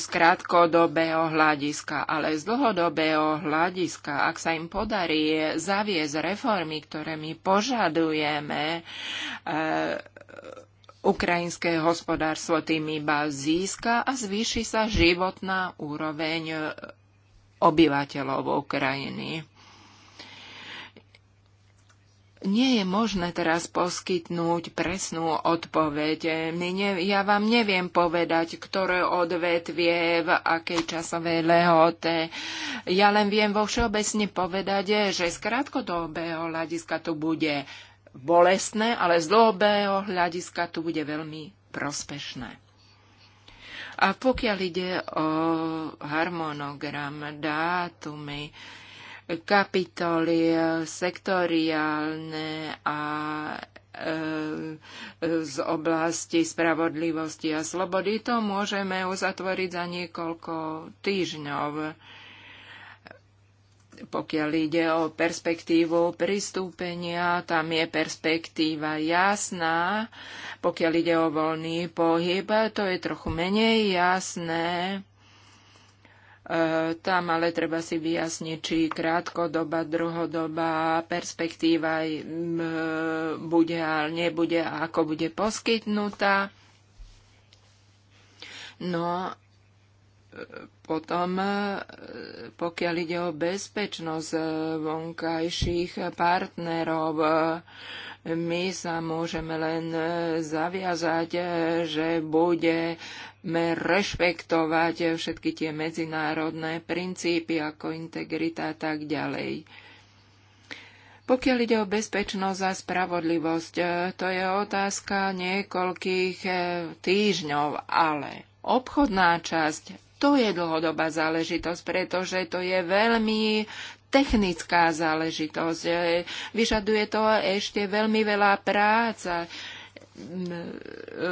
z krátkodobého hľadiska, ale z dlhodobého hľadiska, ak sa im podarí zaviesť reformy, ktoré my požadujeme, e, ukrajinské hospodárstvo tým iba získa a zvýši sa životná úroveň obyvateľov Ukrajiny nie je možné teraz poskytnúť presnú odpoveď. Ne, ja vám neviem povedať, ktoré odvetvie, v akej časovej lehote. Ja len viem vo všeobecne povedať, že z krátkodobého hľadiska to bude bolestné, ale z dlhodobého hľadiska to bude veľmi prospešné. A pokiaľ ide o harmonogram, dátumy, kapitoly e, sektoriálne a e, e, z oblasti spravodlivosti a slobody. To môžeme uzatvoriť za niekoľko týždňov pokiaľ ide o perspektívu pristúpenia, tam je perspektíva jasná. Pokiaľ ide o voľný pohyb, to je trochu menej jasné. E, tam ale treba si vyjasniť, či krátkodoba, druhodoba perspektíva bude a nebude a ako bude poskytnutá. No potom, e, pokiaľ ide o bezpečnosť e, vonkajších partnerov, e, my sa môžeme len zaviazať, že budeme rešpektovať všetky tie medzinárodné princípy ako integrita a tak ďalej. Pokiaľ ide o bezpečnosť a spravodlivosť, to je otázka niekoľkých týždňov, ale obchodná časť to je dlhodobá záležitosť, pretože to je veľmi technická záležitosť. E, vyžaduje to ešte veľmi veľa práca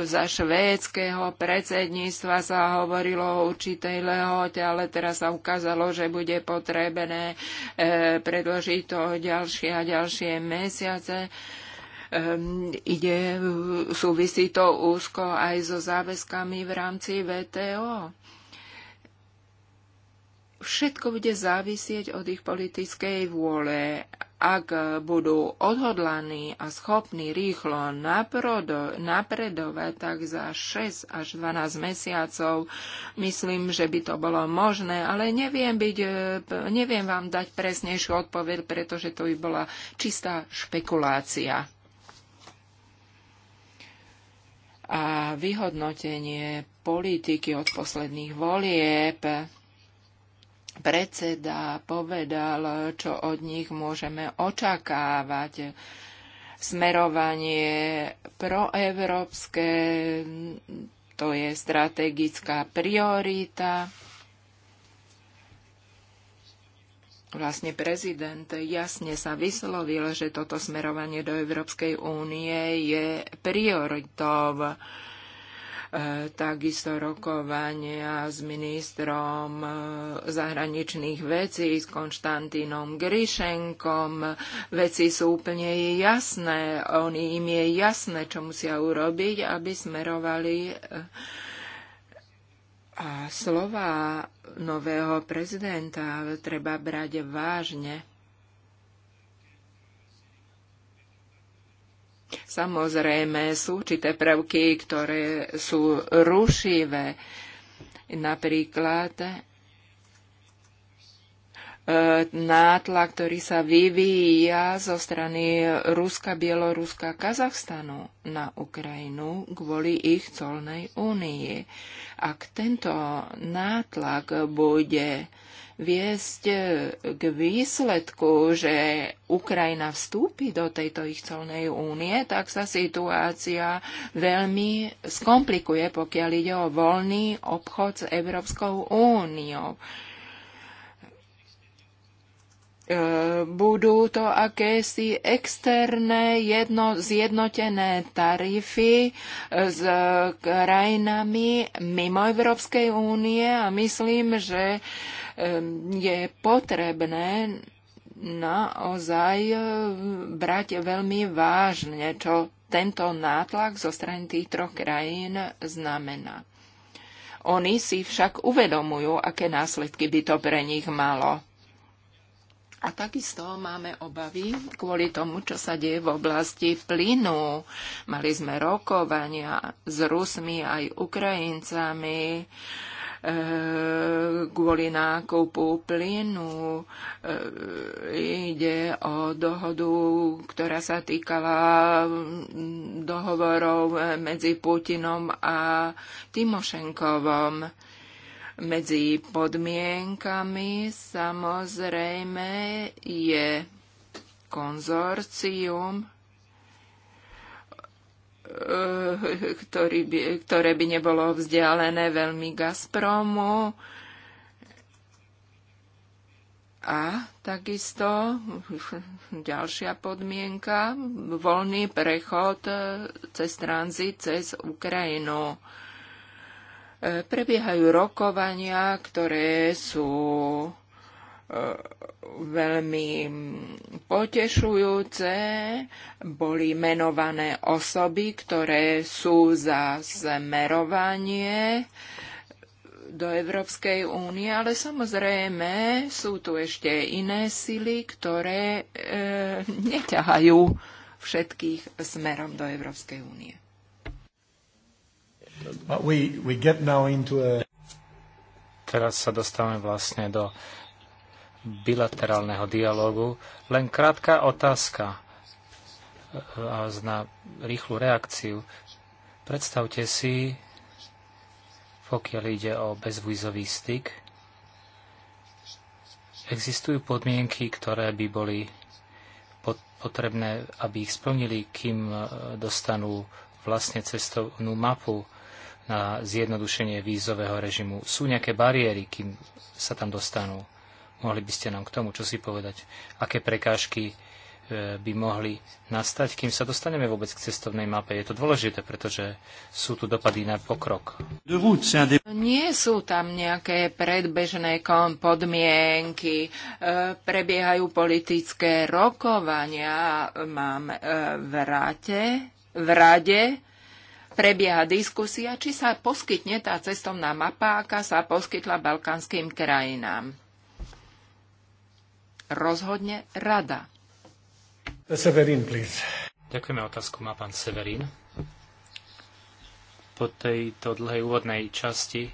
za švédskeho predsedníctva sa hovorilo o určitej lehote, ale teraz sa ukázalo, že bude potrebné e, predložiť to ďalšie a ďalšie mesiace. Ide, súvisí to úzko aj so záväzkami v rámci VTO všetko bude závisieť od ich politickej vôle. Ak budú odhodlaní a schopní rýchlo naprodo, napredovať, tak za 6 až 12 mesiacov myslím, že by to bolo možné, ale neviem, byť, neviem vám dať presnejšiu odpoveď, pretože to by bola čistá špekulácia. A vyhodnotenie politiky od posledných volieb predseda povedal, čo od nich môžeme očakávať. Smerovanie proevropské, to je strategická priorita. Vlastne prezident jasne sa vyslovil, že toto smerovanie do Európskej únie je prioritou. E, takisto rokovania s ministrom e, zahraničných vecí, s Konštantínom Grišenkom. Veci sú úplne jasné, oni im je jasné, čo musia urobiť, aby smerovali e, a slova nového prezidenta treba brať vážne Samozrejme sú určité prvky, ktoré sú rušivé. Napríklad e, nátlak, ktorý sa vyvíja zo strany Ruska, Bieloruska, Kazachstanu na Ukrajinu kvôli ich colnej únii. Ak tento nátlak bude viesť eh, k výsledku, že Ukrajina vstúpi do tejto ich colnej únie, tak sa situácia veľmi skomplikuje, pokiaľ ide o voľný obchod s Európskou úniou eh, budú to akési externé jedno, zjednotené tarify eh, s krajinami mimo Európskej únie a myslím, že je potrebné naozaj eh, brať veľmi vážne, čo tento nátlak zo strany tých troch krajín znamená. Oni si však uvedomujú, aké následky by to pre nich malo. A takisto máme obavy kvôli tomu, čo sa deje v oblasti plynu. Mali sme rokovania s Rusmi aj Ukrajincami. Eh, kvôli nákupu plynu. Eh, ide o dohodu, ktorá sa týkala mm, dohovorov eh, medzi Putinom a Timošenkovom medzi podmienkami samozrejme je konzorcium Eh, ktorý by, ktoré by nebolo vzdialené veľmi Gazpromu. A takisto ďalšia podmienka, voľný prechod eh, cez tranzit cez Ukrajinu. Eh, prebiehajú rokovania, ktoré sú E, veľmi potešujúce. Boli menované osoby, ktoré sú za smerovanie do Európskej únie, ale samozrejme sú tu ešte iné sily, ktoré e, neťahajú všetkých smerom do Európskej únie. Teraz sa dostávame vlastne do bilaterálneho dialógu. Len krátka otázka e, a na rýchlu reakciu. Predstavte si, pokiaľ ide o bezvízový styk, existujú podmienky, ktoré by boli potrebné, aby ich splnili, kým e, dostanú vlastne cestovnú mapu na zjednodušenie vízového režimu. Sú nejaké bariéry, kým sa tam dostanú. Mohli by ste nám k tomu čo si povedať? Aké prekážky e, by mohli nastať, kým sa dostaneme vôbec k cestovnej mape. Je to dôležité, pretože sú tu dopady na pokrok. Nie sú tam nejaké predbežné podmienky, e, prebiehajú politické rokovania, mám e, v, rate, v rade, prebieha diskusia, či sa poskytne tá cestovná mapa, aká sa poskytla balkánskym krajinám rozhodne rada. Severin, please. Ďakujeme. Otázku má pán Severín. Po tejto dlhej úvodnej časti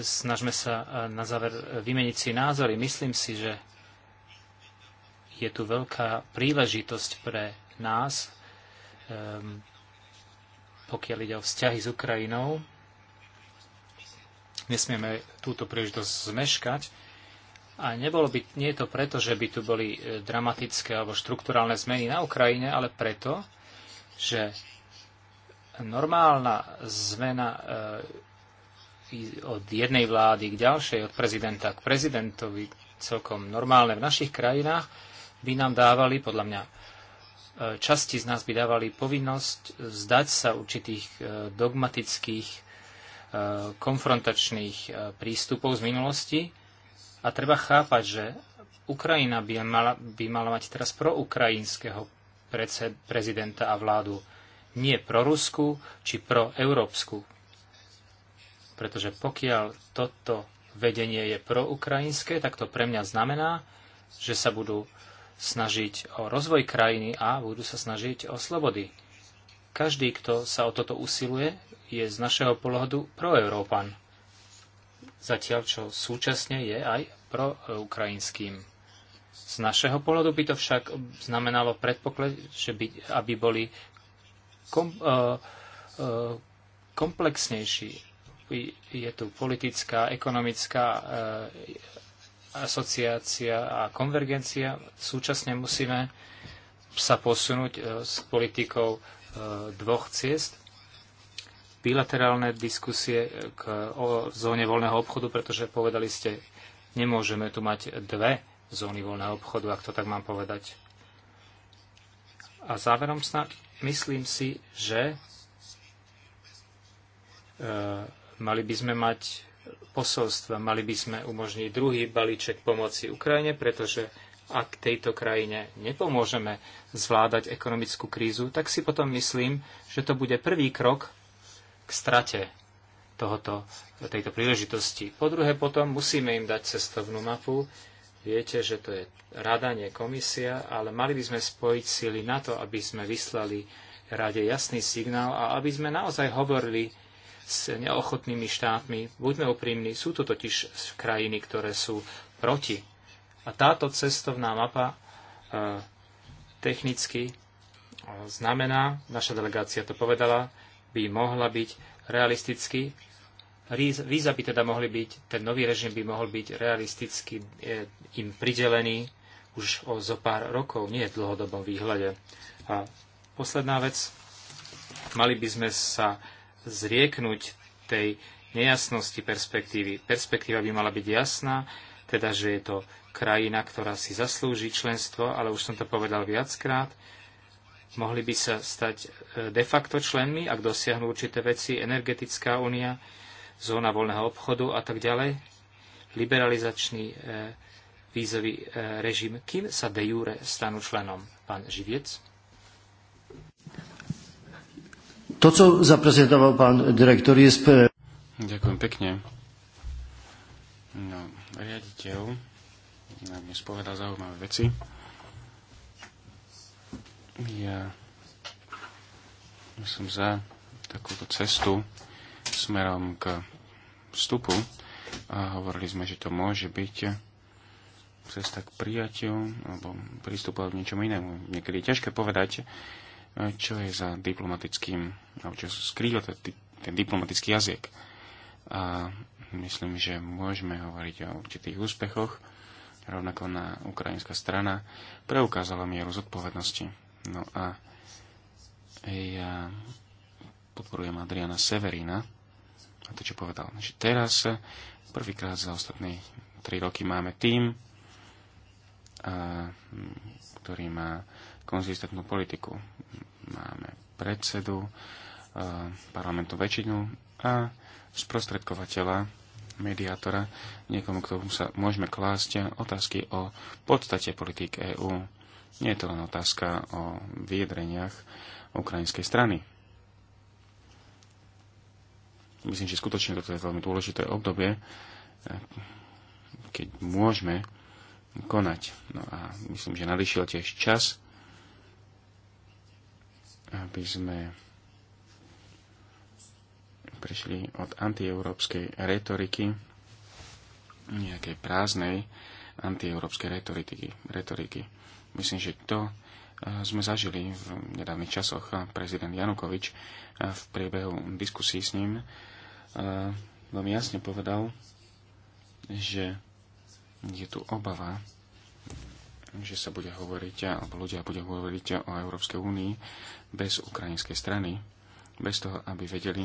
snažme sa e, na záver vymeniť si názory. Myslím si, že je tu veľká príležitosť pre nás, um, pokiaľ ide o vzťahy s Ukrajinou. Nesmieme túto príležitosť zmeškať a nebolo by, nie je to preto, že by tu boli e, dramatické alebo štruktúralne zmeny na Ukrajine, ale preto, že normálna zmena e, od jednej vlády k ďalšej, od prezidenta k prezidentovi, celkom normálne v našich krajinách, by nám dávali, podľa mňa, e, časti z nás by dávali povinnosť vzdať sa určitých dogmatických, konfrontačných prístupov z minulosti, a treba chápať, že Ukrajina by mala, by mala mať teraz proukrajinského prezidenta a vládu, nie pro Rusku či pro Európsku. Pretože pokiaľ toto vedenie je proukrajinské, tak to pre mňa znamená, že sa budú snažiť o rozvoj krajiny a budú sa snažiť o slobody. Každý, kto sa o toto usiluje, je z našeho pohľadu proeurópan zatiaľ čo súčasne je aj proukrajinským. Z našeho pohľadu by to však znamenalo predpoklad, že by, aby boli kom, uh, uh, komplexnejší. Je tu politická, ekonomická uh, asociácia a konvergencia. Súčasne musíme sa posunúť s politikou dvoch ciest bilaterálne diskusie k, o zóne voľného obchodu, pretože povedali ste, nemôžeme tu mať dve zóny voľného obchodu, ak to tak mám povedať. A záverom snad myslím si, že e, mali by sme mať posolstva, mali by sme umožniť druhý balíček pomoci Ukrajine, pretože ak tejto krajine nepomôžeme zvládať ekonomickú krízu, tak si potom myslím, že to bude prvý krok k strate tohoto, tejto príležitosti. Po druhé potom musíme im dať cestovnú mapu. Viete, že to je rada, nie komisia, ale mali by sme spojiť sily na to, aby sme vyslali rade jasný signál a aby sme naozaj hovorili s neochotnými štátmi. Buďme úprimní, sú to totiž krajiny, ktoré sú proti. A táto cestovná mapa eh, technicky eh, znamená, naša delegácia to povedala, by mohla byť realisticky, víza by teda mohli byť, ten nový režim by mohol byť realisticky e, im pridelený už o zo pár rokov, nie v dlhodobom výhľade. A posledná vec, mali by sme sa zrieknúť tej nejasnosti perspektívy. Perspektíva by mala byť jasná, teda že je to krajina, ktorá si zaslúži členstvo, ale už som to povedal viackrát, mohli by sa stať e, de facto členmi, ak dosiahnu určité veci, energetická únia, zóna voľného obchodu a tak ďalej, liberalizačný e, vízový e, režim, kým sa de jure stanú členom. Pán Živiec. To, co zaprezentoval pán direktor, je... Sp... Ďakujem pekne. No, riaditeľ nám dnes povedal zaujímavé veci. Ja som za takúto cestu smerom k vstupu a hovorili sme, že to môže byť cesta k prijatiu alebo prístupu k niečomu inému. Niekedy je ťažké povedať, čo je za diplomatickým, alebo čo skrýva ten diplomatický jazyk. A myslím, že môžeme hovoriť o určitých úspechoch, rovnako na ukrajinská strana preukázala mieru zodpovednosti No a ja podporujem Adriana Severina a to, čo povedal. Že teraz eh, prvýkrát za ostatné tri roky máme tým, a, eh, ktorý má konzistentnú politiku. Máme predsedu, eh, parlamentu väčšinu a sprostredkovateľa, mediátora, niekomu, ktorom sa môžeme klásť otázky o podstate politik EÚ. Nie je to len otázka o vyjadreniach ukrajinskej strany. Myslím, že skutočne toto je veľmi dôležité obdobie, keď môžeme konať. No a myslím, že nadišiel tiež čas, aby sme prešli od antieurópskej retoriky, nejakej prázdnej antieurópskej retoriky, retoriky Myslím, že to e, sme zažili v nedávnych časoch. Prezident Janukovič e, v priebehu diskusí s ním e, veľmi jasne povedal, že je tu obava, že sa bude hovoriť, alebo ľudia budú hovoriť o Európskej únii bez ukrajinskej strany, bez toho, aby vedeli,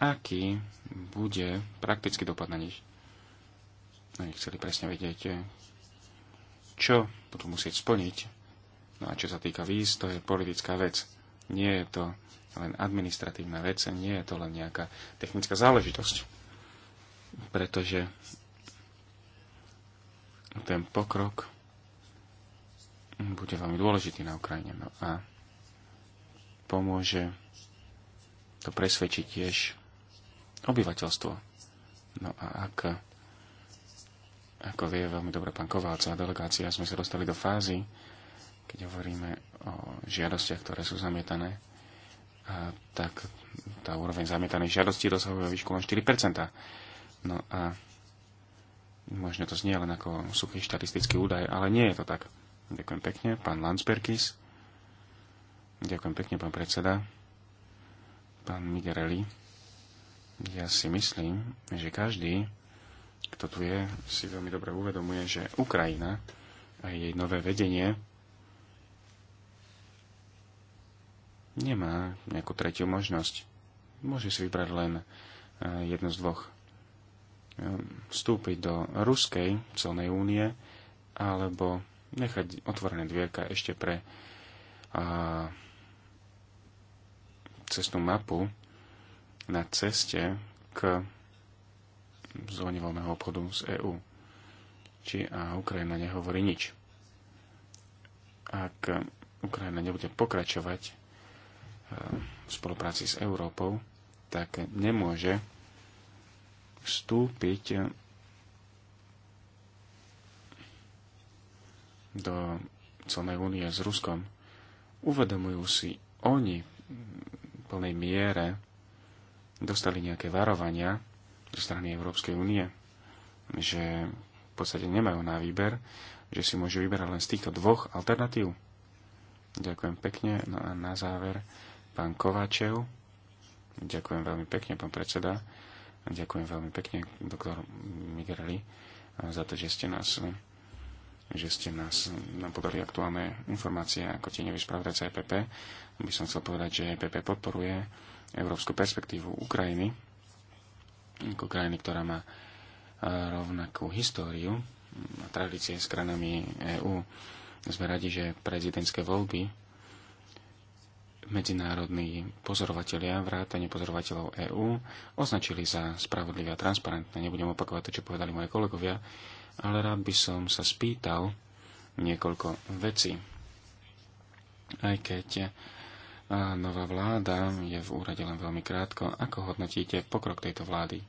aký bude praktický dopad na nich. Oni chceli presne vedieť, čo budú musieť splniť. No a čo sa týka víz, to je politická vec. Nie je to len administratívna vec, nie je to len nejaká technická záležitosť. Pretože ten pokrok bude veľmi dôležitý na Ukrajine. No a pomôže to presvedčiť tiež obyvateľstvo. No a ak ako vie veľmi dobre pán kováca a delegácia, sme sa dostali do fázy, keď hovoríme o žiadostiach, ktoré sú zamietané, a tak tá úroveň zamietanej žiadosti dosahuje výšku len 4%. No a možno to znie len ako suchý štatistický údaj, ale nie je to tak. Ďakujem pekne, pán Landsbergis. Ďakujem pekne, pán predseda. Pán Migerelli. Ja si myslím, že každý kto tu je, si veľmi dobre uvedomuje, že Ukrajina a jej nové vedenie nemá nejakú tretiu možnosť. Môže si vybrať len eh, jednu z dvoch. Ehm, vstúpiť do Ruskej celnej únie alebo nechať otvorené dvierka ešte pre a, eh, cestnú mapu na ceste k v zóne voľného obchodu z EÚ. Či a Ukrajina nehovorí nič. Ak Ukrajina nebude pokračovať eh, v spolupráci s Európou, tak nemôže vstúpiť do celnej únie s Ruskom. Uvedomujú si oni v plnej miere, dostali nejaké varovania, zo strany Európskej únie, že v podstate nemajú na výber, že si môžu vyberať len z týchto dvoch alternatív. Ďakujem pekne. No a na záver pán Kováčev. Ďakujem veľmi pekne, pán predseda. Ďakujem veľmi pekne, doktor Migreli, za to, že ste nás že ste nás nám podali aktuálne informácie ako tieňový spravodajca EPP. By som chcel povedať, že EPP podporuje európsku perspektívu Ukrajiny ako krajiny, ktorá má e, rovnakú históriu a tradície s krajinami EÚ. Sme radi, že prezidentské voľby medzinárodní pozorovatelia, vrátane pozorovateľov EÚ, označili za spravodlivé a transparentné. Nebudem opakovať to, čo povedali moje kolegovia, ale rád by som sa spýtal niekoľko vecí. Aj keď nová vláda je v úrade len veľmi krátko. Ako hodnotíte pokrok tejto vlády?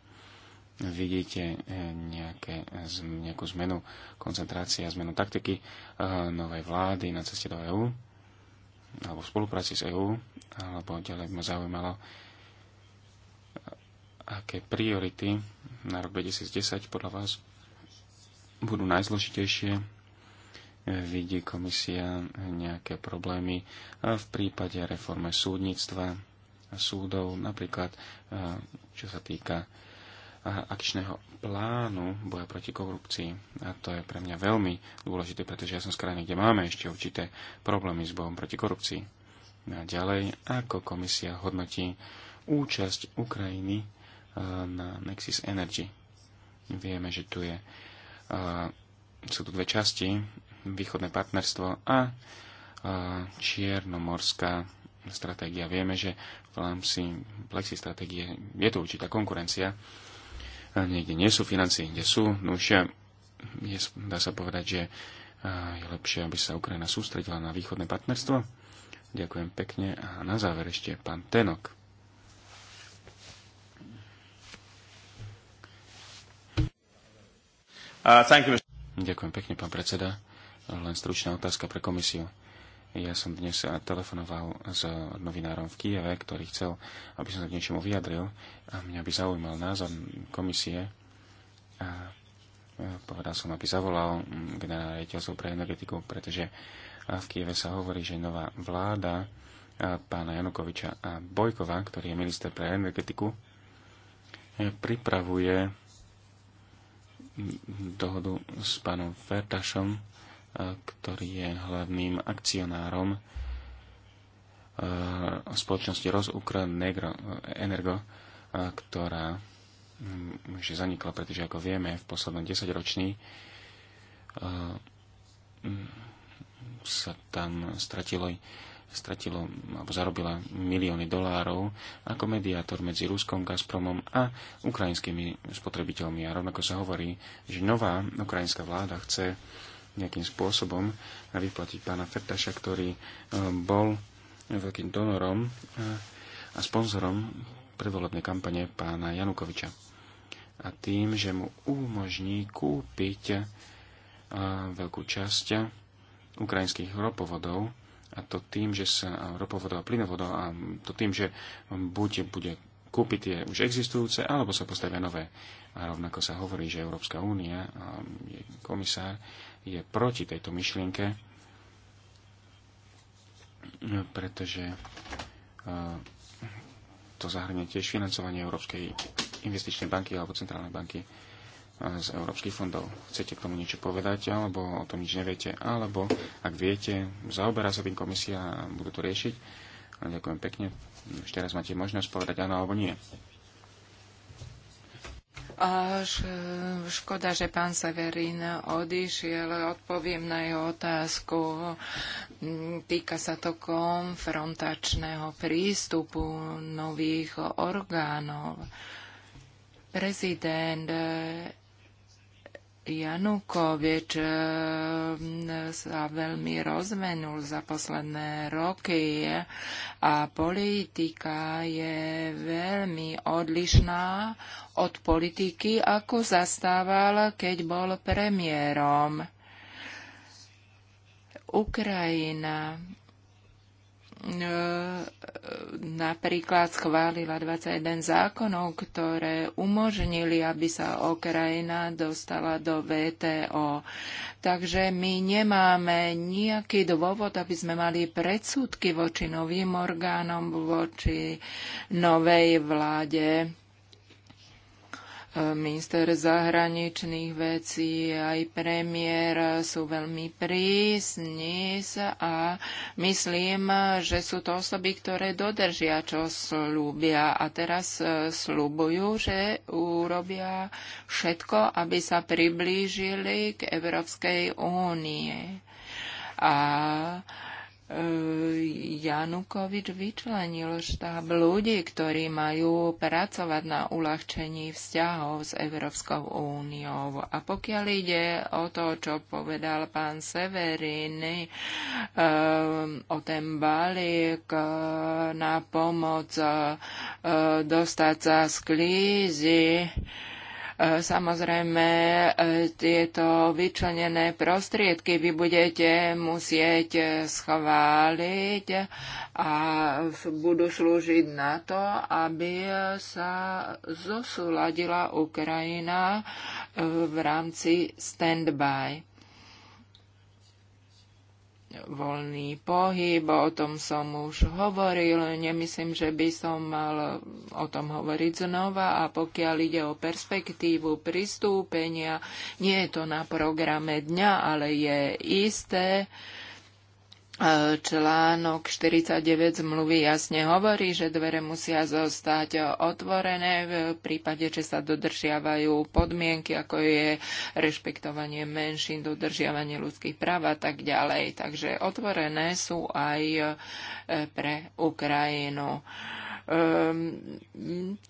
Vidíte eh, nejaké, nejakú zmenu koncentrácie a zmenu taktiky eh, novej vlády na ceste do EÚ? Alebo v spolupráci s EÚ? Alebo ďalej by ma zaujímalo, eh, aké priority na rok 2010 podľa vás budú najzložitejšie vidí komisia nejaké problémy v prípade reforme súdnictva a súdov, napríklad čo sa týka akčného plánu boja proti korupcii. A to je pre mňa veľmi dôležité, pretože ja som z krajiny, kde máme ešte určité problémy s bojom proti korupcii. A ďalej, ako komisia hodnotí účasť Ukrajiny na Nexus Energy. Vieme, že tu je, sú tu dve časti východné partnerstvo a čiernomorská stratégia. Vieme, že v rámci plexi stratégie je tu určitá konkurencia. Niekde nie sú financie, kde sú. No už je, dá sa povedať, že je lepšie, aby sa Ukrajina sústredila na východné partnerstvo. Ďakujem pekne a na záver ešte pán Tenok. Uh, Ďakujem pekne, pán predseda. Len stručná otázka pre komisiu. Ja som dnes telefonoval s novinárom v Kieve, ktorý chcel, aby som sa k niečomu vyjadril a mňa by zaujímal názor komisie a e, povedal som, aby zavolal generálne reťazov pre energetiku, pretože e, v Kieve sa hovorí, že nová vláda e, pána Janukoviča a Bojkova, ktorý je minister pre energetiku, pripravuje dohodu s pánom Fertašom ktorý je hlavným akcionárom e, spoločnosti Negro e, Energo, e, ktorá už mm, zanikla, pretože ako vieme, v poslednom desaťročný mm, sa tam stratilo, stratilo alebo zarobila milióny dolárov ako mediátor medzi Ruskom, Gazpromom a ukrajinskými spotrebiteľmi. A rovnako sa hovorí, že nová ukrajinská vláda chce nejakým spôsobom vyplatiť pána Fertaša, ktorý e, bol veľkým donorom a sponzorom predvolebnej kampane pána Janukoviča. A tým, že mu umožní kúpiť e, veľkú časť ukrajinských ropovodov, a to tým, že sa ropovodov a plynovodov, a to tým, že buď bude kúpiť tie už existujúce, alebo sa postavia nové. A rovnako sa hovorí, že Európska únia, komisár, je proti tejto myšlienke, e, pretože e, to zahrňa tiež financovanie Európskej investičnej banky alebo Centrálnej banky e, z európskych fondov. Chcete k tomu niečo povedať, alebo o tom nič neviete, alebo ak viete, zaoberá sa tým komisia a budú to riešiť. Ďakujem pekne. Ešte raz máte možnosť povedať áno alebo nie. E, škoda, že pán Severín odišiel. Odpoviem na jeho otázku. Mm, týka sa to konfrontačného prístupu nových orgánov. Prezident e, Janukovič eh, sa veľmi rozmenul za posledné roky a politika je veľmi odlišná od politiky, ako zastával, keď bol premiérom. Ukrajina E, napríklad schválila 21 zákonov, ktoré umožnili, aby sa Ukrajina dostala do VTO. Takže my nemáme nejaký dôvod, aby sme mali predsudky voči novým orgánom, voči novej vláde minister zahraničných vecí, aj premiér sú veľmi prísni a myslím, že sú to osoby, ktoré dodržia, čo slúbia a teraz e, slúbujú, že urobia všetko, aby sa priblížili k Európskej únie. A Eh, Janukovič vyčlenil štáb ľudí, ktorí majú pracovať na uľahčení vzťahov s Európskou úniou. A pokiaľ ide o to, čo povedal pán Severin eh, o ten balík eh, na pomoc dostať sa z klízy, E, samozrejme, e, tieto vyčlenené prostriedky vy budete musieť e, schváliť a budú slúžiť na to, aby sa zosúladila Ukrajina v rámci stand-by voľný pohyb, o tom som už hovoril, nemyslím, že by som mal o tom hovoriť znova a pokiaľ ide o perspektívu pristúpenia, nie je to na programe dňa, ale je isté, Článok 49 zmluvy jasne hovorí, že dvere musia zostať otvorené v prípade, že sa dodržiavajú podmienky, ako je rešpektovanie menšín, dodržiavanie ľudských práv a tak ďalej. Takže otvorené sú aj pre Ukrajinu. Ehm,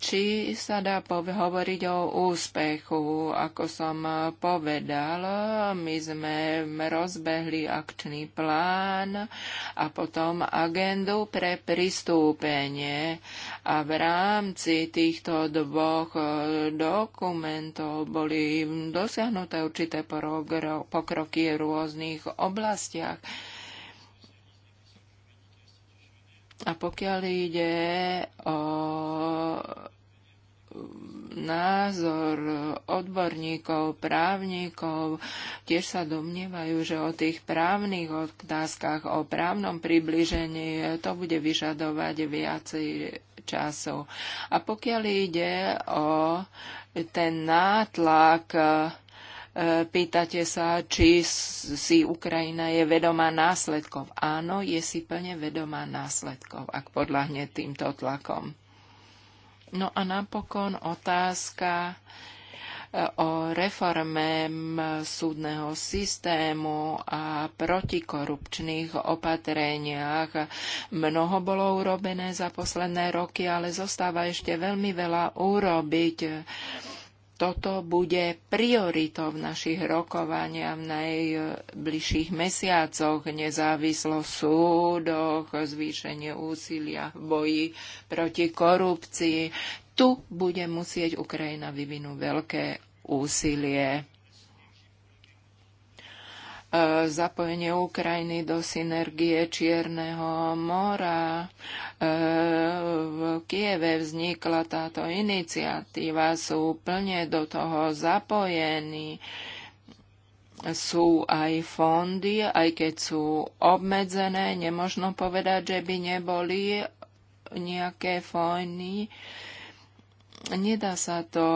či sa dá hovoriť o úspechu. Ako som povedal, my sme rozbehli akčný plán a potom agendu pre pristúpenie. A v rámci týchto dvoch e, dokumentov boli dosiahnuté určité pokroky v rôznych oblastiach A pokiaľ ide o názor odborníkov, právnikov, tiež sa domnievajú, že o tých právnych otázkach, o právnom približení to bude vyžadovať viacej času. A pokiaľ ide o ten nátlak Pýtate sa, či si Ukrajina je vedomá následkov. Áno, je si plne vedomá následkov, ak podľahne týmto tlakom. No a napokon otázka eh, o reforme súdneho systému a protikorupčných opatreniach. Mnoho bolo urobené za posledné roky, ale zostáva ešte veľmi veľa urobiť toto bude prioritou v našich rokovaniach v najbližších mesiacoch, nezávislo súdoch, zvýšenie úsilia v boji proti korupcii. Tu bude musieť Ukrajina vyvinúť veľké úsilie. E, zapojenie Ukrajiny do synergie Čierneho mora. E, v Kieve vznikla táto iniciatíva, sú plne do toho zapojení sú aj fondy, aj keď sú obmedzené, nemožno povedať, že by neboli nejaké fondy. Nedá sa to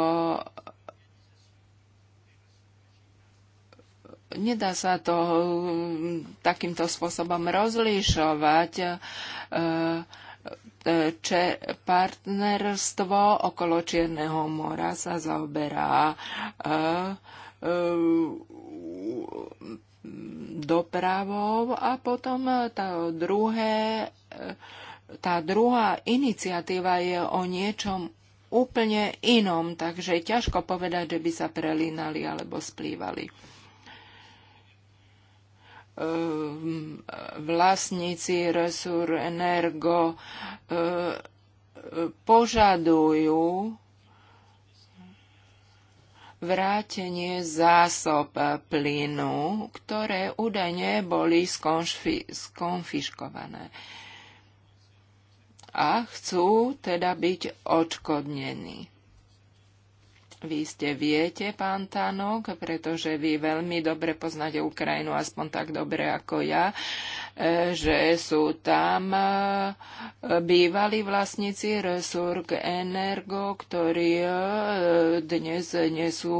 Nedá sa to mm, takýmto spôsobom rozlišovať e, e, če partnerstvo okolo Čierneho mora sa zaoberá e, dopravou a potom tá, druhé, tá druhá iniciatíva je o niečom úplne inom, takže ťažko povedať, že by sa prelínali alebo splývali. Ehm, vlastníci Resur Energo ehm, požadujú vrátenie zásob plynu, ktoré údajne boli skonfiškované. A chcú teda byť odškodnení. Vy ste viete, pán Tanok, pretože vy veľmi dobre poznáte Ukrajinu, aspoň tak dobre ako ja, e, že sú tam e, bývalí vlastníci Resurg Energo, ktorí e, dnes nesú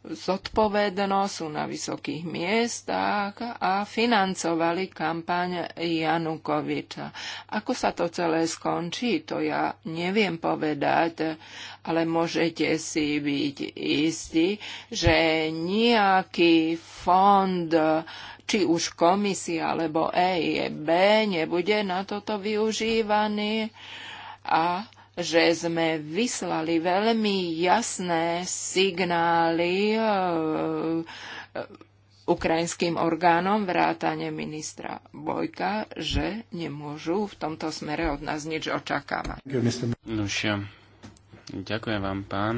zodpovednosť, sú na vysokých miestach a financovali kampaň Janukoviča. Ako sa to celé skončí, to ja neviem povedať, ale môžete si byť istí, že nejaký fond či už komisia alebo EIB nebude na toto využívaný a že sme vyslali veľmi jasné signály eh, eh, ukrajinským orgánom, vrátane ministra Bojka, že nemôžu v tomto smere od nás nič očakávať. Nušia, no ďakujem vám, pán,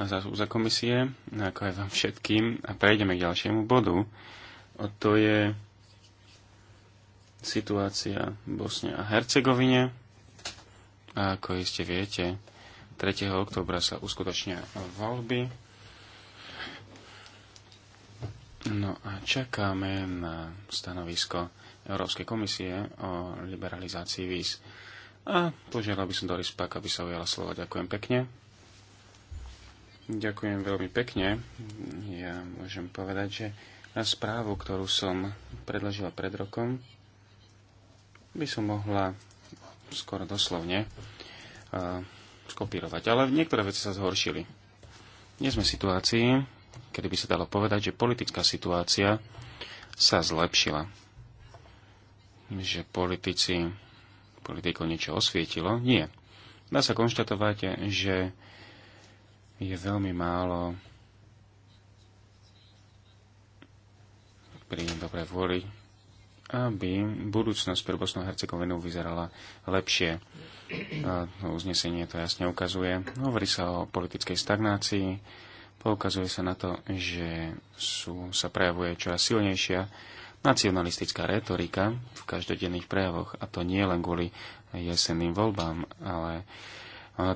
za, za komisie, ako aj vám všetkým a prejdeme k ďalšiemu bodu. O to je situácia v Bosne a Hercegovine. A ako iste viete, 3. oktobra sa uskutočnia voľby. No a čakáme na stanovisko Európskej komisie o liberalizácii víz. A požiadal by som Doris Pak, aby sa ujala slovo. Ďakujem pekne. Ďakujem veľmi pekne. Ja môžem povedať, že na správu, ktorú som predložila pred rokom, by som mohla skoro doslovne e, skopírovať. Ale niektoré veci sa zhoršili. Dnes sme v situácii, kedy by sa dalo povedať, že politická situácia sa zlepšila. Že politici, politikov niečo osvietilo? Nie. Dá sa konštatovať, že je veľmi málo pri dobrej vôli aby budúcnosť pre Bosnu a Hercegovinu vyzerala lepšie. Uznesenie to jasne ukazuje. Hovorí sa o politickej stagnácii, poukazuje sa na to, že sú, sa prejavuje čoraz silnejšia nacionalistická retorika v každodenných prejavoch, a to nie len kvôli jesenným voľbám, ale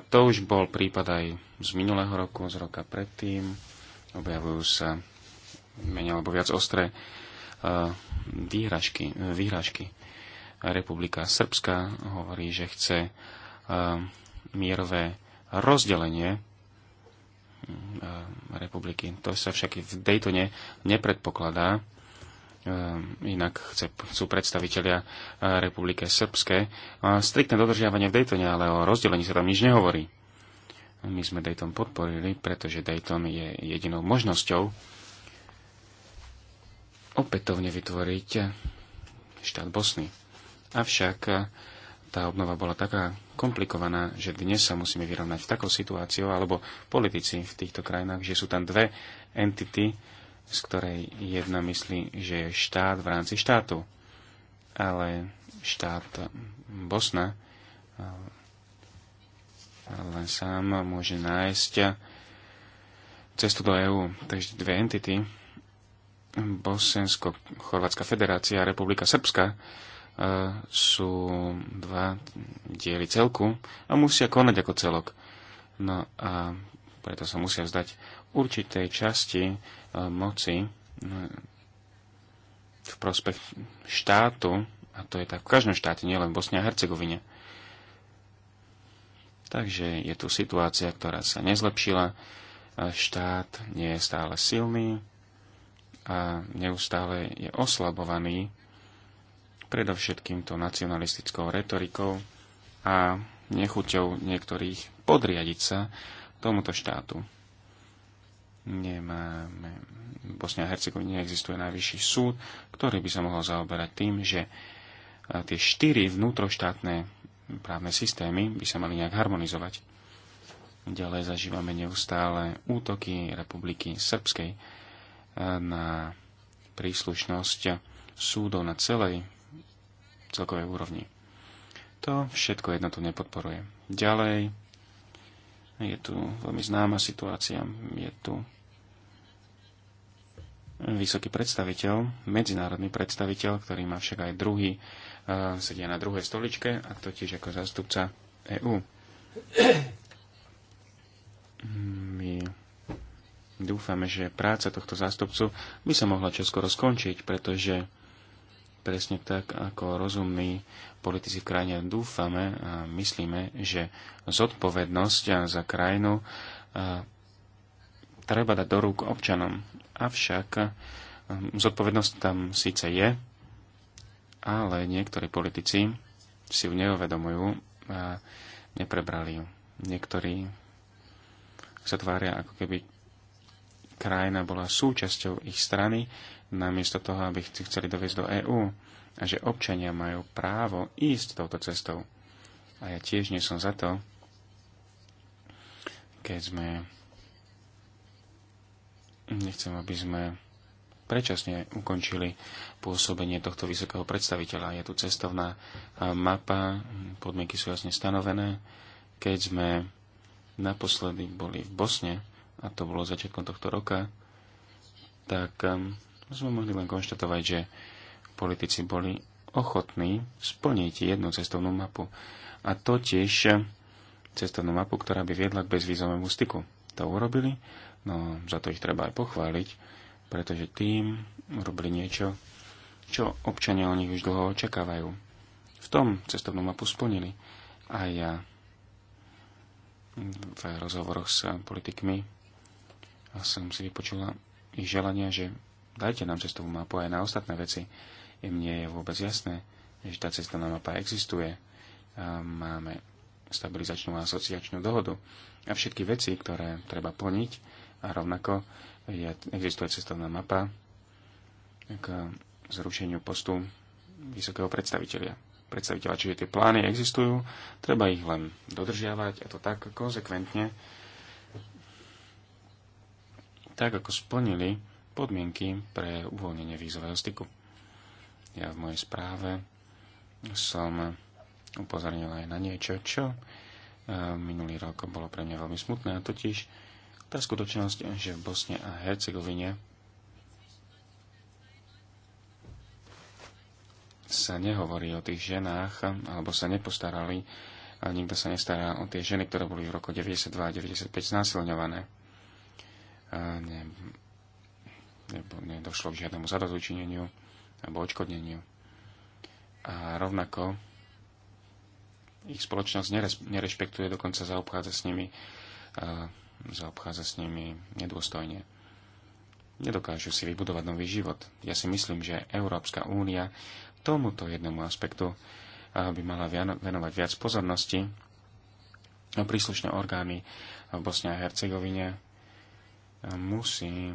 to už bol prípad aj z minulého roku, z roka predtým. Objavujú sa menej alebo viac ostré E, výhražky. E, výhražky. Republika Srbska hovorí, že chce e, mierové rozdelenie republiky. To sa však v Daytone nepredpokladá. Inak chce, predstavitelia republike Srbske. Striktné dodržiavanie v Daytone, ale o rozdelení sa tam nič nehovorí. My sme Dayton podporili, pretože Dayton je jedinou možnosťou, opätovne vytvoriť štát Bosny. Avšak tá obnova bola taká komplikovaná, že dnes sa musíme vyrovnať v takou situáciou, alebo politici v týchto krajinách, že sú tam dve entity, z ktorej jedna myslí, že je štát v rámci štátu. Ale štát Bosna len sám môže nájsť cestu do EÚ. Takže dve entity Bosensko-Chorvátska federácia a Republika Srbska e, sú dva diely celku a musia konať ako celok. No a preto sa musia vzdať určitej časti e, moci e, v prospech štátu, a to je tak v každom štáte, nielen v Bosne a Hercegovine. Takže je tu situácia, ktorá sa nezlepšila, štát nie je stále silný, a neustále je oslabovaný predovšetkým to nacionalistickou retorikou a nechuťou niektorých podriadiť sa tomuto štátu. Nemáme, v Bosne a Hercegovine neexistuje najvyšší súd, ktorý by sa mohol zaoberať tým, že e, tie štyri vnútroštátne právne systémy by sa mali nejak harmonizovať. Ďalej zažívame neustále útoky Republiky Srbskej, na príslušnosť súdov na celej celkovej úrovni. To všetko jedno tu nepodporuje. Ďalej je tu veľmi známa situácia. Je tu vysoký predstaviteľ, medzinárodný predstaviteľ, ktorý má však aj druhý, eh, sedia na druhej stoličke a totiž ako zástupca EÚ. My Dúfame, že práca tohto zástupcu by sa mohla čoskoro skončiť, pretože presne tak, ako rozumní politici v krajine dúfame a myslíme, že zodpovednosť za krajinu treba dať do rúk občanom. Avšak zodpovednosť tam síce je, ale niektorí politici si ju neuvedomujú a neprebrali ju. Niektorí sa tvária, ako keby krajina bola súčasťou ich strany, namiesto toho, aby si chceli dovieť do EÚ a že občania majú právo ísť touto cestou. A ja tiež nie som za to, keď sme... Nechcem, aby sme prečasne ukončili pôsobenie tohto vysokého predstaviteľa. Je tu cestovná mapa, podmienky sú jasne stanovené. Keď sme naposledy boli v Bosne, a to bolo začiatkom tohto roka, tak um, sme mohli len konštatovať, že politici boli ochotní splniť jednu cestovnú mapu. A totiž um, cestovnú mapu, ktorá by viedla k bezvýzovému styku. To urobili, no za to ich treba aj pochváliť, pretože tým urobili niečo, čo občania o nich už dlho očakávajú. V tom cestovnú mapu splnili. A ja v rozhovoroch s politikmi a som si vypočula ich želania, že dajte nám cestovú mapu aj na ostatné veci. I mne je vôbec jasné, že tá cestovná mapa existuje. A máme stabilizačnú a asociačnú dohodu. A všetky veci, ktoré treba plniť, a rovnako je, existuje cestovná mapa k zrušeniu postu vysokého predstaviteľa. Predstaviteľa, čiže tie plány existujú, treba ich len dodržiavať a to tak konzekventne, tak ako splnili podmienky pre uvoľnenie vízového styku. Ja v mojej správe som upozornil aj na niečo, čo eh, minulý rok bolo pre mňa veľmi smutné, a totiž tá skutočnosť, že v Bosne a Hercegovine sa nehovorí o tých ženách, alebo sa nepostarali, a nikto sa nestará o tie ženy, ktoré boli v roku 92 a 95 znásilňované ne, ne, nedošlo k žiadnemu zadozučineniu alebo odškodneniu. A rovnako ich spoločnosť nerešpektuje, dokonca zaobchádza s nimi, zaobchádza s nimi nedôstojne. Nedokážu si vybudovať nový život. Ja si myslím, že Európska únia tomuto jednému aspektu by mala venovať viac pozornosti. No, príslušné orgány v Bosne a Hercegovine musí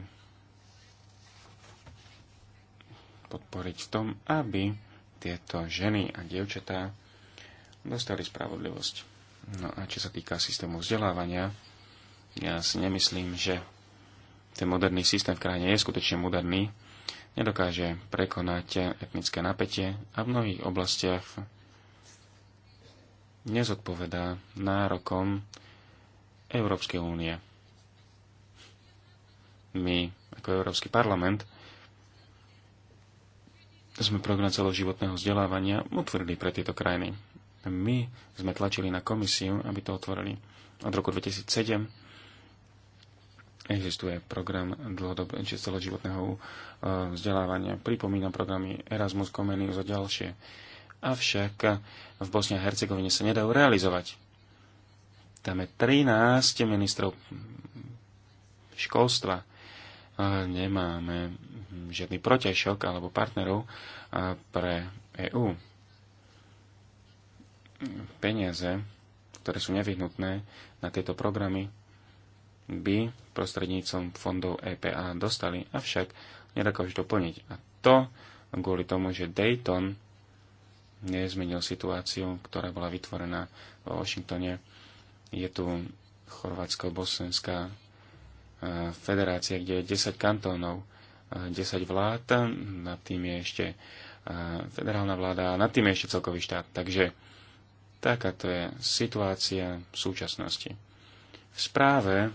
podporiť v tom, aby tieto ženy a dievčatá dostali spravodlivosť. No a čo sa týka systému vzdelávania, ja si nemyslím, že ten moderný systém v krajine je skutočne moderný, nedokáže prekonať etnické napätie a v mnohých oblastiach nezodpovedá nárokom Európskej únie my ako Európsky parlament sme program celoživotného vzdelávania utvorili pre tieto krajiny. My sme tlačili na komisiu, aby to otvorili. Od roku 2007 existuje program dlhodobého celoživotného uh, vzdelávania. Pripomínam programy Erasmus, Comenius a ďalšie. Avšak v Bosne a Hercegovine sa nedajú realizovať. Tam je 13 ministrov školstva nemáme hm, žiadny protešok alebo partnerov pre EÚ. Peniaze, ktoré sú nevyhnutné na tieto programy, by prostrednícom fondov EPA dostali, avšak nedokážu doplniť. A to kvôli tomu, že Dayton nezmenil situáciu, ktorá bola vytvorená v Washingtone. Je tu chorvátsko-bosenská Eh, federácie, kde je 10 kantónov, 10 eh, vlád, nad tým je ešte eh, federálna vláda a nad tým je ešte celkový štát. Takže takáto je situácia v súčasnosti. V správe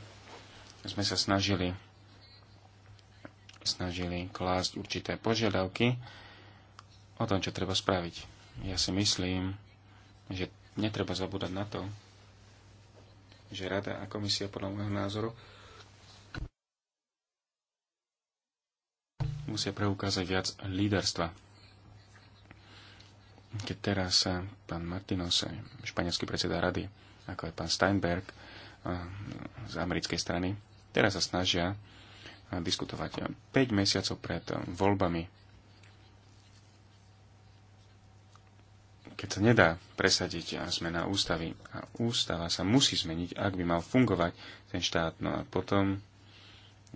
sme sa snažili snažili klásť určité požiadavky o tom, čo treba spraviť. Ja si myslím, že netreba zabúdať na to, že Rada a komisia podľa môjho názoru musia preukázať viac líderstva. Keď teraz pán Martinos, španielský predseda rady, ako aj pán Steinberg eh, z americkej strany, teraz sa snažia eh, diskutovať 5 eh, mesiacov pred voľbami. Keď sa nedá presadiť zmena ústavy a ústava sa musí zmeniť, ak by mal fungovať ten štát, no a potom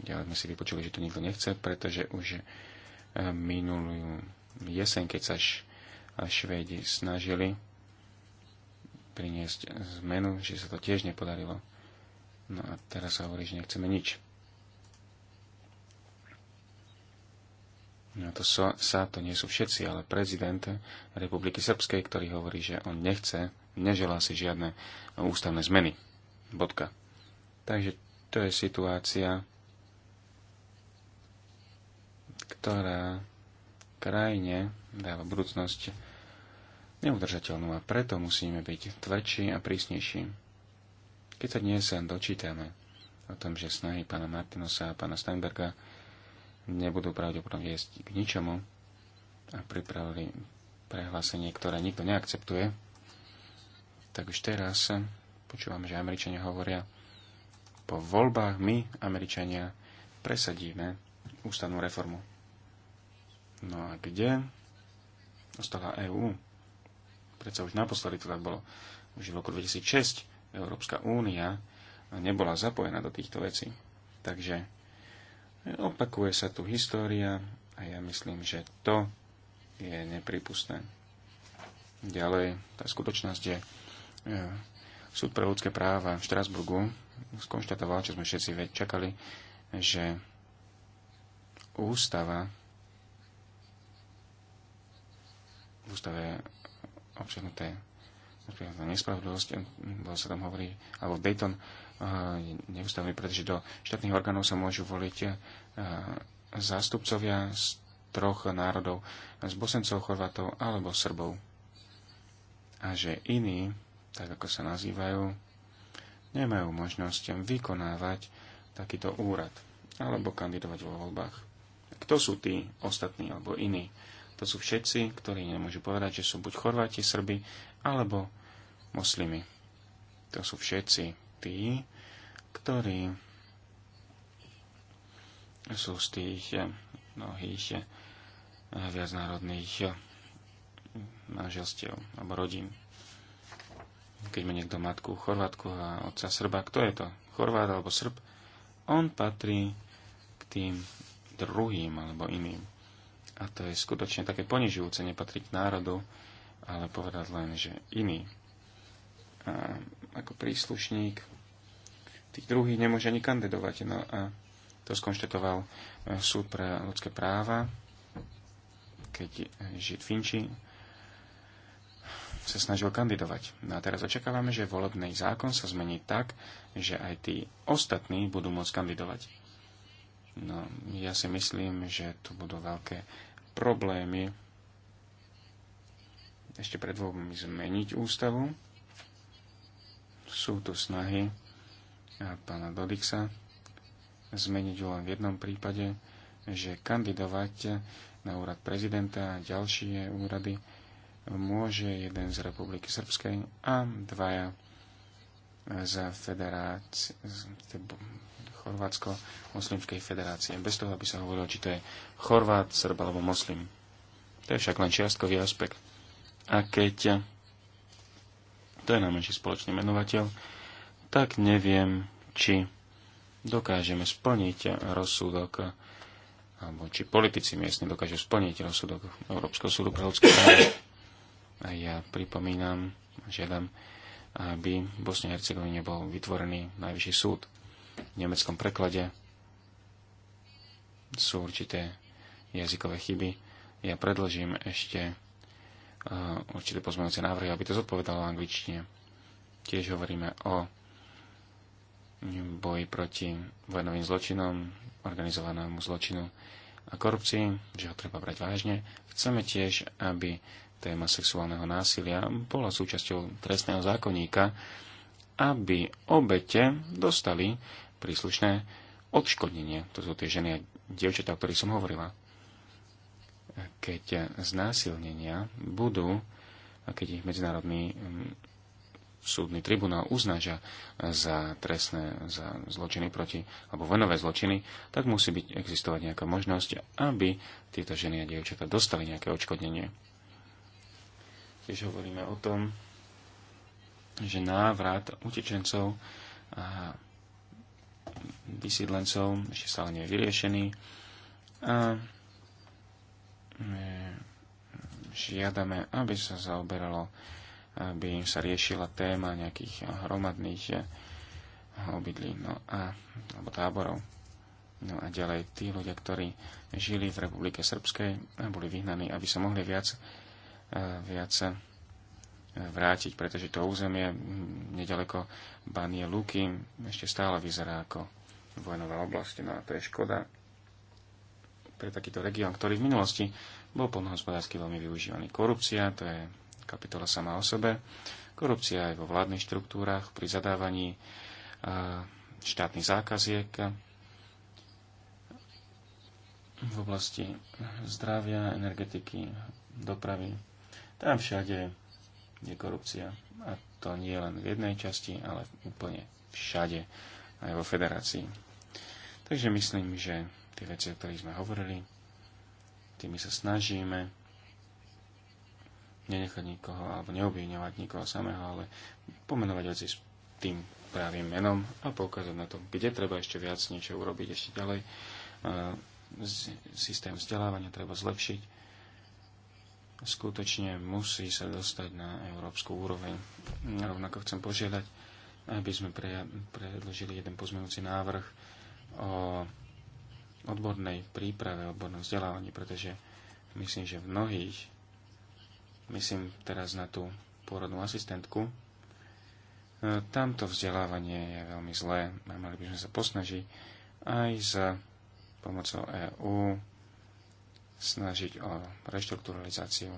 Ďalej sme si vypočuli, že to nikto nechce, pretože už eh, minulú jeseň, keď sa eh, Švédi snažili priniesť zmenu, že sa to tiež nepodarilo. No a teraz sa hovorí, že nechceme nič. No to so, sa to nie sú všetci, ale prezident Republiky Srbskej, ktorý hovorí, že on nechce, neželá si žiadne ústavné zmeny. Bodka. Takže to je situácia ktorá krajine dáva budúcnosť neudržateľnú a preto musíme byť tvrdší a prísnejší. Keď sa dnes dočítame o tom, že snahy pána Martinosa a pána Steinberga nebudú pravdepodobne viesť k ničomu a pripravili prehlásenie, ktoré nikto neakceptuje, tak už teraz počúvam, že Američania hovoria, po voľbách my, Američania, presadíme ústavnú reformu. No a kde ostala EÚ? Predsa už naposledy to tak bolo. Už v roku 2006 Európska únia nebola zapojená do týchto vecí. Takže opakuje sa tu história a ja myslím, že to je nepripustné. Ďalej, tá skutočnosť je, e, súd pre ľudské práva v Štrasburgu skonštatoval, čo sme všetci čakali, že ústava v ústave občanuté nespravodlivosť, bolo sa tam hovorí, alebo Dayton eh, neústavný, pretože do štátnych orgánov sa môžu voliť eh, zástupcovia z troch národov, z Bosencov, Chorvatov, alebo Srbov. A že iní, tak ako sa nazývajú, nemajú možnosť vykonávať takýto úrad alebo kandidovať vo voľbách. Kto sú tí ostatní alebo iní? To sú všetci, ktorí nemôžu povedať, že sú buď Chorváti, Srbi, alebo moslimi. To sú všetci tí, ktorí sú z tých eh, mnohých eh, viacnárodných eh, manželstiev alebo rodín. Keď má niekto matku Chorvátku a otca Srba, kto je to? Chorvát alebo Srb? On patrí k tým druhým alebo iným a to je skutočne také ponižujúce nepatriť národu, ale povedať len, že iný a ako príslušník tých druhých nemôže ani kandidovať. No a to skonštatoval e, súd pre ľudské práva, keď Žid Finči sa snažil kandidovať. No a teraz očakávame, že volebný zákon sa zmení tak, že aj tí ostatní budú môcť kandidovať. No, ja si myslím, že tu budú veľké problémy ešte pred voľbami zmeniť ústavu. Sú tu snahy pána Dodixa zmeniť ju len v jednom prípade, že kandidovať na úrad prezidenta a ďalšie úrady môže jeden z Republiky Srbskej a dvaja za federáci, Chorvátsko moslimskej federácie, bez toho, aby sa hovorilo, či to je Chorvát, Srb alebo moslim. To je však len čiastkový aspekt. A keď to je najmenší spoločný menovateľ, tak neviem, či dokážeme splniť rozsudok, alebo či politici miestne dokážu splniť rozsudok Európskeho súdu pre ľudské práva. A ja pripomínam, žiadam, aby v Bosne a Hercegovine bol vytvorený najvyšší súd v nemeckom preklade sú určité jazykové chyby. Ja predložím ešte e, určité pozmeňujúce návrhy, aby to zodpovedalo angličtine. Tiež hovoríme o boji proti vojnovým zločinom, organizovanému zločinu a korupcii, že ho treba brať vážne. Chceme tiež, aby téma sexuálneho násilia bola súčasťou trestného zákonníka, aby obete dostali príslušné odškodnenie. To sú tie ženy a dievčatá, o ktorých som hovorila. Keď znásilnenia budú, a keď ich medzinárodný mm, súdny tribunál uzná, že za trestné, za zločiny proti, alebo vojnové zločiny, tak musí byť existovať nejaká možnosť, aby tieto ženy a dievčatá dostali nejaké odškodnenie. Tiež hovoríme o tom, že návrat utečencov a vysídlencov ešte stále nie je vyriešený. A žiadame, aby sa zaoberalo, aby im sa riešila téma nejakých hromadných eh, obydlí, no a, alebo táborov. No a ďalej tí ľudia, ktorí žili v Republike Srbskej a boli vyhnaní, aby sa mohli viac, eh, viac vrátiť, pretože to územie hm, nedaleko Banie Luky ešte stále vyzerá ako vojnová oblasť. No a to je škoda pre takýto región, ktorý v minulosti bol polnohospodársky veľmi využívaný. Korupcia, to je kapitola sama o sebe. Korupcia aj vo vládnych štruktúrach pri zadávaní štátnych zákaziek v oblasti zdravia, energetiky, dopravy. Tam všade je korupcia. A to nie len v jednej časti, ale úplne všade, aj vo federácii. Takže myslím, že tie veci, o ktorých sme hovorili, tými sa snažíme nenechať nikoho alebo neobviňovať nikoho samého, ale pomenovať veci s tým právým menom a poukázať na to, kde treba ešte viac niečo urobiť ešte ďalej. Systém vzdelávania treba zlepšiť skutočne musí sa dostať na európsku úroveň. Rovnako chcem požiadať, aby sme pre, predložili jeden pozmenúci návrh o odbornej príprave, odbornom vzdelávaní, pretože myslím, že v mnohých, myslím teraz na tú pôrodnú asistentku, tamto vzdelávanie je veľmi zlé a mali by sme sa posnažiť aj za pomocou EÚ snažiť o reštrukturalizáciu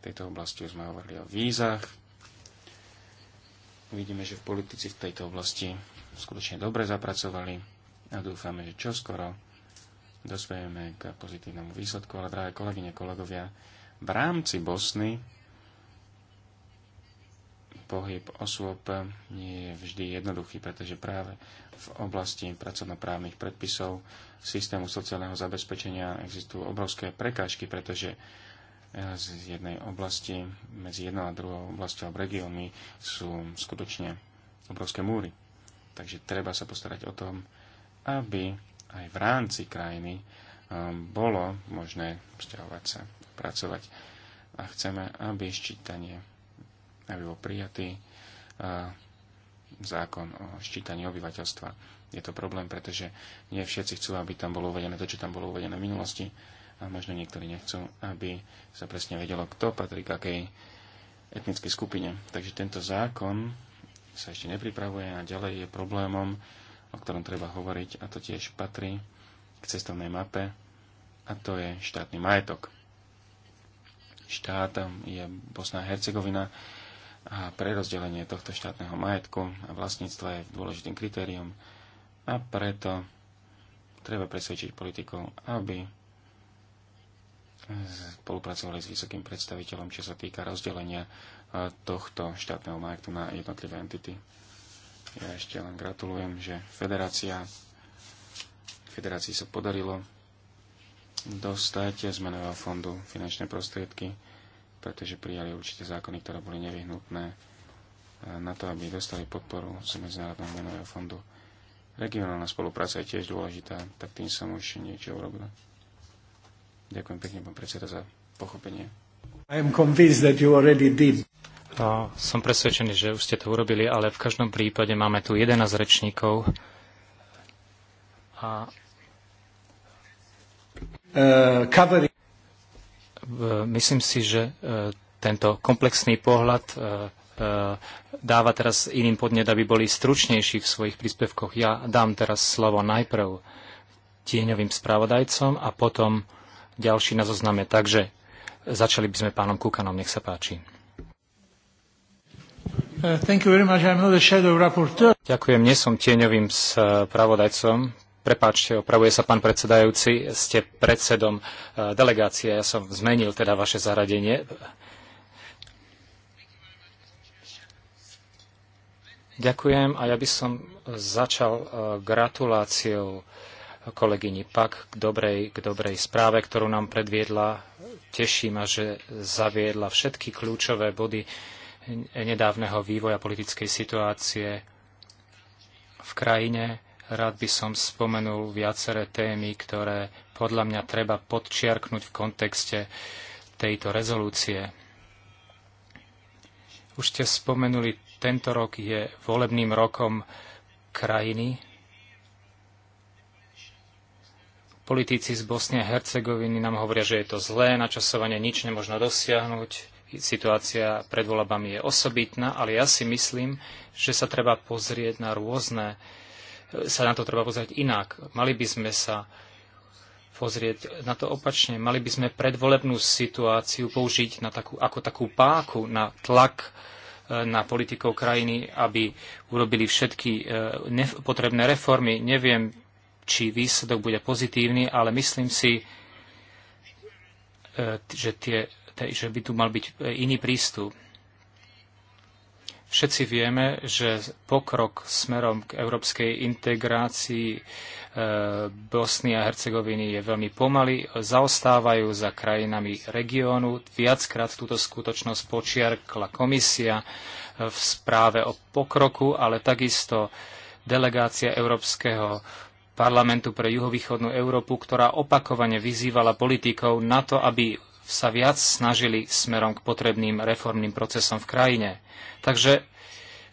tejto oblasti. Už sme hovorili o vízach. Vidíme, že v politici v tejto oblasti skutočne dobre zapracovali a dúfame, že čoskoro dospejeme k pozitívnemu výsledku. Ale drahé kolegyne, kolegovia, v rámci Bosny pohyb osôb nie je vždy jednoduchý, pretože práve v oblasti pracovnoprávnych predpisov systému sociálneho zabezpečenia existujú obrovské prekážky, pretože eh, z jednej oblasti medzi jednou a druhou oblasťou regiónmi sú skutočne obrovské múry. Takže treba sa postarať o tom, aby aj v rámci krajiny eh, bolo možné vzťahovať sa, pracovať. A chceme, aby ščítanie aby bol prijatý e, zákon o ščítaní obyvateľstva. Je to problém, pretože nie všetci chcú, aby tam bolo uvedené to, čo tam bolo uvedené v minulosti a možno niektorí nechcú, aby sa presne vedelo, kto patrí k akej etnickej skupine. Takže tento zákon sa ešte nepripravuje a ďalej je problémom, o ktorom treba hovoriť a to tiež patrí k cestovnej mape a to je štátny majetok. Štátom je Bosná a Hercegovina, a prerozdelenie tohto štátneho majetku a vlastníctva je dôležitým kritériom a preto treba presvedčiť politikov, aby spolupracovali s vysokým predstaviteľom, čo sa týka rozdelenia e, tohto štátneho majetku na jednotlivé entity. Ja ešte len gratulujem, že federácia, federácii sa podarilo dostať z menového fondu finančné prostriedky pretože prijali určité zákony, ktoré boli nevyhnutné e, na to, aby dostali podporu z Medzinárodného menového fondu. Regionálna spolupráca je tiež dôležitá, tak tým som už niečo urobil. Ďakujem pekne, pán predseda, za pochopenie. I am convinced that you already did. No, som presvedčený, že už ste to urobili, ale v každom prípade máme tu 11 rečníkov. A... Uh, covering Myslím si, že e, tento komplexný pohľad e, e, dáva teraz iným podnet, aby boli stručnejší v svojich príspevkoch. Ja dám teraz slovo najprv tieňovým spravodajcom a potom ďalší na zozname. Takže začali by sme pánom Kukanom, nech sa páči. Uh, Ďakujem, nie som tieňovým spravodajcom Prepáčte, opravuje sa pán predsedajúci, ste predsedom e, delegácie, ja som zmenil teda vaše zaradenie. Ďakujem a ja by som začal e, gratuláciou kolegyni Pak k dobrej, k dobrej správe, ktorú nám predviedla. Teší ma, že zaviedla všetky kľúčové body nedávneho vývoja politickej situácie v krajine. Rád by som spomenul viaceré témy, ktoré podľa mňa treba podčiarknúť v kontexte tejto rezolúcie. Už ste spomenuli, tento rok je volebným rokom krajiny. Politici z Bosny a Hercegoviny nám hovoria, že je to zlé, načasovanie nič nemožno dosiahnuť, situácia pred volabami je osobitná, ale ja si myslím, že sa treba pozrieť na rôzne uh, sa na to treba pozrieť inak. Mali by sme sa pozrieť na to opačne. Mali by sme predvolebnú situáciu použiť na takú, ako takú páku na tlak e, na politikov krajiny, aby urobili všetky e, potrebné reformy. Neviem, či výsledok bude pozitívny, ale myslím si, e, že, tie, že by tu mal byť iný prístup. Všetci vieme, že pokrok smerom k európskej integrácii e, Bosny a Hercegoviny je veľmi pomalý, zaostávajú za krajinami regiónu. Viackrát túto skutočnosť počiarkla komisia e, v správe o pokroku, ale takisto delegácia Európskeho parlamentu pre juhovýchodnú Európu, ktorá opakovane vyzývala politikov na to, aby sa viac snažili smerom k potrebným reformným procesom v krajine. Takže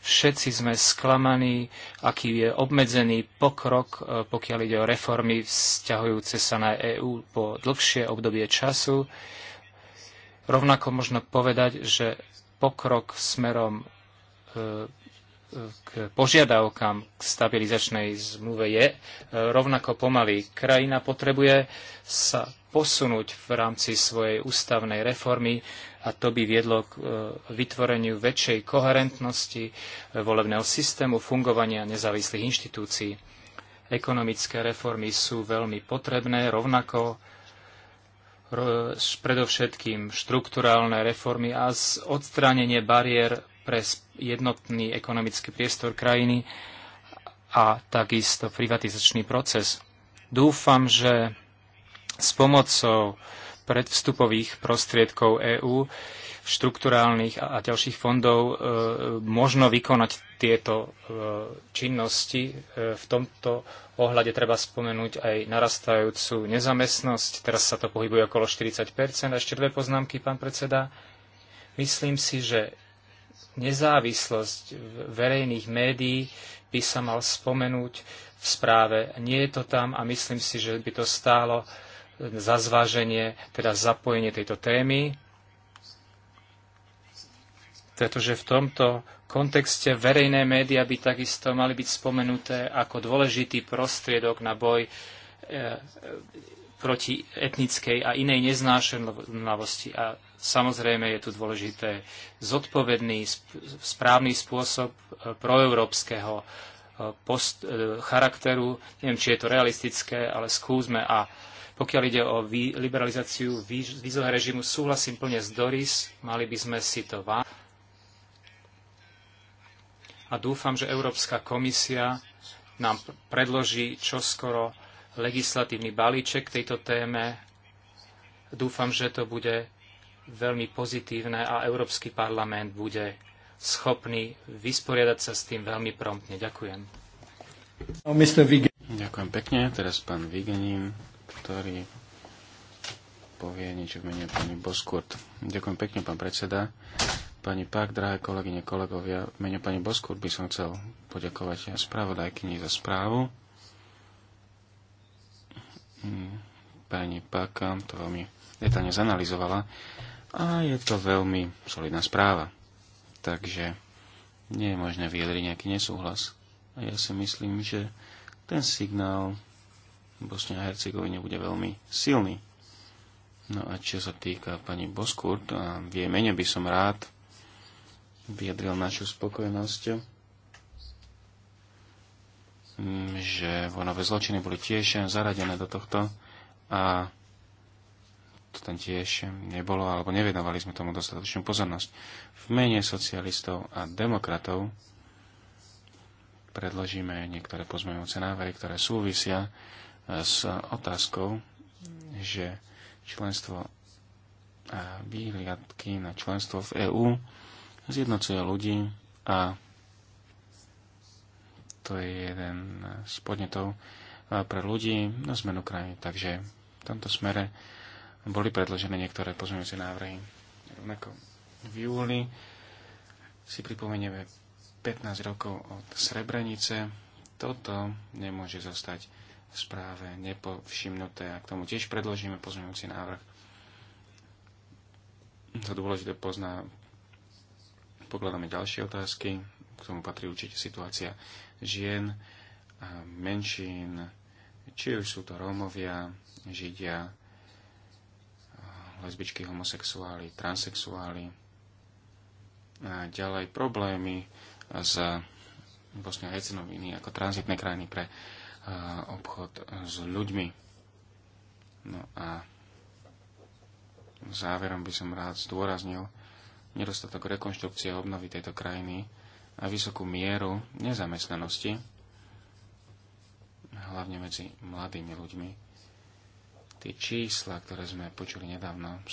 všetci sme sklamaní, aký je obmedzený pokrok, e, pokiaľ ide o reformy vzťahujúce sa na EÚ po dlhšie obdobie času. Rovnako možno povedať, že pokrok smerom e, k požiadavkám k stabilizačnej zmluve je e, rovnako pomalý. Krajina potrebuje sa posunúť v rámci svojej ústavnej reformy a to by viedlo k e, vytvoreniu väčšej koherentnosti e, volebného systému, fungovania nezávislých inštitúcií. Ekonomické reformy sú veľmi potrebné, rovnako predovšetkým štrukturálne reformy a odstránenie bariér pre jednotný ekonomický priestor krajiny a takisto privatizačný proces. Dúfam, že s pomocou predvstupových prostriedkov EÚ, štrukturálnych a, ďalších fondov e, možno vykonať tieto e, činnosti. E, v tomto ohľade treba spomenúť aj narastajúcu nezamestnosť. Teraz sa to pohybuje okolo 40 A ešte dve poznámky, pán predseda. Myslím si, že nezávislosť verejných médií by sa mal spomenúť v správe. Nie je to tam a myslím si, že by to stálo za zváženie, teda zapojenie tejto témy, pretože v tomto kontexte verejné médiá by takisto mali byť spomenuté ako dôležitý prostriedok na boj e, e, proti etnickej a inej neznášenlavosti. A Samozrejme je tu dôležité zodpovedný, správny spôsob e, proeurópskeho e, post, e, charakteru. Neviem, či je to realistické, ale skúsme. A pokiaľ ide o vý, liberalizáciu vízového režimu, súhlasím plne s Doris, mali by sme si to vám. A dúfam, že Európska komisia nám predloží čoskoro legislatívny balíček tejto téme. Dúfam, že to bude veľmi pozitívne a Európsky parlament bude schopný vysporiadať sa s tým veľmi promptne. Ďakujem. No, Ďakujem pekne. Teraz pán Vigenin, ktorý povie niečo v mene pani Boskurt. Ďakujem pekne, pán predseda. Pani Pak, drahé kolegyne, kolegovia, v mene pani Boskurt by som chcel poďakovať spravodajkyni za správu. Mm, pani Pak to veľmi detálne zanalizovala a je to veľmi solidná správa. Takže nie je možné vyjadriť nejaký nesúhlas. A ja si myslím, že ten signál Bosne a Hercegovine bude veľmi silný. No a čo sa týka pani Boskurt, a v jej mene by som rád vyjadril našu spokojnosť, mm, že vonové zločiny boli tiež zaradené do tohto a to tam tiež nebolo, alebo nevenovali sme tomu dostatočnú pozornosť. V mene socialistov a demokratov predložíme niektoré pozmeňujúce návrhy, ktoré súvisia e, s otázkou, že členstvo a výhľadky na členstvo v EÚ zjednocuje ľudí a to je jeden z podnetov e, pre ľudí na zmenu krajiny. Takže v tomto smere boli predložené niektoré pozmeňujúce návrhy. Rovnako v júli si pripomenieme 15 rokov od Srebrenice. Toto nemôže zostať v správe nepovšimnuté a k tomu tiež predložíme pozmeňujúci návrh. To dôležité pozná, pokladáme ďalšie otázky. K tomu patrí určite situácia žien, a menšín, či už sú to Rómovia, Židia, lesbičky, homosexuáli, transexuáli a ďalej problémy s Bosňou a Hercegoviny ako tranzitné krajiny pre obchod s ľuďmi. No a záverom by som rád zdôraznil nedostatok rekonštrukcie a obnovy tejto krajiny a vysokú mieru nezamestnanosti, hlavne medzi mladými ľuďmi tie čísla, ktoré sme počuli nedávno,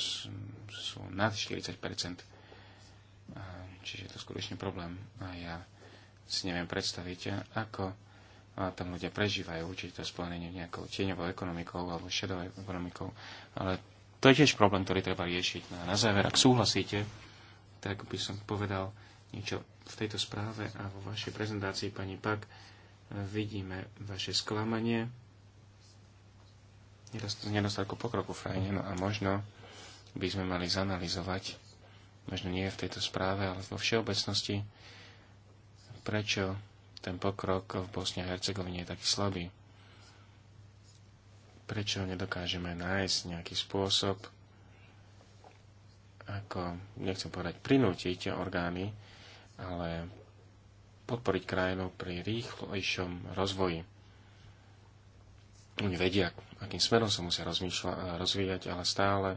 sú nad 40 Čiže je to skutočne problém. A ja si neviem predstaviť, ako tam ľudia prežívajú, či to spojené nejakou tieňovou ekonomikou alebo šedovou ekonomikou. Ale to je tiež problém, ktorý treba riešiť. No a na záver, ak súhlasíte, tak by som povedal niečo v tejto správe a vo vašej prezentácii, pani Pak, vidíme vaše sklamanie nedostatku pokroku v krajine. No a možno by sme mali zanalizovať, možno nie v tejto správe, ale vo všeobecnosti, prečo ten pokrok v Bosne a Hercegovine je taký slabý. Prečo nedokážeme nájsť nejaký spôsob, ako, nechcem povedať, prinútiť orgány, ale podporiť krajinu pri rýchlejšom rozvoji oni vedia, akým smerom sa musia rozvíjať, ale stále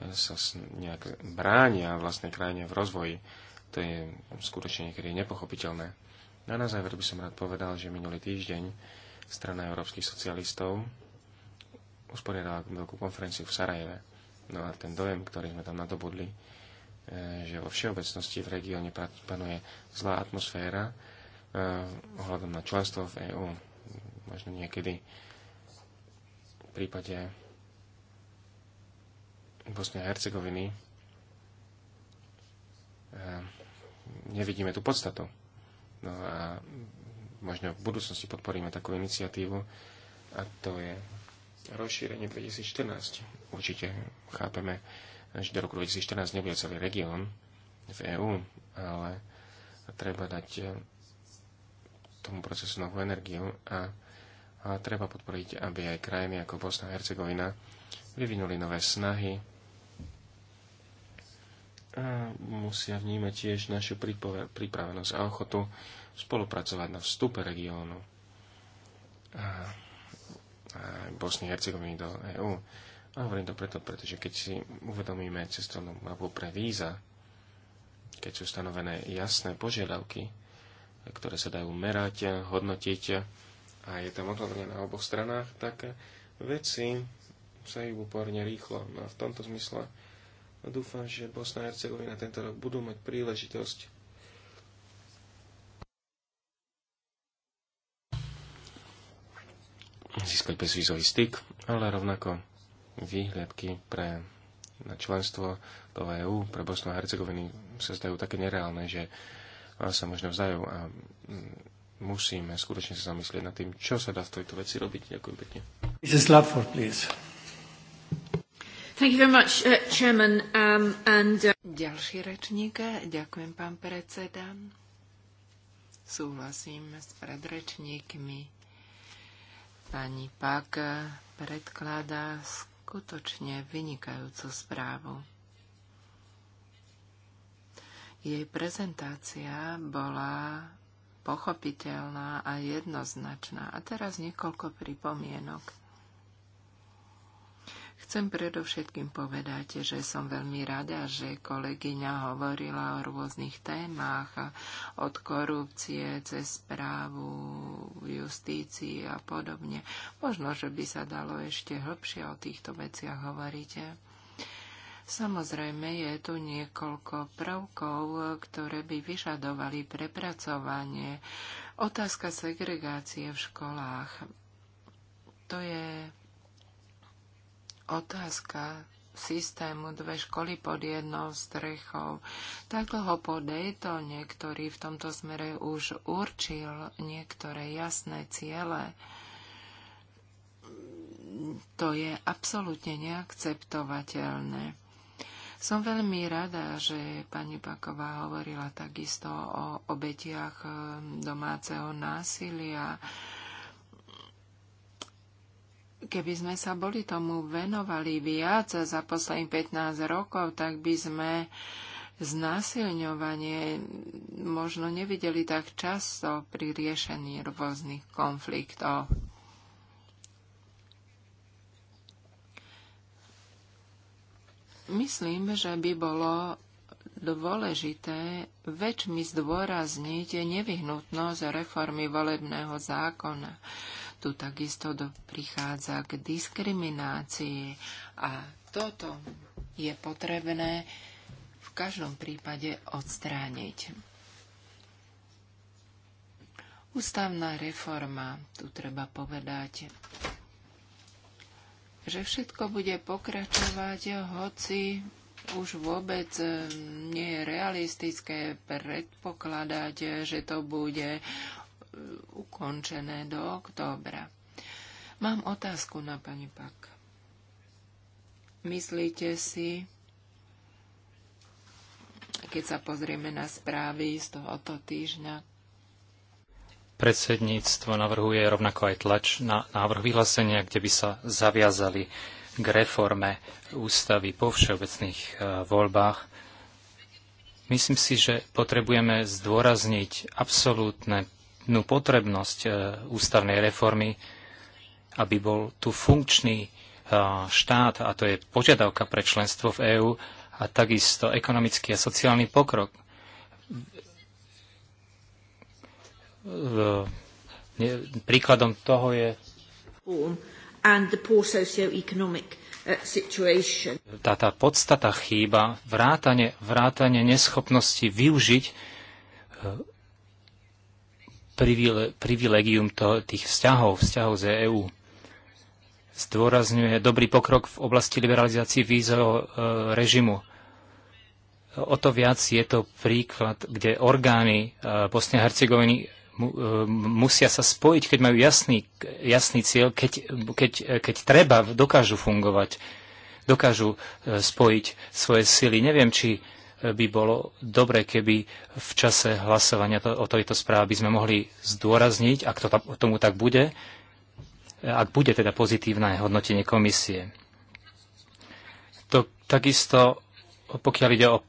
e, sa nejak bránia vlastnej krajine v rozvoji. To je skutočne niekedy nepochopiteľné. A na záver by som rád povedal, že minulý týždeň strana európskych socialistov usporiadala veľkú konferenciu v Sarajeve. No a ten dojem, ktorý sme tam nadobudli, e, že vo všeobecnosti v regióne panuje zlá atmosféra e, ohľadom na členstvo v EÚ. Možno niekedy prípade Bosnej a Hercegoviny eh, nevidíme tú podstatu. No a možno v budúcnosti podporíme takú iniciatívu a to je rozšírenie 2014. Určite chápeme, že do roku 2014 nebude celý región v EÚ, ale treba dať eh, tomu procesu novú energiu a a treba podporiť, aby aj krajiny ako Bosna a Hercegovina vyvinuli nové snahy a musia vnímať tiež našu pripravenosť a ochotu spolupracovať na vstupe regiónu a, a Bosny a Hercegoviny do EÚ. A hovorím to preto, pretože keď si uvedomíme cestovnú mapu pre víza, keď sú stanovené jasné požiadavky, ktoré sa dajú merať, hodnotiť, a je tam otvorene na oboch stranách, tak veci sa ich úporne rýchlo. No a v tomto zmysle dúfam, že Bosna a Hercegovina tento rok budú mať príležitosť získať bezvýzový styk, ale rovnako výhľadky pre na členstvo do EÚ pre Bosnu a Hercegoviny sa zdajú také nereálne, že sa možno vzdajú a musíme skutočne sa zamyslieť nad tým, čo sa dá v tejto veci robiť. Ďakujem pekne. Mrs. please. Thank you very much, uh, Chairman. Um, and, uh... Ďalší rečník. Ďakujem, pán predseda. Súhlasím s predrečníkmi. Pani Pak predkladá skutočne vynikajúcu správu. Jej prezentácia bola pochopiteľná a jednoznačná. A teraz niekoľko pripomienok. Chcem predovšetkým povedať, že som veľmi rada, že kolegyňa hovorila o rôznych témach, od korupcie cez správu, justícii a podobne. Možno, že by sa dalo ešte hĺbšie o týchto veciach hovoriť. Samozrejme, je tu niekoľko prvkov, ktoré by vyžadovali prepracovanie. Otázka segregácie v školách. To je otázka systému dve školy pod jednou strechou. Tak dlho po Daytone, niektorý v tomto smere už určil niektoré jasné ciele, to je absolútne neakceptovateľné som veľmi rada, že pani Paková hovorila takisto o obetiach e, domáceho násilia. Keby sme sa boli tomu venovali viac za posledných 15 rokov, tak by sme znásilňovanie možno nevideli tak často pri riešení rôznych konfliktov. Myslím, že by bolo dôležité väčšmi zdôrazniť nevyhnutnosť reformy volebného zákona. Tu takisto prichádza k diskriminácii a toto je potrebné v každom prípade odstrániť. Ústavná reforma, tu treba povedať, že všetko bude pokračovať, hoci už vôbec eh, nie je realistické predpokladať, že to bude eh, ukončené do októbra. Mám otázku na pani Pak. Myslíte si, keď sa pozrieme na správy z tohoto týždňa, Predsedníctvo navrhuje rovnako aj tlač na návrh vyhlásenia, kde by sa zaviazali k reforme ústavy po všeobecných e, voľbách. Myslím si, že potrebujeme zdôrazniť absolútne potrebnosť e, ústavnej reformy, aby bol tu funkčný e, štát, a to je požiadavka pre členstvo v EÚ, a takisto ekonomický a sociálny pokrok. Príkladom toho je and the poor socio-economic uh, situation. Tá, tá podstata chýba, vrátane, vrátanie neschopnosti využiť uh, privilegium to, tých vzťahov, vzťahov z EÚ. Zdôrazňuje dobrý pokrok v oblasti liberalizácie vízového e, režimu. O to viac je to príklad, kde orgány e, Bosne a Hercegoviny mu, e, musia sa spojiť, keď majú jasný, jasný cieľ, keď, keď, keď treba, dokážu fungovať, dokážu e, spojiť svoje sily. Neviem, či e, by bolo dobre, keby v čase hlasovania to, o tejto správe by sme mohli zdôrazniť, ak to, tomu tak bude, ak bude teda pozitívne hodnotenie komisie. To, takisto, pokiaľ ide o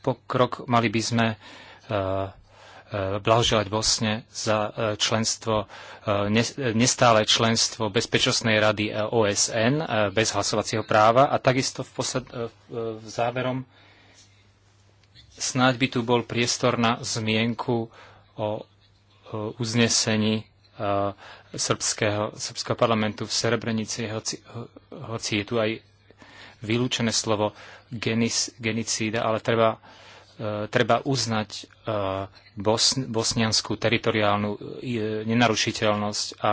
pokrok, mali by sme uh, E, blahoželať Bosne za e, členstvo, e, nestále členstvo Bezpečnostnej rady OSN bez hlasovacieho práva a takisto v, posled, v záverom snáď by tu bol priestor na zmienku o uznesení srbského, srbského parlamentu v Srebrenici, hoci, hoci je tu aj vylúčené slovo genis, genicída, ale treba treba uznať e, bosnianskú teritoriálnu e, nenarušiteľnosť a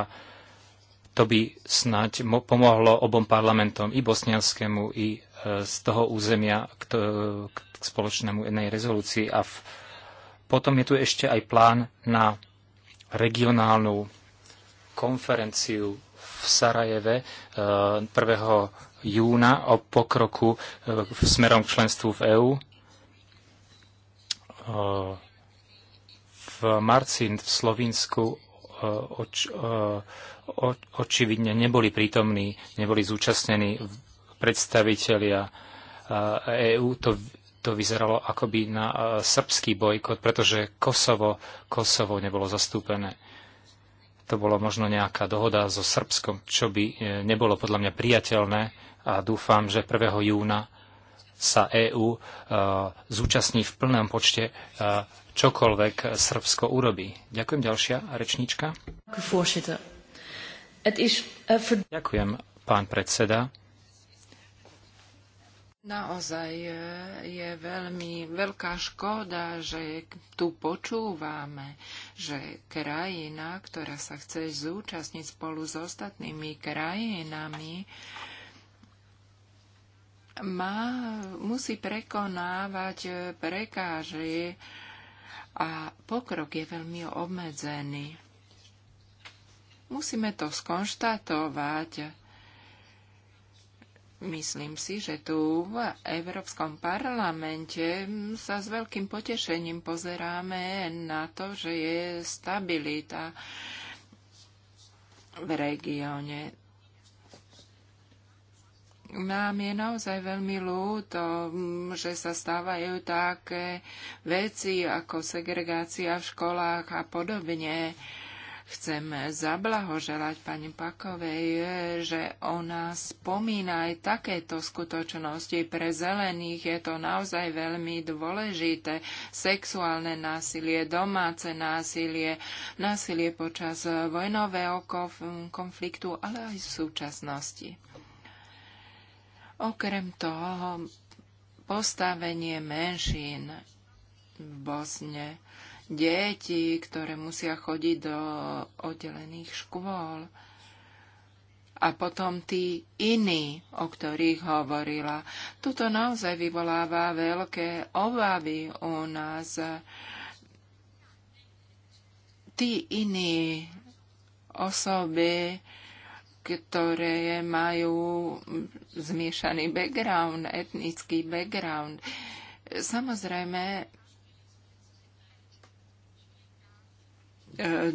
to by snáď pomohlo obom parlamentom, i bosnianskému, i e, z toho územia k, spoločnému jednej rezolúcii. A v, potom je tu ešte aj plán na regionálnu konferenciu v Sarajeve 1. júna o pokroku smerom k členstvu v EÚ v marci v Slovinsku e, oč, e, oč, očividne neboli prítomní, neboli zúčastnení predstavitelia EÚ. E to, to vyzeralo akoby na srbský bojkot, pretože Kosovo, Kosovo nebolo zastúpené. To bolo možno nejaká dohoda so Srbskom, čo by nebolo podľa mňa priateľné a dúfam, že 1. júna sa EÚ e, zúčastní v plnom počte e, čokoľvek Srbsko urobí. Ďakujem ďalšia rečníčka. Eh, Ďakujem, pán predseda. Naozaj eh, je veľmi veľká škoda, že tu počúvame, že krajina, ktorá sa chce zúčastniť spolu s ostatnými krajinami, má, musí prekonávať prekáže a pokrok je veľmi obmedzený. Musíme to skonštatovať. Myslím si, že tu v Európskom parlamente sa s veľkým potešením pozeráme na to, že je stabilita v regióne nám je naozaj veľmi ľúto, mm, že sa stávajú také veci ako segregácia v školách a podobne. Chcem zablahoželať pani Pakovej, že ona spomína aj takéto skutočnosti. Pre zelených je to naozaj veľmi dôležité. Sexuálne násilie, domáce násilie, násilie počas vojnového konfliktu, ale aj v súčasnosti. Okrem toho, postavenie menšín v Bosne, deti, ktoré musia chodiť do oddelených škôl, a potom tí iní, o ktorých hovorila. Tuto naozaj vyvoláva veľké obavy u nás. Tí iní osoby, ktoré majú zmiešaný background, etnický background. Samozrejme, e,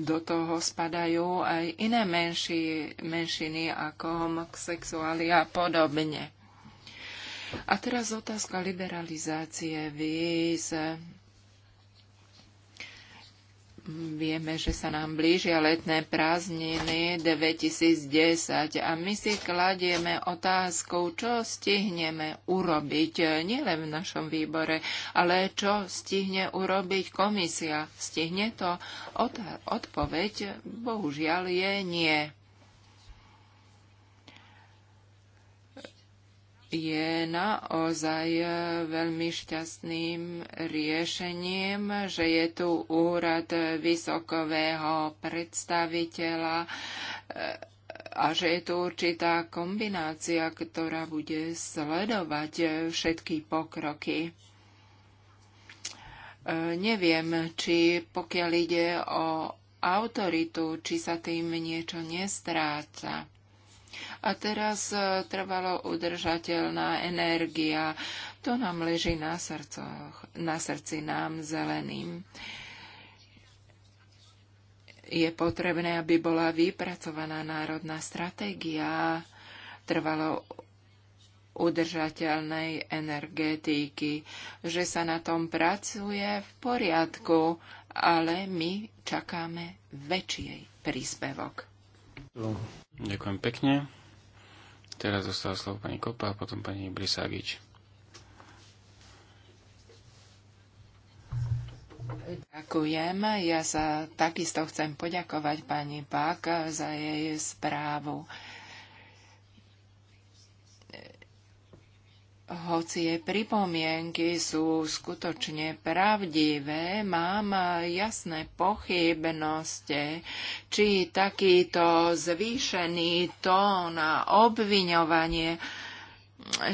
do toho spadajú aj iné menší, menšiny ako homosexuáli a podobne. A teraz otázka liberalizácie víz. z. Vieme, že sa nám blížia letné prázdniny 2010 a my si kladieme otázku, čo stihneme urobiť nielen v našom výbore, ale čo stihne urobiť komisia. Stihne to? Odpoveď bohužiaľ je nie. je naozaj veľmi šťastným riešením, že je tu úrad vysokového predstaviteľa a že je tu určitá kombinácia, ktorá bude sledovať všetky pokroky. E, neviem, či pokiaľ ide o autoritu, či sa tým niečo nestráca. A teraz e, trvalo udržateľná energia. To nám leží na, srdcoch, na srdci nám zeleným je potrebné, aby bola vypracovaná národná stratégia trvalo udržateľnej energetiky, že sa na tom pracuje v poriadku, ale my čakáme väčšej príspevok. Ďakujem pekne. Teraz dostala slovo pani Kopa a potom pani Brisagič. Ďakujem. Ja sa takisto chcem poďakovať pani Pak za jej správu. hoci jej pripomienky sú skutočne pravdivé, mám jasné pochybnosti, či takýto zvýšený tón a obviňovanie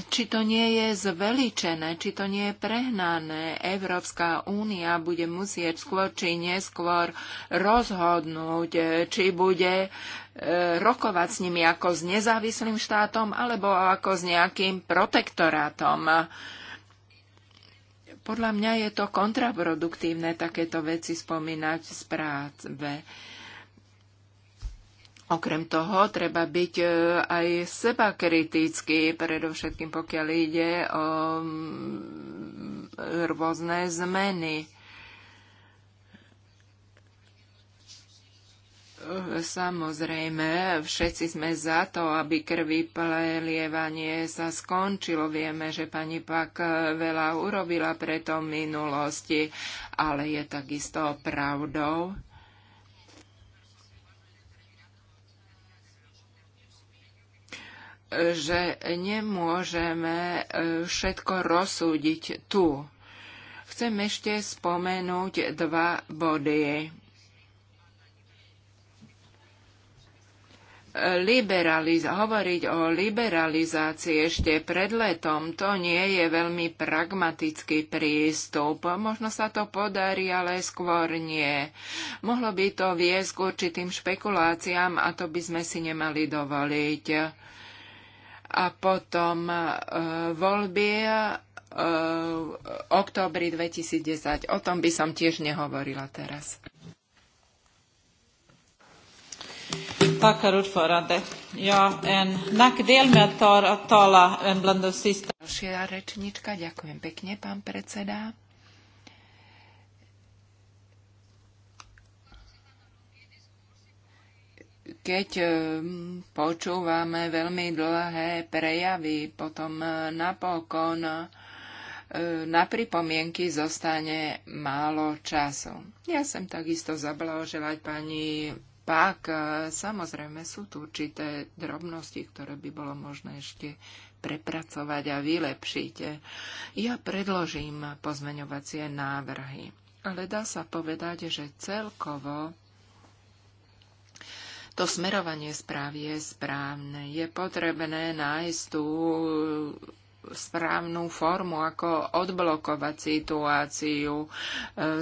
či to nie je zveličené, či to nie je prehnané. Európska únia bude musieť skôr či neskôr rozhodnúť, či bude E, rokovať s nimi ako s nezávislým štátom alebo ako s nejakým protektorátom. Podľa mňa je to kontraproduktívne takéto veci spomínať z práce. Okrem toho treba byť e, aj seba kritický, predovšetkým pokiaľ ide o mm, rôzne zmeny. Samozrejme, všetci sme za to, aby krvi plelievanie sa skončilo. Vieme, že pani Pak veľa urobila pre to minulosti, ale je takisto pravdou, že nemôžeme e, všetko rozsúdiť tu. Chcem ešte spomenúť dva body. liberaliz- hovoriť o liberalizácii ešte pred letom, to nie je veľmi pragmatický prístup. Možno sa to podarí, ale skôr nie. Mohlo by to viesť k určitým špekuláciám a to by sme si nemali dovoliť. A potom e, voľby e, oktobri 2010. O tom by som tiež nehovorila teraz ordförande. Ja, en nackdel med att bland de sista... Ďalšia rečnička, ďakujem pekne, pán predseda. keď eh, počúvame veľmi dlhé prejavy, potom eh, napokon eh, na pripomienky zostane málo času. Ja som takisto zablahoželať pani pak e, samozrejme sú tu určité drobnosti, ktoré by bolo možné ešte prepracovať a vylepšiť. Ja predložím pozmeňovacie návrhy, ale dá sa povedať, že celkovo to smerovanie správy je správne. Je potrebné nájsť tú správnu formu, ako odblokovať situáciu, e,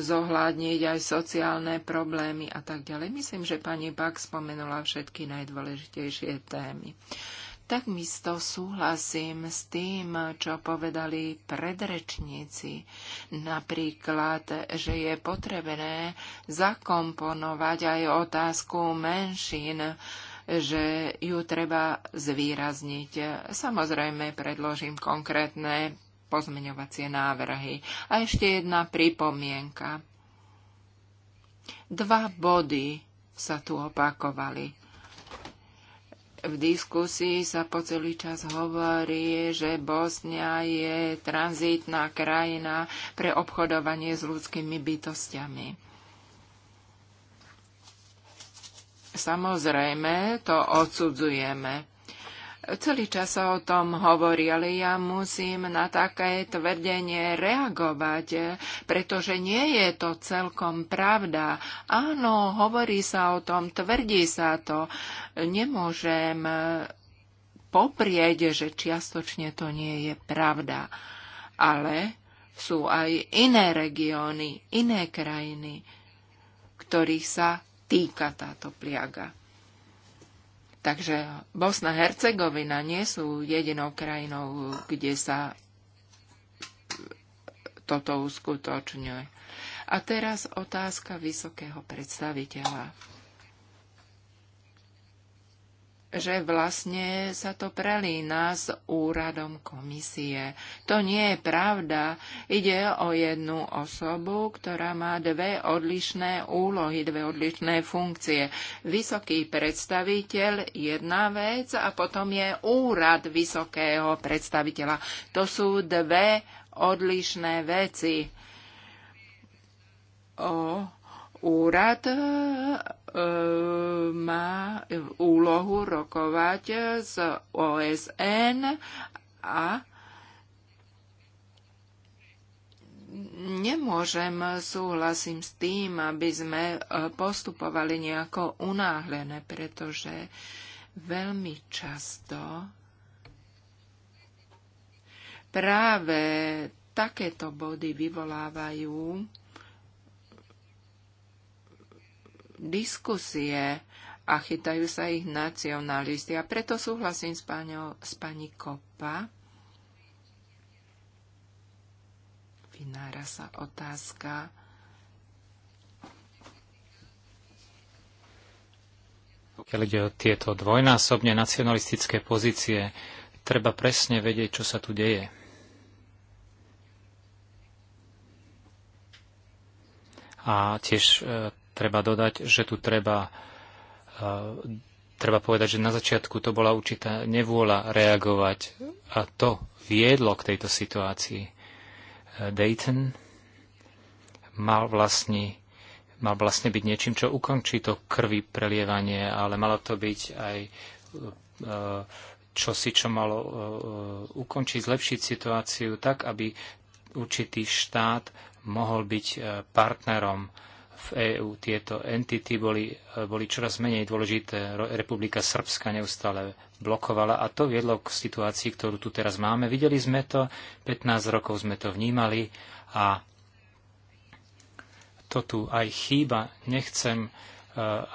zohľadniť aj sociálne problémy a tak ďalej. Myslím, že pani Bak spomenula všetky najdôležitejšie témy. Takisto súhlasím s tým, čo povedali predrečníci. Napríklad, že je potrebné zakomponovať aj otázku menšín že ju treba zvýrazniť. Samozrejme, predložím konkrétne pozmeňovacie návrhy. A ešte jedna pripomienka. Dva body sa tu opakovali v diskusii sa po celý čas hovorí, že Bosnia je tranzitná krajina pre obchodovanie s ľudskými bytostiami. Samozrejme, to odsudzujeme. Celý čas sa o tom hovorí, ale ja musím na také tvrdenie reagovať, pretože nie je to celkom pravda. Áno, hovorí sa o tom, tvrdí sa to. Nemôžem poprieť, že čiastočne to nie je pravda. Ale sú aj iné regióny, iné krajiny, ktorých sa týka táto pliaga. Takže Bosna Hercegovina nie sú jedinou krajinou, kde sa toto uskutočňuje. A teraz otázka vysokého predstaviteľa že vlastne sa to prelína s úradom komisie. To nie je pravda. Ide o jednu osobu, ktorá má dve odlišné úlohy, dve odlišné funkcie. Vysoký predstaviteľ jedna vec a potom je úrad vysokého predstaviteľa. To sú dve odlišné veci. O úrad e, má úlohu rokovať z OSN a nemôžem, súhlasím s tým, aby sme e, postupovali nejako unáhlené, pretože veľmi často práve takéto body vyvolávajú diskusie a chytajú sa ich nacionalisti. A preto súhlasím s, páňou, s pani Kopa. Vynára sa otázka, Keď ide o tieto dvojnásobne nacionalistické pozície, treba presne vedieť, čo sa tu deje. A tiež e, treba dodať, že tu treba, e, treba povedať, že na začiatku to bola určitá nevôľa reagovať a to viedlo k tejto situácii. E, Dayton mal vlastne, mal vlastne byť niečím, čo ukončí to krvi prelievanie, ale malo to byť aj e, čosi, čo malo ukončiť, zlepšiť situáciu tak, aby určitý štát mohol byť partnerom v EÚ tieto entity boli, boli čoraz menej dôležité. Republika Srbska neustále blokovala a to viedlo k situácii, ktorú tu teraz máme. Videli sme to, 15 rokov sme to vnímali a to tu aj chýba. Nechcem, e,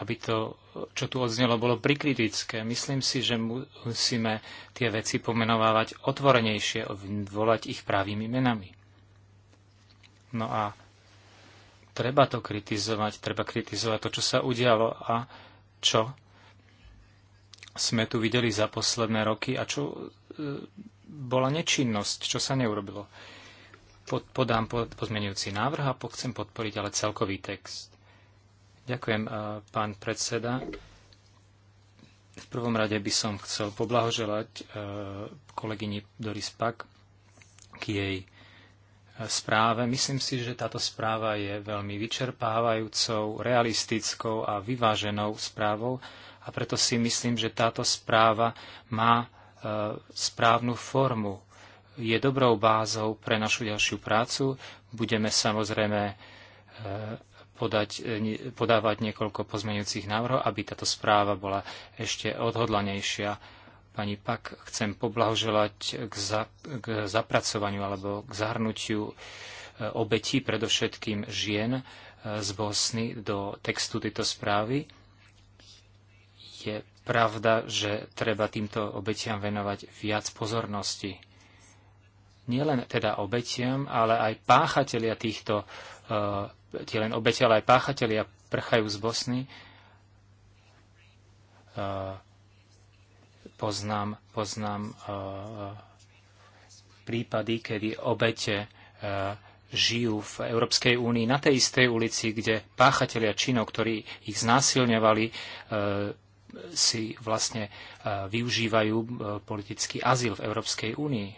aby to, čo tu odznelo, bolo prikritické. Myslím si, že musíme tie veci pomenovávať otvorenejšie, volať ich pravými menami. No a Treba to kritizovať, treba kritizovať to, čo sa udialo a čo sme tu videli za posledné roky a čo e, bola nečinnosť, čo sa neurobilo. Pod, podám pozmenujúci návrh a po, chcem podporiť ale celkový text. Ďakujem, e, pán predseda. V prvom rade by som chcel poblahoželať e, kolegyni Doris Pak k jej správe. Myslím si, že táto správa je veľmi vyčerpávajúcou, realistickou a vyváženou správou a preto si myslím, že táto správa má e, správnu formu. Je dobrou bázou pre našu ďalšiu prácu. Budeme samozrejme e, podať, e, podávať niekoľko pozmeňujúcich návrhov, aby táto správa bola ešte odhodlanejšia pani Pak chcem poblahoželať k, za, k zapracovaniu alebo k zahrnutiu e, obetí, predovšetkým žien e, z Bosny do textu tejto správy. Je pravda, že treba týmto obetiam venovať viac pozornosti. Nielen teda obetiam, ale aj páchatelia týchto, e, tie len obetia, ale aj páchatelia prchajú z Bosny, Poznám, poznám eh, eh, prípady, kedy obete eh, žijú v Európskej únii na tej istej ulici, kde páchatelia činov, ktorí ich znásilňovali, si vlastne využívajú politický azyl v Európskej únii.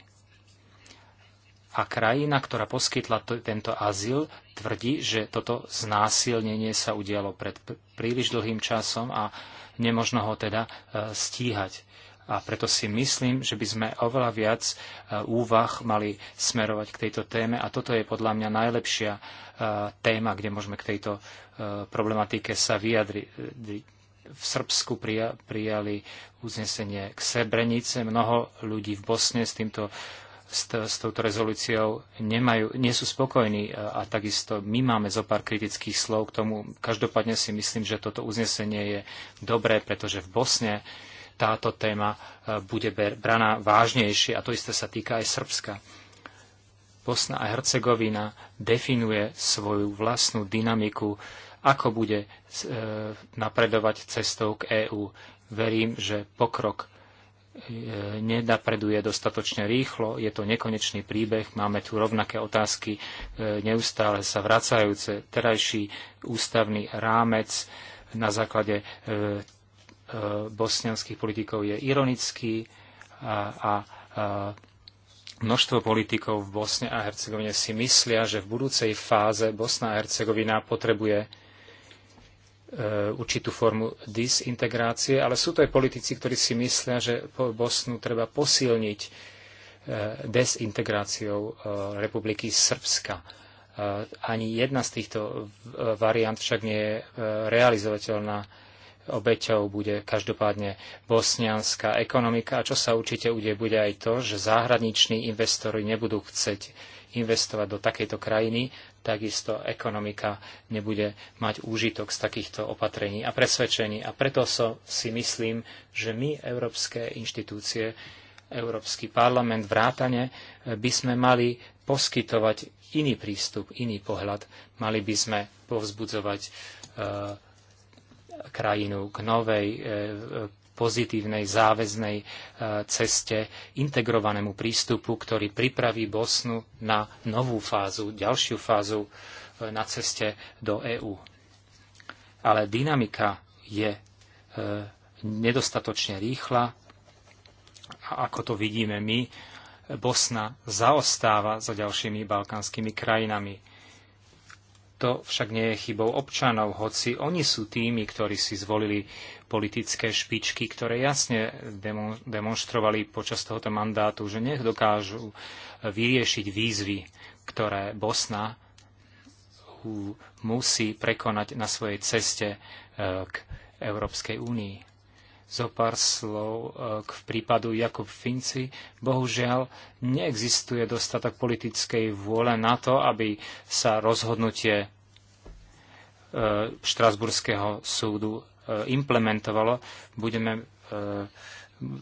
A krajina, ktorá poskytla tento azyl, tvrdí, že toto znásilnenie sa udialo pred príliš dlhým časom a nemožno ho teda stíhať. A preto si myslím, že by sme oveľa viac e, úvah mali smerovať k tejto téme a toto je podľa mňa najlepšia e, téma, kde môžeme k tejto e, problematike sa vyjadriť. V Srbsku prijali uznesenie k Srebrenice. Mnoho ľudí v Bosne s týmto s, touto rezolúciou nemajú, nie sú spokojní a, a takisto my máme zo pár kritických slov k tomu. Každopádne si myslím, že toto uznesenie je dobré, pretože v Bosne uh, táto téma e, bude braná vážnejšie a to isté sa týka aj Srbska. Bosna a Hercegovina definuje svoju vlastnú dynamiku, ako bude e, napredovať cestou k EÚ. Verím, že pokrok e, nenapreduje dostatočne rýchlo, je to nekonečný príbeh, máme tu rovnaké otázky, neustále sa vracajúce. Terajší ústavný rámec na základe E, bosnianských politikov je ironický a, a, a e, množstvo politikov v Bosne a Hercegovine si myslia, že v budúcej fáze Bosna a Hercegovina potrebuje e, určitú formu disintegrácie, ale sú to aj politici, ktorí si myslia, že Bosnu treba posilniť desintegráciou Republiky Srbska. Ani jedna z týchto variant však nie je realizovateľná Obeťou bude každopádne bosnianská ekonomika a čo sa určite udeje, bude aj to, že zahraniční investori nebudú chcieť investovať do takejto krajiny, takisto ekonomika nebude mať úžitok z takýchto opatrení a presvedčení. A preto so si myslím, že my, európske inštitúcie, Európsky parlament vrátane, by sme mali poskytovať iný prístup, iný pohľad. Mali by sme povzbudzovať eh, krajinu k novej e, pozitívnej záväznej e, ceste, integrovanému prístupu, ktorý pripraví Bosnu na novú fázu, ďalšiu fázu e, na ceste do EÚ. Ale dynamika je nedostatočne rýchla a ako to vidíme my, Bosna zaostáva za ďalšími balkánskymi krajinami to však nie je chybou občanov, hoci oni sú tými, ktorí si zvolili politické špičky, ktoré jasne demonstrovali počas tohoto mandátu, že nech dokážu vyriešiť výzvy, ktoré Bosna musí prekonať na svojej ceste eh, k Európskej únii zo pár slov e, k prípadu Jakub Finci. Bohužiaľ, neexistuje dostatok politickej vôle na to, aby sa rozhodnutie e, Štrasburského súdu e, implementovalo. Budeme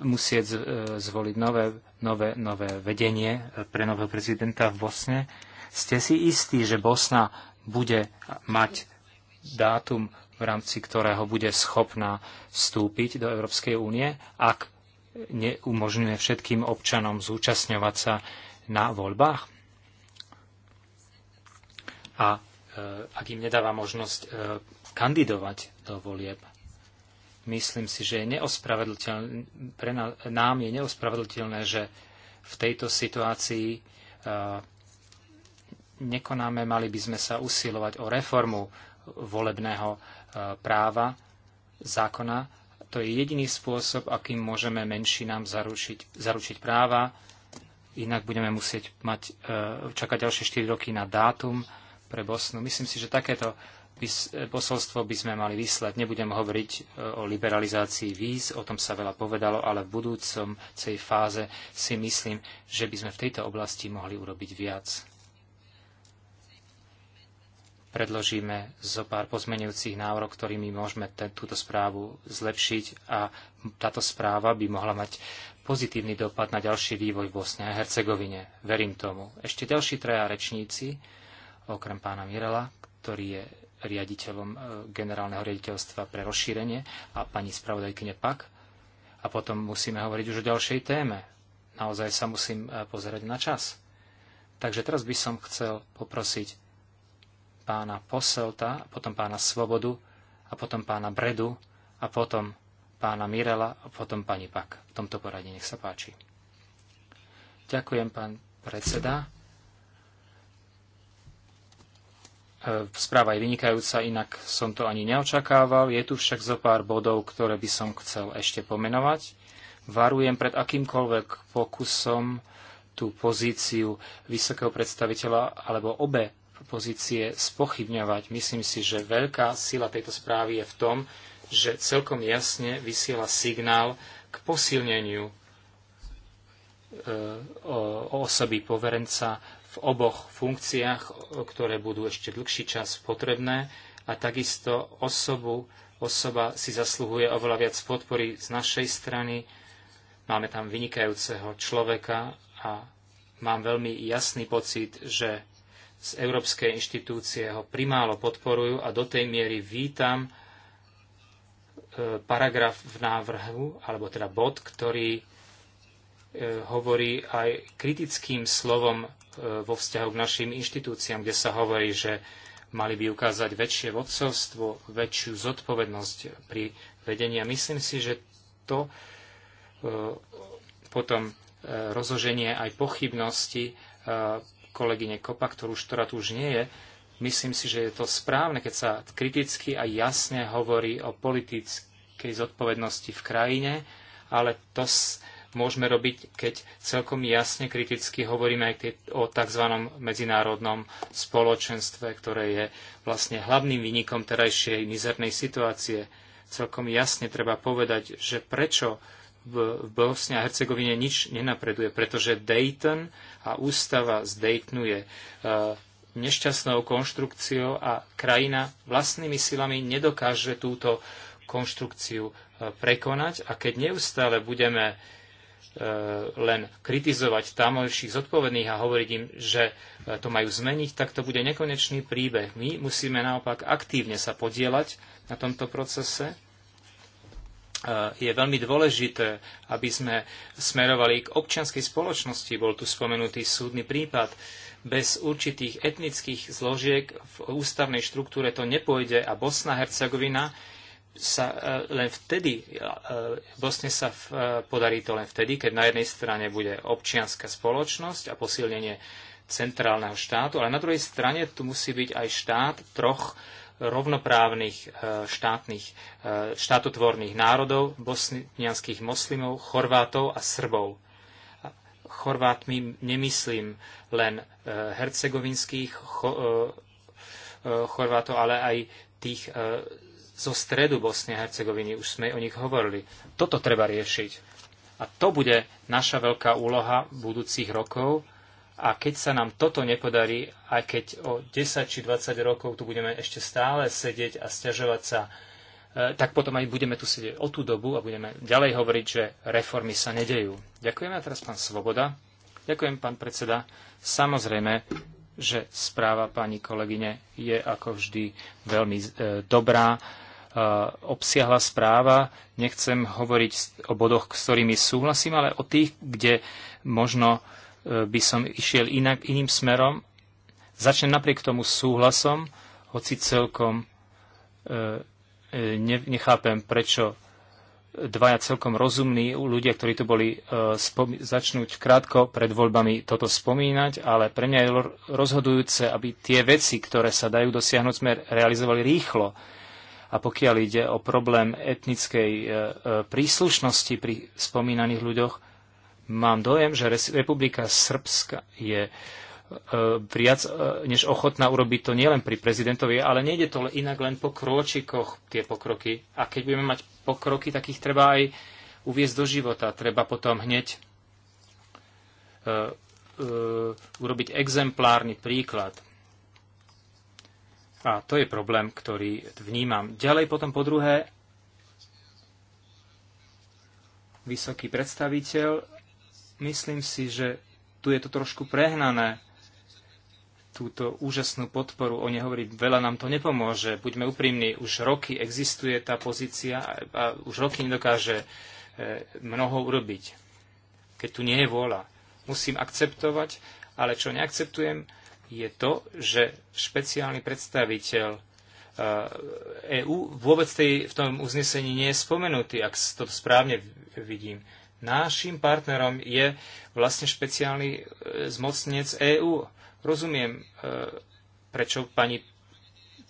musieť zvoliť nové, nové, nové vedenie pre nového prezidenta v Bosne. Ste si istí, že Bosna bude mať dátum v rámci ktorého bude schopná vstúpiť do Európskej únie, ak neumožňuje všetkým občanom zúčastňovať sa na voľbách? A e, ak im nedáva možnosť e, kandidovať do volieb? Myslím si, že je pre nám je neospravedlteľné, že v tejto situácii e, nekonáme, mali by sme sa usilovať o reformu volebného práva, zákona. To je jediný spôsob, akým môžeme menšinám zaručiť, zaručiť práva. Inak budeme musieť mať, e, čakať ďalšie 4 roky na dátum pre Bosnu. Myslím si, že takéto posolstvo by sme mali vyslať. Nebudem hovoriť e, o liberalizácii víz, o tom sa veľa povedalo, ale v budúcom tej fáze si myslím, že by sme v tejto oblasti mohli urobiť viac predložíme zo pár pozmenujúcich návrhov, ktorými môžeme túto správu zlepšiť a táto správa by mohla mať pozitívny dopad na ďalší vývoj v Bosne a Hercegovine. Verím tomu. Ešte ďalší traja rečníci, okrem pána Mirela, ktorý je riaditeľom e, generálneho riaditeľstva pre rozšírenie a pani spravodajkyne Pak. A potom musíme hovoriť už o ďalšej téme. Naozaj sa musím e, pozerať na čas. Takže teraz by som chcel poprosiť pána Poselta, potom pána Svobodu a potom pána Bredu a potom pána Mirela a potom pani Pak. V tomto poradí nech sa páči. Ďakujem, pán predseda. E, správa je vynikajúca, inak som to ani neočakával. Je tu však zo pár bodov, ktoré by som chcel ešte pomenovať. Varujem pred akýmkoľvek pokusom tú pozíciu vysokého predstaviteľa alebo obe pozície spochybňovať. Myslím si, že veľká sila tejto správy je v tom, že celkom jasne vysiela signál k posilneniu e, osoby poverenca v oboch funkciách, ktoré budú ešte dlhší čas potrebné a takisto osobu, osoba si zasluhuje oveľa viac podpory z našej strany. Máme tam vynikajúceho človeka a mám veľmi jasný pocit, že z európskej inštitúcie ho primálo podporujú a do tej miery vítam e, paragraf v návrhu, alebo teda bod, ktorý e, hovorí aj kritickým slovom e, vo vzťahu k našim inštitúciám, kde sa hovorí, že mali by ukázať väčšie vodcovstvo, väčšiu zodpovednosť pri vedení. A myslím si, že to potom rozoženie aj pochybnosti kolegyne Kopa, ktorú ktorá tu už nie je, myslím si, že je to správne, keď sa kriticky a jasne hovorí o politickej zodpovednosti v krajine, ale to môžeme robiť, keď celkom jasne kriticky hovoríme aj o tzv. medzinárodnom spoločenstve, ktoré je vlastne hlavným výnikom terajšej mizernej situácie. Celkom jasne treba povedať, že prečo v Bosne a Hercegovine nič nenapreduje, pretože Dayton a ústava z Daytonu je e, nešťastnou konštrukciou a krajina vlastnými silami nedokáže túto konštrukciu e, prekonať a keď neustále budeme e, len kritizovať tamojších zodpovedných a hovoriť im, že to majú zmeniť, tak to bude nekonečný príbeh. My musíme naopak aktívne sa podielať na tomto procese Eh, je veľmi dôležité, aby sme smerovali k občianskej spoločnosti. Bol tu spomenutý súdny prípad. Bez určitých etnických zložiek v ústavnej štruktúre to nepôjde a Bosna-Hercegovina sa eh, len vtedy, eh, Bosne sa podarí to len vtedy, keď na jednej strane bude občianská spoločnosť a posilnenie centrálneho štátu, ale na druhej strane tu musí byť aj štát troch rovnoprávnych e, štátnych, e, štátotvorných národov, bosnianských moslimov, Chorvátov a Srbov. Chorvátmi nemyslím len e, hercegovinských Chorvátov, ale aj tých zo stredu Bosny a Hercegoviny. Už sme o nich hovorili. Toto treba riešiť. A to bude naša veľká úloha budúcich rokov a keď sa nám toto nepodarí, aj keď o 10 či 20 rokov tu budeme ešte stále sedieť a stiažovať sa, e, tak potom aj budeme tu sedieť o tú dobu a budeme ďalej hovoriť, že reformy sa nedejú. Ďakujeme a teraz pán Svoboda. Ďakujem, pán predseda. Samozrejme, že správa pani kolegyne je ako vždy veľmi e, dobrá, e, obsiahla správa. Nechcem hovoriť o bodoch, s ktorými súhlasím, ale o tých, kde možno by som išiel inak, iným smerom. Začnem napriek tomu súhlasom, hoci celkom e, e nechápem, prečo dvaja celkom rozumní ľudia, ktorí tu boli, e, začnúť krátko pred voľbami toto spomínať, ale pre mňa je rozhodujúce, aby tie veci, ktoré sa dajú dosiahnuť, sme realizovali rýchlo. A pokiaľ ide o problém etnickej e, príslušnosti pri spomínaných ľuďoch, Mám dojem, že Republika Srbska je e, viac e, než ochotná urobiť to nielen pri prezidentovi, ale nejde to inak len po kročikoch tie pokroky. A keď budeme mať pokroky, takých treba aj uviezť do života. Treba potom hneď uh, uh, urobiť exemplárny príklad. A to je problém, ktorý vnímam. Ďalej potom po druhé, vysoký predstaviteľ myslím si, že tu je to trošku prehnané, túto úžasnú podporu, o nej hovorí, veľa nám to nepomôže. Buďme úprimní, už roky existuje tá pozícia a už roky nedokáže e, mnoho urobiť, keď tu nie je vôľa. Musím akceptovať, ale čo neakceptujem, je to, že špeciálny predstaviteľ EÚ e vôbec tej, v tom uznesení nie je spomenutý, ak to správne vidím. Naším partnerom je vlastne špeciálny e, zmocnec EÚ. Rozumiem, e, prečo pani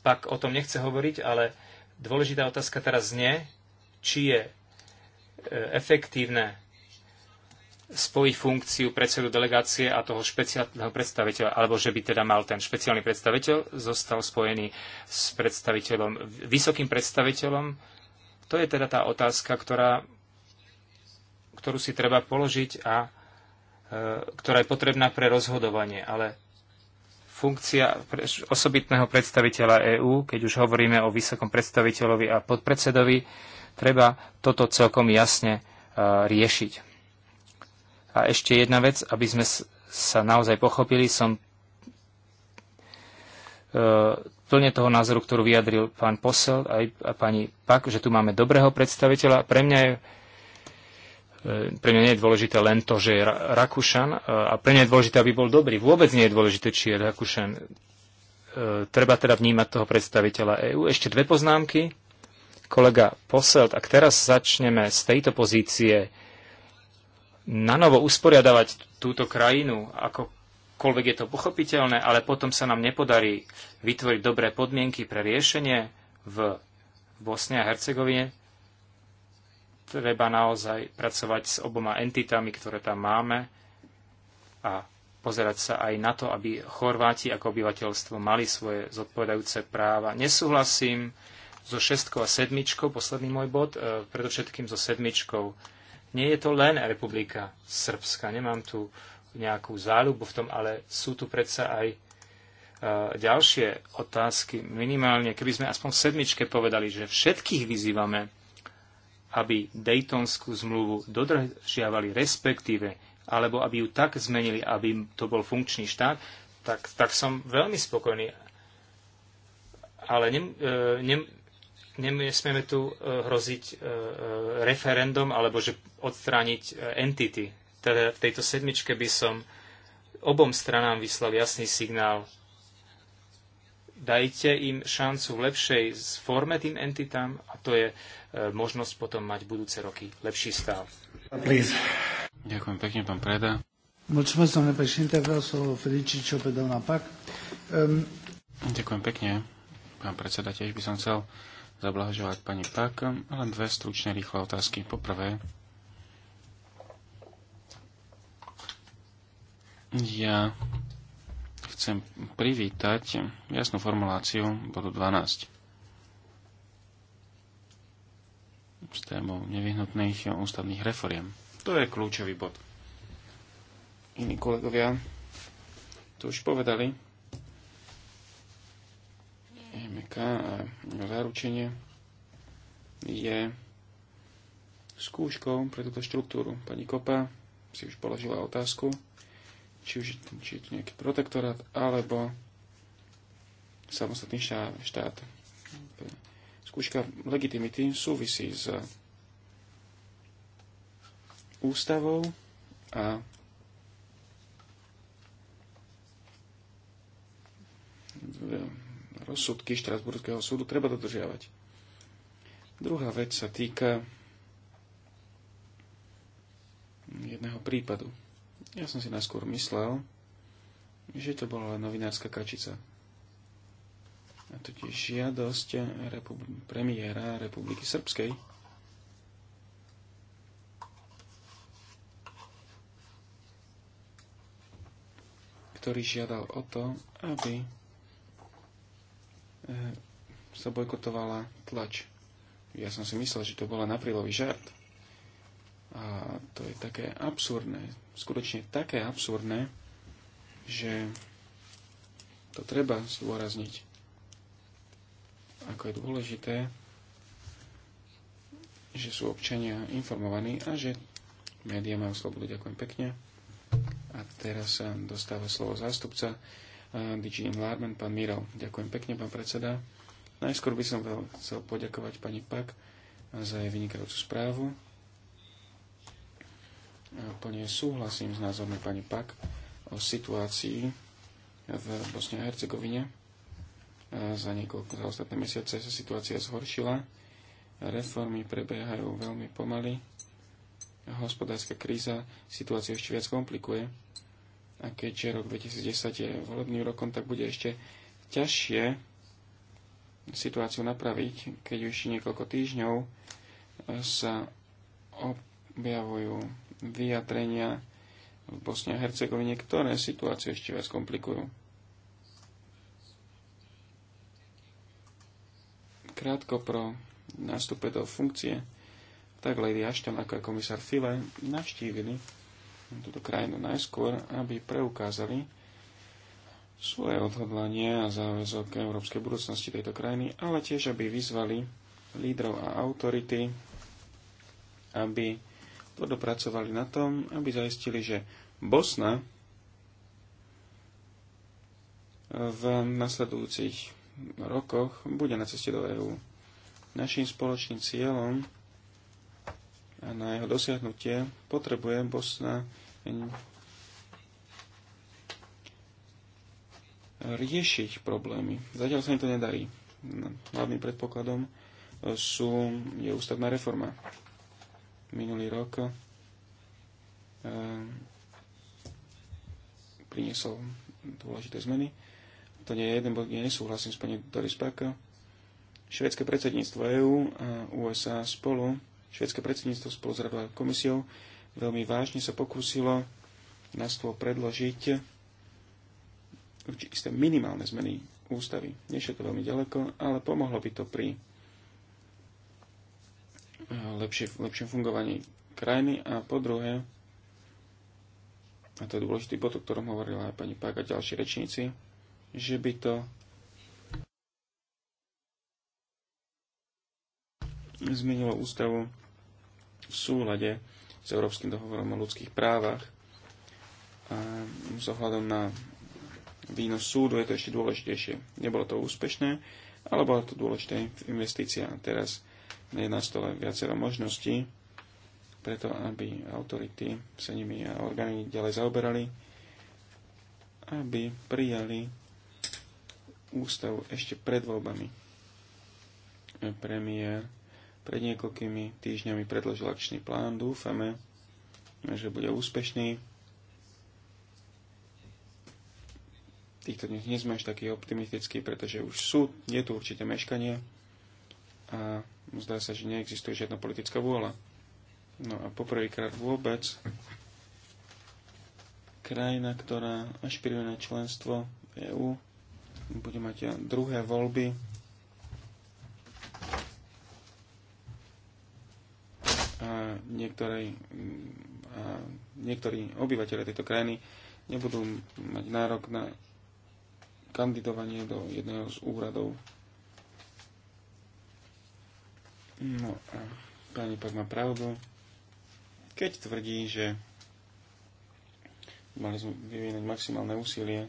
pak o tom nechce hovoriť, ale dôležitá otázka teraz znie, či je e, efektívne spojiť funkciu predsedu delegácie a toho špeciálneho predstaviteľa, alebo že by teda mal ten špeciálny predstaviteľ zostal spojený s predstaviteľom, vysokým predstaviteľom. To je teda tá otázka, ktorá ktorú si treba položiť a e, ktorá je potrebná pre rozhodovanie. Ale funkcia osobitného predstaviteľa EÚ, keď už hovoríme o vysokom predstaviteľovi a podpredsedovi, treba toto celkom jasne e, riešiť. A ešte jedna vec, aby sme sa naozaj pochopili, som e, plne toho názoru, ktorú vyjadril pán posel aj, pani Pak, že tu máme dobrého predstaviteľa. Pre mňa je E, pre mňa nie je dôležité len to, že je Rakúšan e, a pre mňa je dôležité, aby bol dobrý. Vôbec nie je dôležité, či je Rakúšan. E, treba teda vnímať toho predstaviteľa EÚ. Ešte dve poznámky. Kolega Poselt, ak teraz začneme z tejto pozície na novo usporiadavať túto krajinu, akokoľvek je to pochopiteľné, ale potom sa nám nepodarí vytvoriť dobré podmienky pre riešenie v Bosne a Hercegovine, treba naozaj pracovať s oboma entitami, ktoré tam máme a pozerať sa aj na to, aby Chorváti ako obyvateľstvo mali svoje zodpovedajúce práva. Nesúhlasím so šestkou a sedmičkou, posledný môj bod, e, predovšetkým so sedmičkou. Nie je to len Republika Srbska, nemám tu nejakú záľubu v tom, ale sú tu predsa aj e, ďalšie otázky. Minimálne, keby sme aspoň v sedmičke povedali, že všetkých vyzývame aby Daytonskú zmluvu dodržiavali, respektíve, alebo aby ju tak zmenili, aby to bol funkčný štát, tak, tak som veľmi spokojný. Ale ne, ne, nesmieme tu e, hroziť e, e, referendum alebo že odstrániť entity. Teda v tejto sedmičke by som obom stranám vyslal jasný signál dajte im šancu v lepšej forme tým entitám a to je e, možnosť potom mať budúce roky lepší stav. Please. Ďakujem pekne, pán Preda. Mulțumesc, domnule președinte, vreau să o felicit și eu pe doamna PAC. Um... Ďakujem pekne, pán predseda, tiež by som chcel zablahoželať pani PAC. Len dve stručné, rýchle otázky. Poprvé, ja chcem privítať jasnú formuláciu bodu 12 s témou nevyhnutných ústavných reforiem. To je kľúčový bod. Iní kolegovia to už povedali. MK a zaručenie je skúškou pre túto štruktúru. Pani Kopa si už položila otázku či už či je nejaký protektorát, alebo samostatný štát. Skúška legitimity súvisí s ústavou a rozsudky Štrasburského súdu treba dodržiavať. Druhá vec sa týka jedného prípadu. Ja som si najskôr myslel, že to bola novinárska kačica. A totiž žiadosť republi- premiéra Republiky Srbskej ktorý žiadal o to, aby eh, sa bojkotovala tlač. Ja som si myslel, že to bola naprílový žart. A to je také absurdné skutočne také absurdné, že to treba zdôrazniť. Ako je dôležité, že sú občania informovaní a že médiá majú slobodu. Ďakujem pekne. A teraz sa dostáva slovo zástupca DGM Larmen, pán Miral. Ďakujem pekne, pán predseda. Najskôr by som chcel poďakovať pani Pak za jej vynikajúcu správu plne súhlasím s názormi pani Pak o situácii v Bosne a Hercegovine. Za niekoľko za ostatné mesiace sa situácia zhoršila. Reformy prebiehajú veľmi pomaly. Hospodárska kríza situáciu ešte viac komplikuje. A keďže rok 2010 je volebným rokom, tak bude ešte ťažšie situáciu napraviť, keď už niekoľko týždňov sa objavujú vyjadrenia v Bosne a Hercegovine, ktoré situáciu ešte viac komplikujú. Krátko pro nástupe do funkcie, tak Lady Ashton ako aj komisár File navštívili túto krajinu najskôr, aby preukázali svoje odhodlanie a záväzok európskej budúcnosti tejto krajiny, ale tiež aby vyzvali lídrov a autority, aby Podopracovali na tom, aby zaistili, že Bosna v nasledujúcich rokoch bude na ceste do EÚ. Naším spoločným cieľom a na jeho dosiahnutie potrebuje Bosna riešiť problémy. Zatiaľ sa im to nedarí. Hlavným predpokladom sú, je ústavná reforma minulý rok eh, priniesol dôležité zmeny. To nie je jeden bod, kde nesúhlasím s pani Doris Pack. Švedské predsedníctvo EÚ eh, a USA spolu, švedské predsedníctvo spolu s komisiou veľmi vážne sa pokúsilo na stôl predložiť isté minimálne zmeny ústavy. Nešlo to veľmi ďaleko, ale pomohlo by to pri lepšie, lepšom fungovaní krajiny a po druhé, a to je dôležitý bod, o ktorom hovorila aj pani páka a ďalší rečníci, že by to zmenilo ústavu v súlade s Európskym dohovorom o ľudských právach a s ohľadom na výnos súdu je to ešte dôležitejšie. Nebolo to úspešné, ale bola to dôležitá investícia. teraz je na stole viacero možností, preto aby autority sa nimi a orgány ďalej zaoberali, aby prijali ústavu ešte pred voľbami. Premiér pred niekoľkými týždňami predložil akčný plán. Dúfame, že bude úspešný. Týchto dňoch nie sme až takí optimistickí, pretože už sú, je tu určite meškanie a zdá sa, že neexistuje žiadna politická vôľa. No a poprvýkrát vôbec krajina, ktorá ašpiruje na členstvo EÚ, bude mať druhé voľby. A, a niektorí obyvateľe tejto krajiny nebudú mať nárok na kandidovanie do jedného z úradov No a pani pak má pravdu, keď tvrdí, že mali sme vyvinúť maximálne úsilie,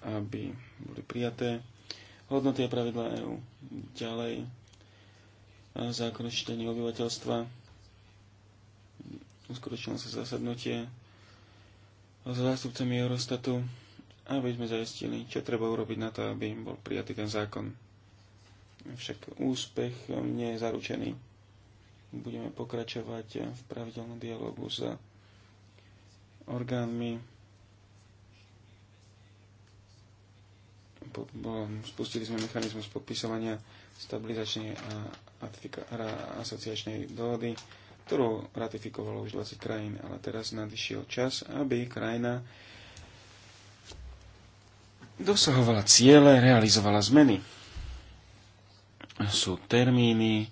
aby boli prijaté hodnoty e a pravidla EU Ďalej zákon o čítaní obyvateľstva. Uskutočnilo sa zasadnutie s zástupcami Eurostatu, aby sme zaistili, čo treba urobiť na to, aby bol prijatý ten zákon. Však úspech nie je zaručený. Budeme pokračovať v pravidelnom dialogu s orgánmi. Spustili sme mechanizmus podpisovania stabilizačnej a, asociačnej dohody, ktorú ratifikovalo už 20 krajín, ale teraz nadišiel čas, aby krajina dosahovala ciele, realizovala zmeny sú termíny e,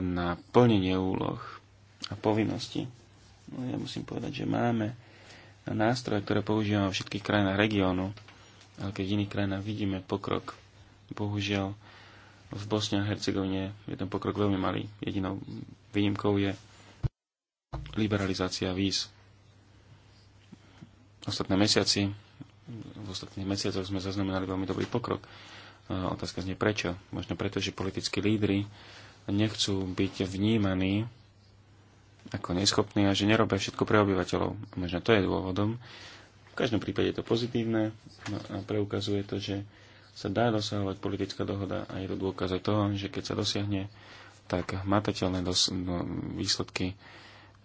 na plnenie úloh a povinností. No, ja musím povedať, že máme nástroje, ktoré používame vo všetkých krajinách regiónu, ale keď v iných krajinách vidíme pokrok, bohužiaľ v Bosne a Hercegovine je ten pokrok veľmi malý. Jedinou výnimkou je liberalizácia víz. Ostatné mesiaci, v ostatných mesiacoch sme zaznamenali veľmi dobrý pokrok Otázka znie prečo. Možno preto, že politickí lídry nechcú byť vnímaní ako neschopní a že nerobia všetko pre obyvateľov. Možno to je dôvodom. V každom prípade je to pozitívne no a preukazuje to, že sa dá dosahovať politická dohoda a je to dôkaz aj toho, že keď sa dosiahne, tak matateľné dos- no, výsledky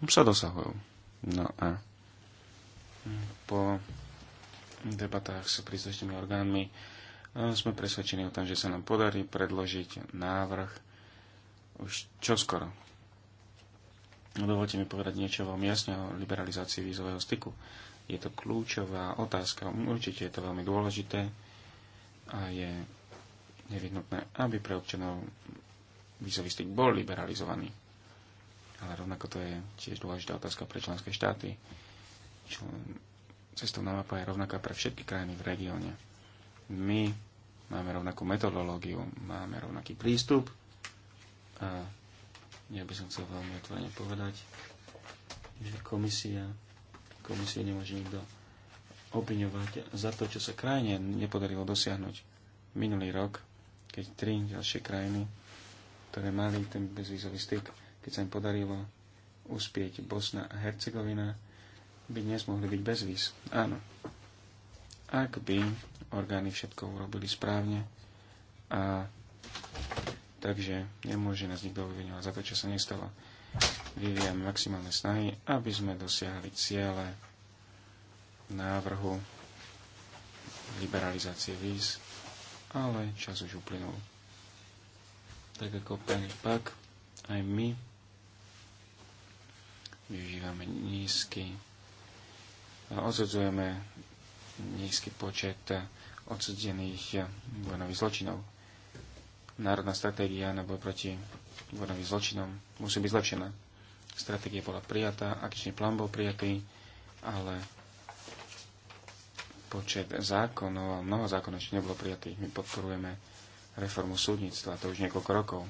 sa dosahujú. No a po debatách s príslušnými orgánmi sme presvedčení o tom, že sa nám podarí predložiť návrh už čoskoro. Dovolte mi povedať niečo veľmi jasne o liberalizácii vízového styku. Je to kľúčová otázka, určite je to veľmi dôležité a je nevyhnutné, aby pre občanov vízový styk bol liberalizovaný. Ale rovnako to je tiež dôležitá otázka pre členské štáty. Čo cestovná mapa je rovnaká pre všetky krajiny v regióne my máme rovnakú metodológiu, máme rovnaký prístup a ja by som chcel veľmi otvorene povedať, že komisia, komisiu nemôže nikto obviňovať za to, čo sa krajine nepodarilo dosiahnuť minulý rok, keď tri ďalšie krajiny, ktoré mali ten bezvýzový styk, keď sa im podarilo uspieť Bosna a Hercegovina, by dnes mohli byť bez víz. Áno. Ak by orgány všetko urobili správne a takže nemôže nás nikto obvinovať za to, čo sa nestalo. Vyvíjame maximálne snahy, aby sme dosiahli ciele návrhu liberalizácie víz, ale čas už uplynul. Tak ako pani Pak, aj my využívame nízky, odsudzujeme nízky počet odsudených eh, vojnových zločinov. Národná stratégia na boj proti vojnovým zločinom musí byť zlepšená. Stratégia bola prijatá, akčný plán bol prijatý, ale počet zákonov a mnoho zákonov ešte nebolo prijatých. My podporujeme reformu súdnictva, to už niekoľko rokov.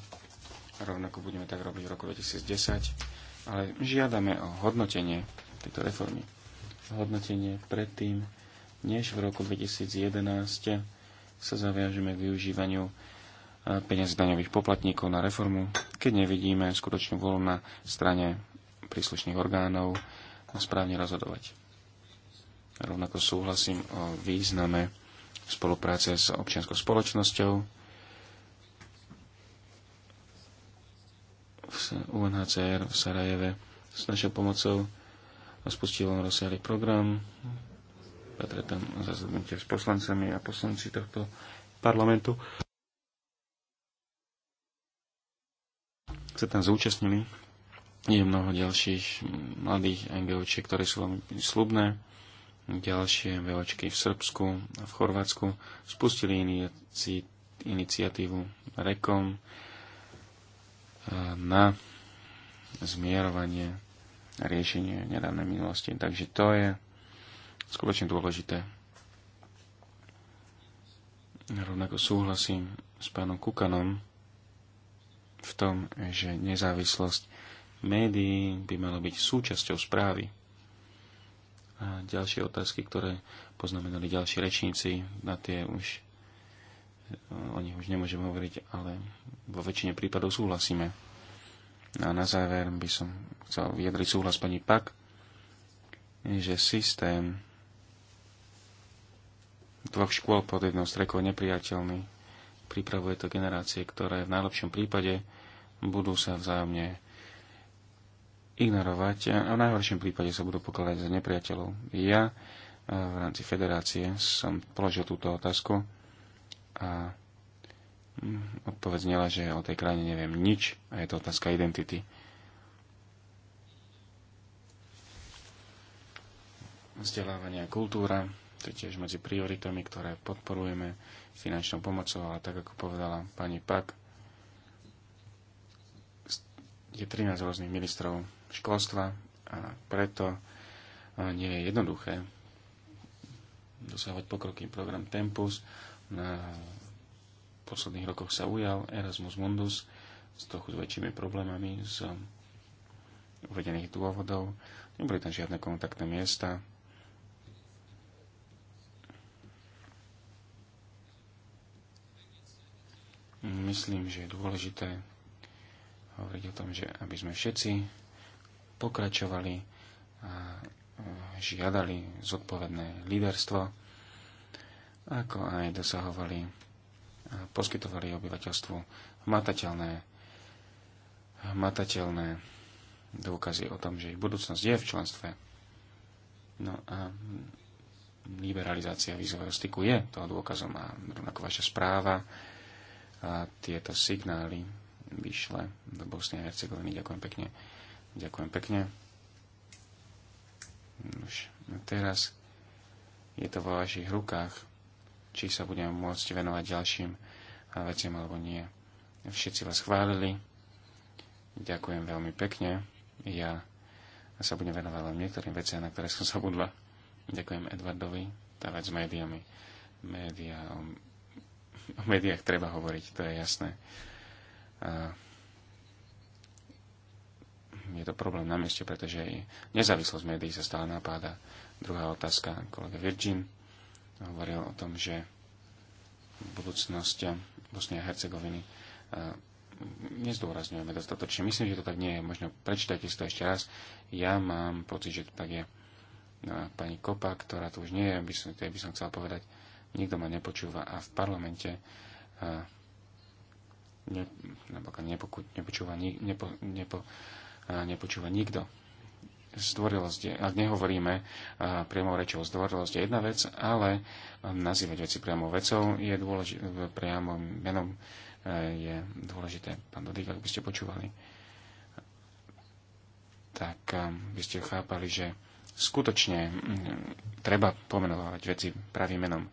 Rovnako budeme tak robiť v roku 2010, ale žiadame o hodnotenie tejto reformy. Hodnotenie predtým, než v roku 2011 sa zaviažeme k využívaniu eh, peniaz daňových poplatníkov na reformu, keď nevidíme skutočnú vôľu na strane príslušných orgánov správne rozhodovať. Rovnako súhlasím o význame spolupráce s občianskou spoločnosťou, v UNHCR v Sarajeve s našou pomocou spustilo rozsiahly program teda tam zasadnutia s poslancami a poslanci tohto parlamentu sa tam zúčastnili. Je mnoho ďalších mladých NGOčiek, ktoré sú veľmi slubné. Ďalšie VOčky v Srbsku a v Chorvátsku spustili inici- iniciatívu REKOM na zmierovanie a riešenie nedávnej minulosti. Takže to je skutočne dôležité. Rovnako súhlasím s pánom Kukanom v tom, že nezávislosť médií by mala byť súčasťou správy. A ďalšie otázky, ktoré poznamenali ďalší rečníci, na tie už o nich už nemôžeme hovoriť, ale vo väčšine prípadov súhlasíme. A na záver by som chcel vyjadriť súhlas pani Pak, že systém dvoch škôl pod jednou strekou nepriateľný. Pripravuje to generácie, ktoré v najlepšom prípade budú sa vzájomne ignorovať a v najhoršom prípade sa budú pokladať za nepriateľov. Ja eh, v rámci federácie som položil túto otázku a hm, odpovedz nela, že o tej krajine neviem nič a je to otázka identity. Vzdelávanie a kultúra to je tiež medzi prioritami, ktoré podporujeme finančnou pomocou, ale tak ako povedala pani Pak, je 13 rôznych ministrov školstva a preto nie je jednoduché dosahovať pokroky. Program Tempus na posledných rokoch sa ujal Erasmus Mundus s trochu s väčšími problémami z uvedených dôvodov. Neboli tam žiadne kontaktné miesta Myslím, že je dôležité hovoriť o tom, že aby sme všetci pokračovali a e, žiadali zodpovedné líderstvo, ako aj dosahovali a poskytovali obyvateľstvu matateľné, matateľné dôkazy o tom, že ich budúcnosť je v členstve. No a liberalizácia vízového styku je toho dôkazom a rovnako vaša správa a tieto signály vyšle do Bosny a Hercegoviny. Ďakujem pekne. Ďakujem pekne. Už no teraz je to vo vašich rukách, či sa budem môcť venovať ďalším veciam alebo nie. Všetci vás chválili. Ďakujem veľmi pekne. Ja sa budem venovať len niektorým veciam, na ktoré som zabudla. Ďakujem Edwardovi, tá vec s médiami. Média o médiách treba hovoriť, to je jasné. A je to problém na mieste, pretože aj nezávislosť médií sa stále napáda. Druhá otázka, kolega Virgin hovoril o tom, že budúcnosť Bosnia a Hercegoviny nezdôrazňujeme dostatočne. Myslím, že to tak nie je. Možno prečítajte si to ešte raz. Ja mám pocit, že to tak je. No a pani Kopa, ktorá tu už nie je, by som, by som chcel povedať, nikto ma nepočúva a v parlamente a ne, nepoku, nepočúva, nepo, nepo, a nepočúva nikto. Zdvorilosť je, ak nehovoríme a priamou rečou, zdvorilosť je jedna vec, ale nazývať veci priamo vecou je dôležité, priamo menom e, je dôležité. Pán Dodík, ak by ste počúvali, tak by ste chápali, že skutočne treba pomenovať veci pravým menom.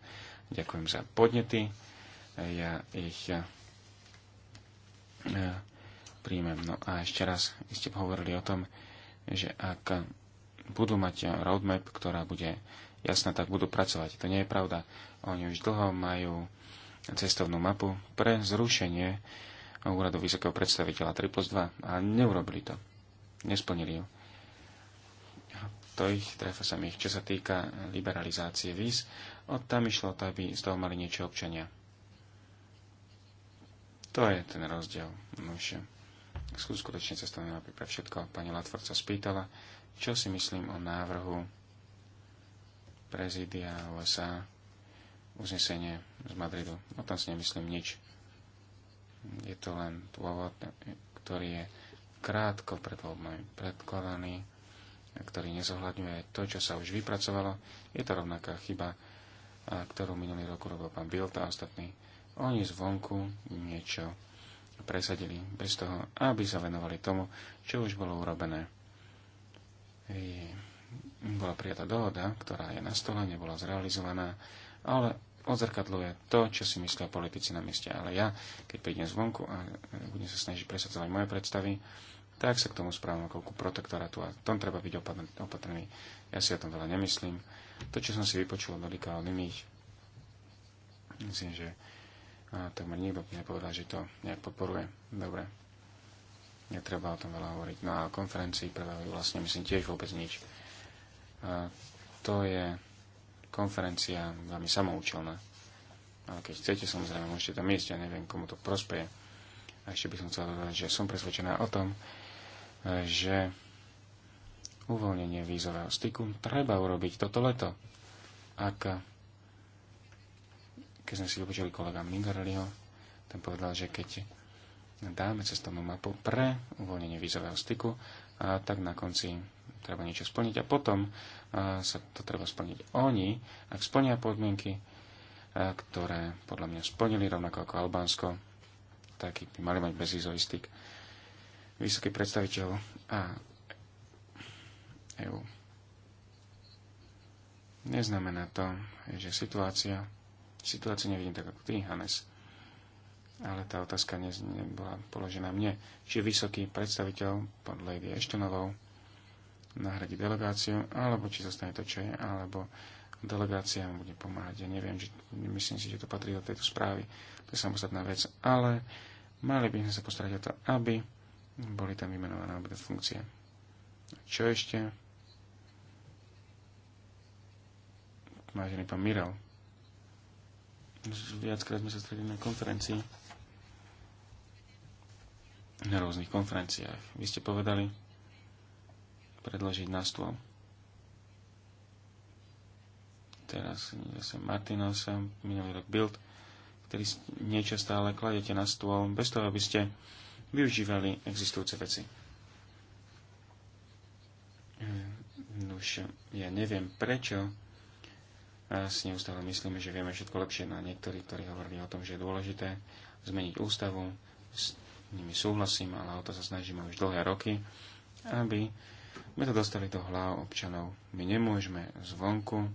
Ďakujem za podnety. Ja ich eh, príjmem. No a ešte raz, ste hovorili o tom, že ak budú mať roadmap, ktorá bude jasná, tak budú pracovať. To nie je pravda. Oni už dlho majú cestovnú mapu pre zrušenie úradu vysokého predstaviteľa 3 plus 2 a neurobili to. Nesplnili ju to ich trefa ich, Čo sa týka liberalizácie víz, od tam išlo to, aby z toho mali niečo občania. To je ten rozdiel. Nož, skutočne cestovné napríklad všetko. Pani Latvor sa spýtala, čo si myslím o návrhu prezidia USA uznesenie z Madridu. O tom si nemyslím nič. Je to len dôvod, ktorý je krátko pred voľbami predkladaný ktorý nezohľadňuje to, čo sa už vypracovalo. Je to rovnaká chyba, ktorú minulý rok robil pán Bilt a ostatní. Oni zvonku niečo presadili bez toho, aby sa venovali tomu, čo už bolo urobené. I bola prijatá dohoda, ktorá je na stole, nebola zrealizovaná, ale odzrkadluje to, čo si myslia politici na mieste. Ale ja, keď prídem zvonku a budem sa snažiť presadzovať moje predstavy, tak sa k tomu správam ako ku protektorátu a tom treba byť opatrný. Ja si o tom veľa nemyslím. To, čo som si vypočul od Lika a myslím, že to ma nikto nepovedal, že to nejak podporuje. Dobre. Netreba o tom veľa hovoriť. No a konferencii prvého vlastne myslím tiež vôbec nič. A, to je konferencia veľmi samoučelná. Ale keď chcete, samozrejme, môžete tam ísť. Ja neviem, komu to prospeje. A ešte by som chcel dodať, že som presvedčená o tom, že uvoľnenie vízového styku treba urobiť toto leto. Ak, keď sme si vypočuli kolega Mingareliho, ten povedal, že keď dáme cestovnú mapu pre uvoľnenie vízového styku, a tak na konci treba niečo splniť a potom a sa to treba splniť oni, ak splnia podmienky, a ktoré podľa mňa splnili rovnako ako Albánsko, tak by mali mať bezvízový styk vysoký predstaviteľ a EU. Neznamená to, že situácia, Situácia nevidím tak ako ty, Hannes. Ale tá otázka ne, nebola položená mne. Či vysoký predstaviteľ pod Lady Ashtonovou nahradí delegáciu, alebo či zostane to, čo je, alebo delegácia mu bude pomáhať. Ja neviem, že, myslím si, že to patrí do tejto správy. To je samostatná vec. Ale mali by sme sa postarať o to, aby boli tam vymenované obe funkcie. Čo ešte? Vážený pán Mirel. Viackrát sme sa stretli na konferencii. Na rôznych konferenciách. Vy ste povedali predložiť na stôl teraz zase Martinos, minulý rok Build, ktorý niečo stále kladete na stôl, bez toho, aby ste využívali existujúce veci. Už ja neviem prečo a si neustále myslíme, že vieme všetko lepšie na niektorí, ktorí hovorili o tom, že je dôležité zmeniť ústavu. S nimi súhlasím, ale o to sa snažíme už dlhé roky, aby sme to dostali do hlav občanov. My nemôžeme zvonku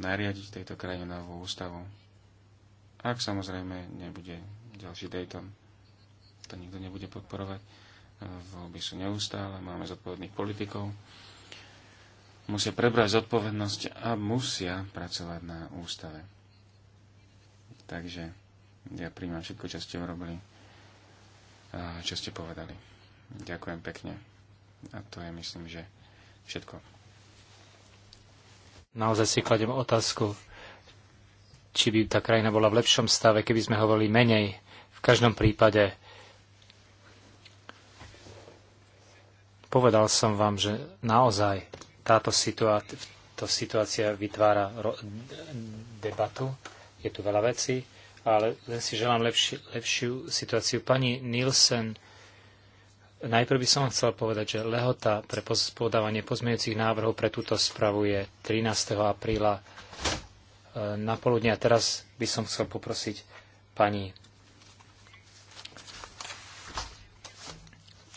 nariadiť tejto krajine novú ústavu. Ak samozrejme nebude ďalší Dayton to nikto nebude podporovať. E, voľby sú neustále, máme zodpovedných politikov. Musia prebrať zodpovednosť a musia pracovať na ústave. Takže ja príjmam všetko, čo ste urobili, čo ste povedali. Ďakujem pekne. A to je, myslím, že všetko. Naozaj si kladem otázku, či by tá krajina bola v lepšom stave, keby sme hovorili menej. V každom prípade Povedal som vám, že naozaj táto situácia, situácia vytvára debatu. Je tu veľa vecí, ale len si želám lepši, lepšiu situáciu. Pani Nielsen, najprv by som chcel povedať, že lehota pre podávanie pozmeňujúcich návrhov pre túto spravu je 13. apríla e, na poludne. A teraz by som chcel poprosiť pani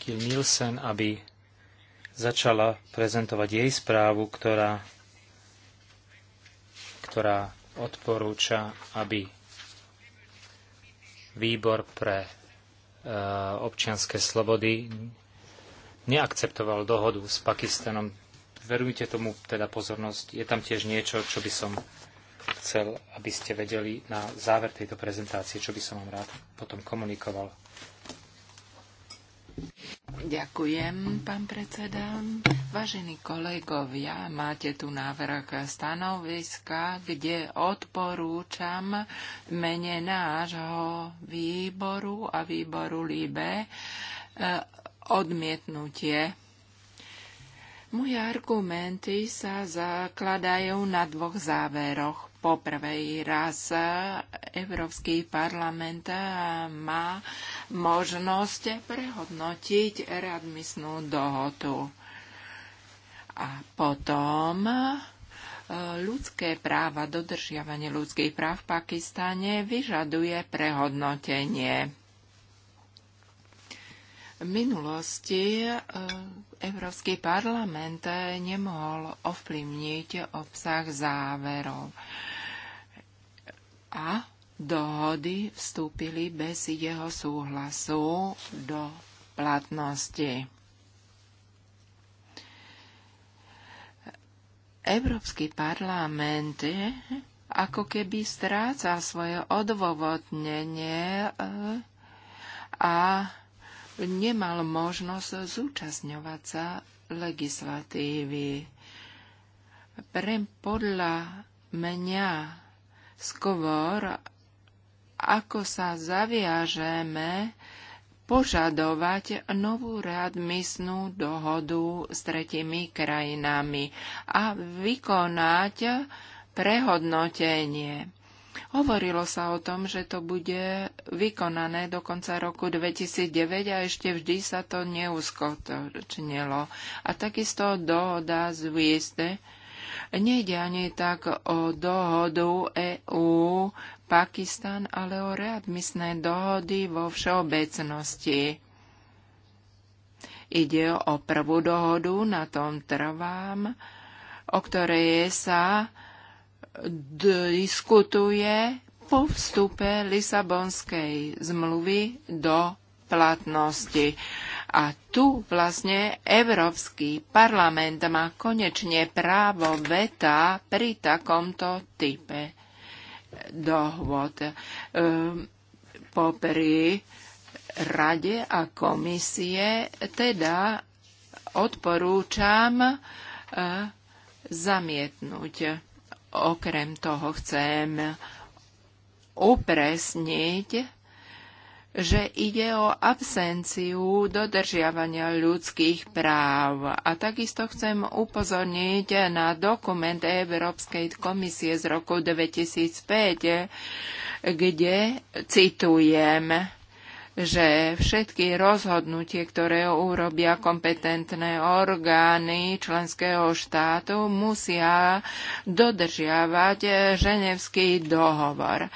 Kiel Nielsen, aby začala prezentovať jej správu, ktorá, ktorá odporúča, aby výbor pre e, občianske slobody neakceptoval dohodu s Pakistanom. Verujte tomu teda pozornosť. Je tam tiež niečo, čo by som chcel, aby ste vedeli na záver tejto prezentácie, čo by som vám rád potom komunikoval. Ďakujem, pán predseda. Vážení kolegovia, máte tu návrh stanoviska, kde odporúčam mene nášho výboru a výboru LIBE e, odmietnutie. Moje argumenty sa zakladajú na dvoch záveroch po prvej raz Európsky parlament má možnosť prehodnotiť readmisnú dohodu. A potom e, ľudské práva, dodržiavanie ľudských práv v Pakistane vyžaduje prehodnotenie. V minulosti e, Európsky parlament nemohol ovplyvniť obsah záverov a dohody vstúpili bez jeho súhlasu do platnosti. Európsky parlament ako keby stráca svoje odôvodnenie eh, a nemal možnosť zúčastňovať sa legislatívy. Pre podľa mňa skôr, ako sa zaviažeme požadovať novú readmisnú dohodu s tretimi krajinami a vykonať prehodnotenie. Hovorilo sa o tom, že to bude vykonané do konca roku 2009 a ešte vždy sa to neuskutočnilo. A takisto dohoda z Vieste Nejde ani tak o dohodu EU Pakistan, ale o readmisné dohody vo všeobecnosti. Ide o prvú dohodu, na tom trvám, o ktorej sa diskutuje po vstupe Lisabonskej zmluvy do platnosti. A tu vlastne Európsky parlament má konečne právo veta pri takomto type dohôd. Ehm, popri rade a komisie teda odporúčam e, zamietnúť. Okrem toho chcem upresniť že ide o absenciu dodržiavania ľudských práv. A takisto chcem upozorniť na dokument Európskej komisie z roku 2005, kde citujem že všetky rozhodnutie, ktoré urobia kompetentné orgány členského štátu, musia dodržiavať ženevský dohovor.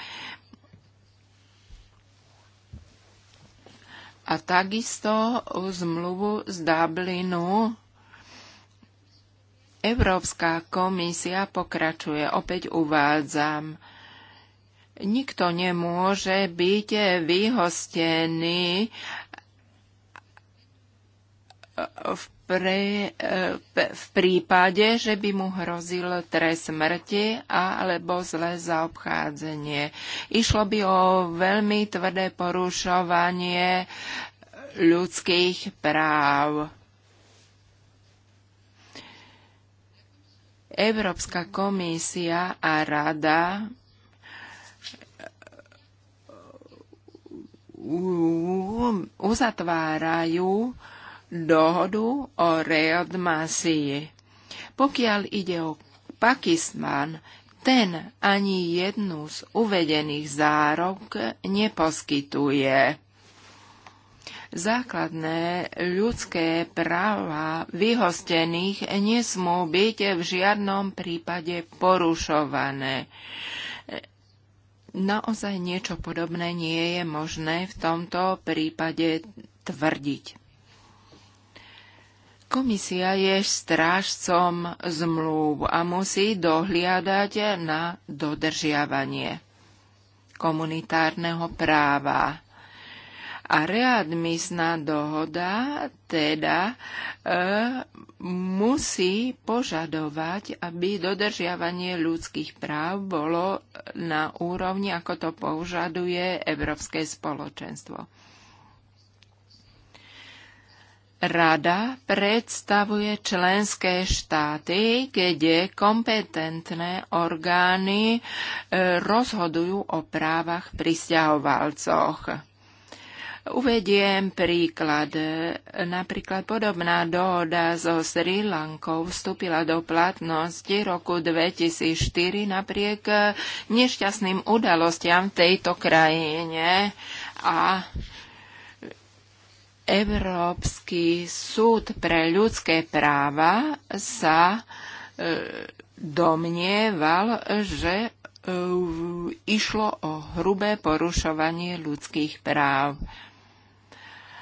a takisto zmluvu z Dublinu Európska komisia pokračuje, opäť uvádzam, nikto nemôže byť vyhostený v pre, e, v prípade, že by mu hrozil trest smrti alebo zlé zaobchádzanie. Išlo by o veľmi tvrdé porušovanie ľudských práv. Európska komisia a rada uzatvárajú dohodu o readmasii. Pokiaľ ide o Pakistan, ten ani jednu z uvedených zárok neposkytuje. Základné ľudské práva vyhostených nesmú byť v žiadnom prípade porušované. Naozaj niečo podobné nie je možné v tomto prípade tvrdiť. Komisia je strážcom zmluv a musí dohliadať na dodržiavanie komunitárneho práva. A readmisná dohoda teda e, musí požadovať, aby dodržiavanie ľudských práv bolo na úrovni, ako to požaduje Európske spoločenstvo. Rada predstavuje členské štáty, kde kompetentné orgány e, rozhodujú o právach pristahovalcoch. Uvediem príklad. Napríklad podobná dohoda so Sri Lankou vstúpila do platnosti roku 2004 napriek e, nešťastným udalostiam v tejto krajine a Európsky súd pre ľudské práva sa e, domnieval, že e, išlo o hrubé porušovanie ľudských práv.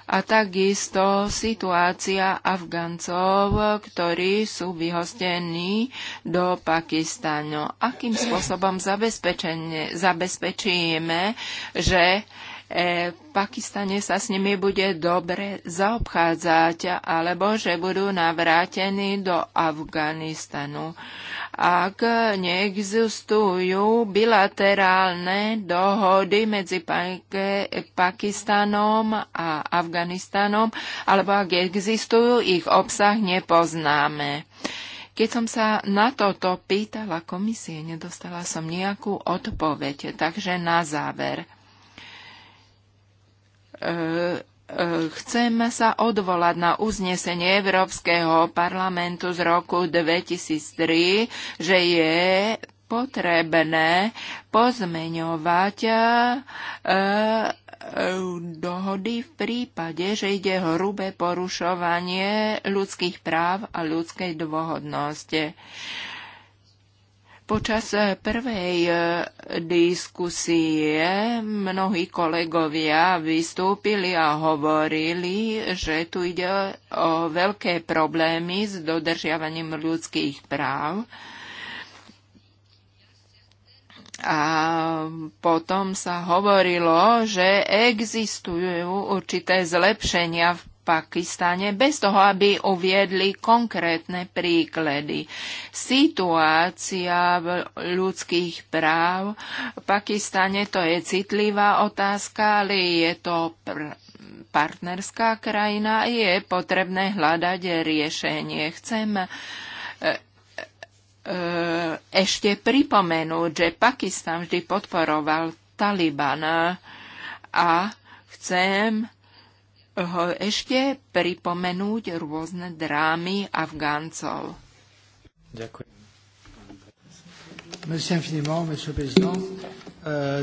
A takisto situácia Afgancov, ktorí sú vyhostení do Pakistanu. Akým spôsobom zabezpečíme, že E, Pakistane sa s nimi bude dobre zaobchádzať alebo že budú navrátení do Afganistanu. Ak neexistujú bilaterálne dohody medzi Pakistanom a Afganistanom, alebo ak existujú, ich obsah nepoznáme. Keď som sa na toto pýtala komisie, nedostala som nejakú odpoveď. Takže na záver. Eh, eh, chcem sa odvolať na uznesenie Európskeho parlamentu z roku 2003, že je potrebné pozmeňovať eh, dohody v prípade, že ide hrubé porušovanie ľudských práv a ľudskej dôhodnosti. Počas e, prvej e, diskusie mnohí kolegovia vystúpili a hovorili, že tu ide o veľké problémy s dodržiavaním ľudských práv. A potom sa hovorilo, že existujú určité zlepšenia v Pakistane bez toho, aby uviedli konkrétne príklady. Situácia ľudských práv v Pakistane to je citlivá otázka, ale je to partnerská krajina a je potrebné hľadať riešenie. Chcem e, e, e, ešte pripomenúť, že Pakistan vždy podporoval Taliban a chcem ho ešte pripomenúť rôzne drámy Afgáncov. Ďakujem. Euh,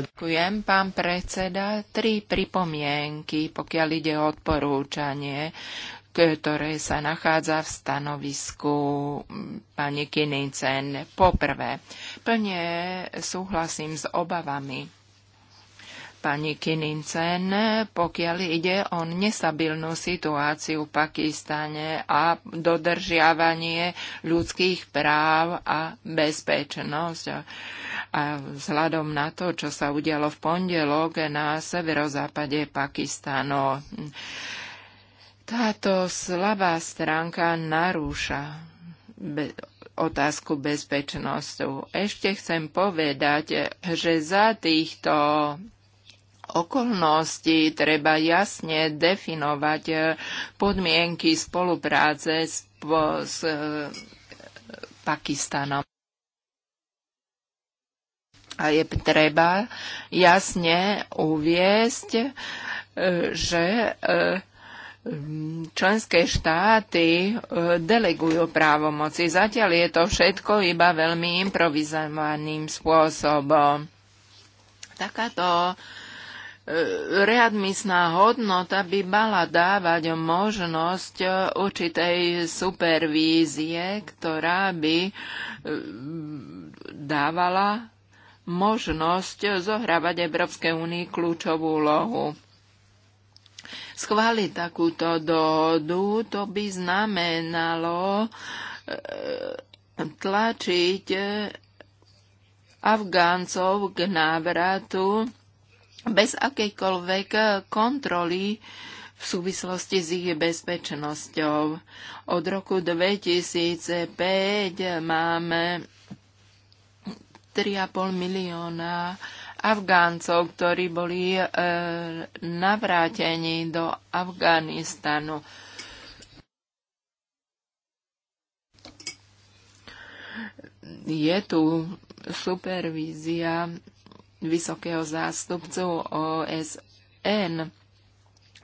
Ďakujem, pán predseda. Tri pripomienky, pokiaľ ide o odporúčanie, ktoré sa nachádza v stanovisku pani Kinicen. Poprvé, plne súhlasím s obavami pani Kinincen, pokiaľ ide o nestabilnú situáciu v Pakistane a dodržiavanie ľudských práv a bezpečnosť. A vzhľadom na to, čo sa udialo v pondelok na severozápade Pakistanu, táto slabá stránka narúša be- otázku bezpečnosti. Ešte chcem povedať, že za týchto okolnosti treba jasne definovať eh, podmienky spolupráce s, s eh, Pakistanom. A je treba jasne uviesť, eh, že členské štáty delegujú právomoci. Zatiaľ je to všetko iba veľmi improvizovaným spôsobom. Takáto readmisná hodnota by mala dávať možnosť e, určitej supervízie, ktorá by e, dávala možnosť zohrávať Európskej únii kľúčovú lohu. Schváliť takúto dohodu to by znamenalo e, tlačiť Afgáncov k návratu bez akejkoľvek eh, kontroly v súvislosti s ich bezpečnosťou. Od roku 2005 máme 3,5 milióna Afgáncov, ktorí boli e, navrátení do Afganistanu. Je tu supervízia vysokého zástupcu OSN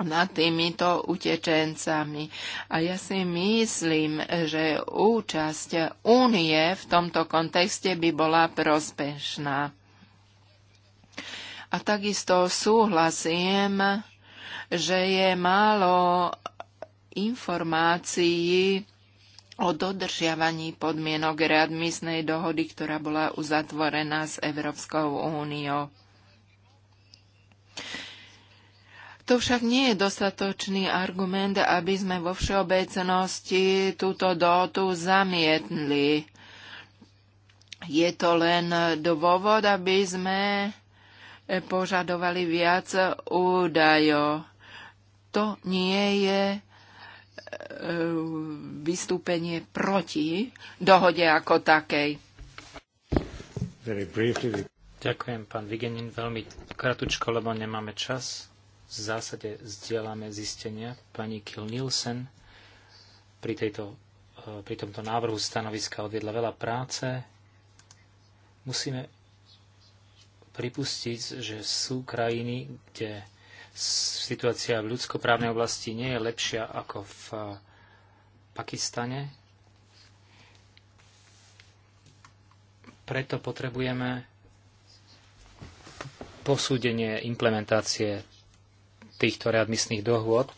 nad týmito utečencami. A ja si myslím, že účasť únie v tomto kontexte by bola prospešná. A takisto súhlasím, že je málo informácií o dodržiavaní podmienok readmisnej dohody, ktorá bola uzatvorená s Európskou úniou. To však nie je dostatočný argument, aby sme vo všeobecnosti túto dotu zamietli. Je to len dôvod, aby sme požadovali viac údajov. To nie je E, vystúpenie proti dohode ako takej. Ďakujem, pán Vigenin, veľmi kratučko, lebo nemáme čas. V zásade zdieľame zistenia pani Kill Nielsen. Pri, tejto, e, pri tomto návrhu stanoviska odviedla veľa práce. Musíme pripustiť, že sú krajiny, kde Situácia v ľudskoprávnej oblasti nie je lepšia ako v eh, Pakistane. Preto potrebujeme posúdenie implementácie týchto readmisných dohôd.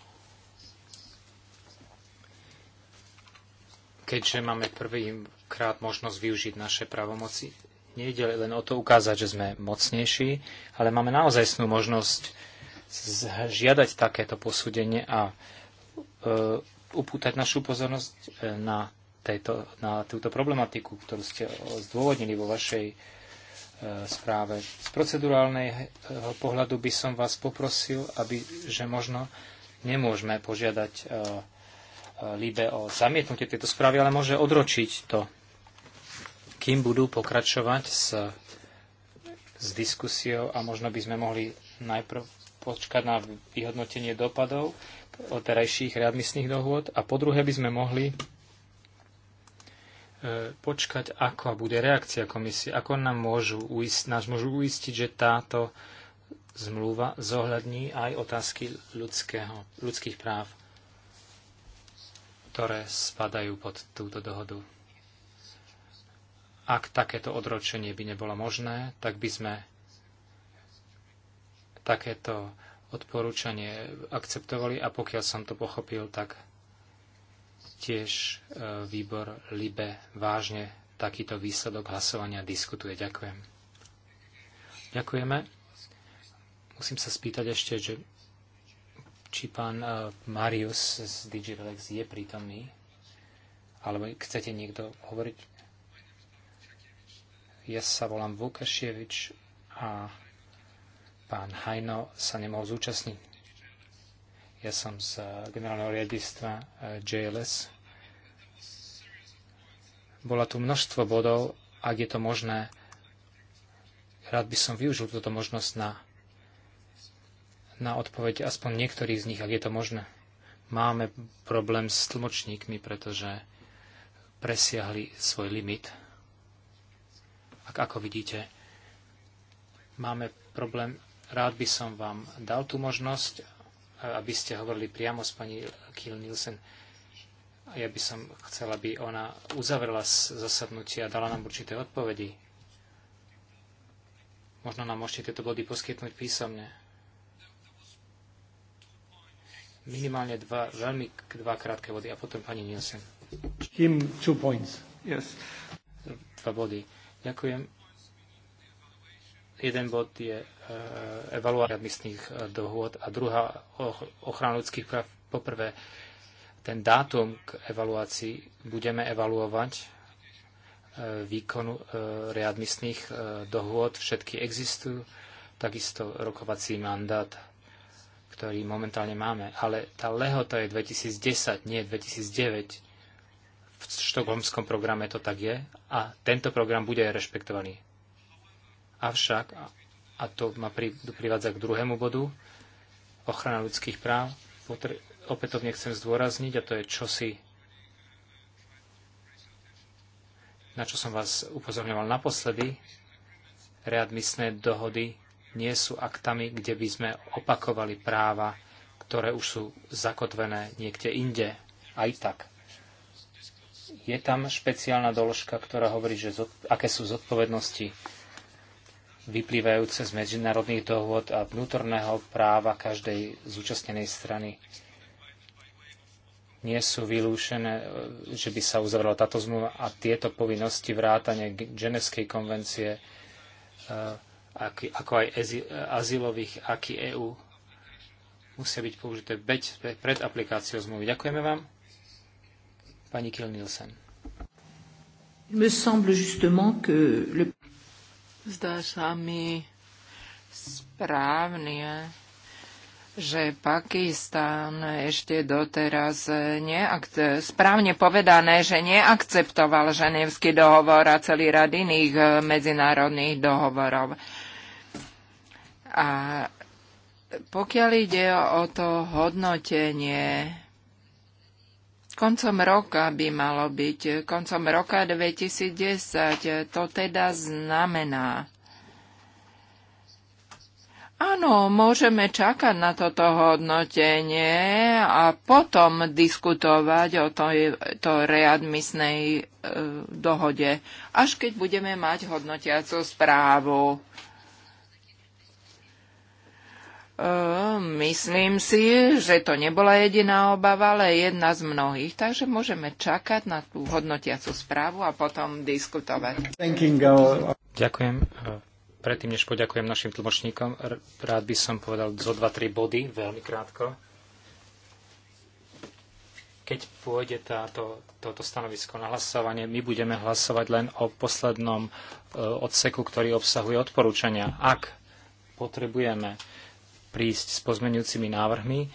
Keďže máme prvýkrát možnosť využiť naše právomoci, nejde len o to ukázať, že sme mocnejší, ale máme naozaj snú možnosť žiadať takéto posúdenie a e, upútať našu pozornosť e, na, tejto, na túto problematiku, ktorú ste zdôvodnili vo vašej e, správe. Z procedurálneho pohľadu by som vás poprosil, aby, že možno nemôžeme požiadať Libe o zamietnutie tejto správy, ale môže odročiť to, kým budú pokračovať s, s diskusiou a možno by sme mohli najprv počkať na vyhodnotenie dopadov od terajších readmisných dohôd a po druhé by sme mohli e, počkať, ako bude reakcia komisie, ako nám môžu uist, nás môžu uistiť, že táto zmluva zohľadní aj otázky ľudského, ľudských práv, ktoré spadajú pod túto dohodu. Ak takéto odročenie by nebolo možné, tak by sme takéto odporúčanie akceptovali a pokiaľ som to pochopil, tak tiež e, výbor LIBE vážne takýto výsledok hlasovania diskutuje. Ďakujem. Ďakujeme. Musím sa spýtať ešte, že či pán e, Marius z DigiRelex je prítomný, alebo chcete niekto hovoriť? Ja sa volám Vukaševič a Pán Hajno sa nemohol zúčastniť. Ja som z eh, generálneho riadistva eh, JLS. Bola tu množstvo bodov, ak je to možné. Rád by som využil túto možnosť na, na odpoveď aspoň niektorých z nich, ak je to možné. Máme problém s tlmočníkmi, pretože presiahli svoj limit. Ak ako vidíte, máme problém Rád by som vám dal tú možnosť, aby ste hovorili priamo s pani Kiel Nielsen. Ja by som chcela, aby ona uzavrela zasadnutie a dala nám určité odpovedi. Možno nám môžete tieto body poskytnúť písomne. Minimálne dva, veľmi dva krátke body a potom pani Nielsen. Kim, two points. Yes. Dva body. Ďakujem. Jeden bod je Eh, evaluácia miestných eh, dohôd a druhá ochrana ľudských práv. Poprvé, ten dátum k evaluácii budeme evaluovať eh, výkonu readmisných dohôd, všetky existujú, takisto rokovací mandát, ktorý momentálne máme. Ale tá lehota je 2010, nie 2009. V štokholmskom programe to tak je a tento program bude rešpektovaný. Avšak a to ma pri, privádza k druhému bodu, ochrana ľudských práv. Potr- opätovne chcem zdôrazniť, a to je čosi, na čo som vás upozorňoval naposledy, readmisné dohody nie sú aktami, kde by sme opakovali práva, ktoré už sú zakotvené niekde inde. Aj tak. Je tam špeciálna doložka, ktorá hovorí, že zod, aké sú zodpovednosti vyplývajúce z medzinárodných dohôd a vnútorného práva každej zúčastnenej strany nie sú vylúšené, že by sa uzavrela táto zmluva a tieto povinnosti vrátane Ženevskej konvencie, e, ako aj azylových, aký EÚ, musia byť použité pred aplikáciou zmluvy. Ďakujeme vám. Pani Kiel Nielsen. Il me semble justement que le Zdá sa mi správne, že Pakistán ešte doteraz neakce- správne povedané, že neakceptoval ženevský dohovor a celý rad iných eh, medzinárodných dohovorov. A pokiaľ ide o to hodnotenie koncom roka by malo byť, koncom roka 2010. To teda znamená. Áno, môžeme čakať na toto hodnotenie a potom diskutovať o tej to readmisnej e, dohode, až keď budeme mať hodnotiacu správu. Myslím si, že to nebola jediná obava, ale jedna z mnohých, takže môžeme čakať na tú hodnotiacu správu a potom diskutovať. Ďakujem. Predtým, než poďakujem našim tlmočníkom, rád by som povedal zo 2-3 body, veľmi krátko. Keď pôjde táto, toto stanovisko na hlasovanie, my budeme hlasovať len o poslednom odseku, ktorý obsahuje odporúčania. Ak potrebujeme prísť s pozmenujúcimi návrhmi.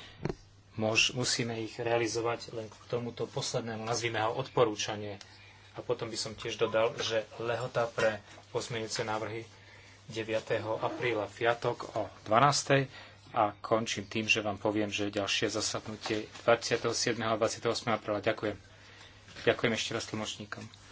Mož, musíme ich realizovať len k tomuto poslednému, nazvime ho odporúčanie. A potom by som tiež dodal, že lehota pre pozmenujúce návrhy 9. apríla v piatok o 12. A končím tým, že vám poviem, že ďalšie zasadnutie 27. a 28. apríla. Ďakujem. Ďakujem ešte raz tlmočníkom.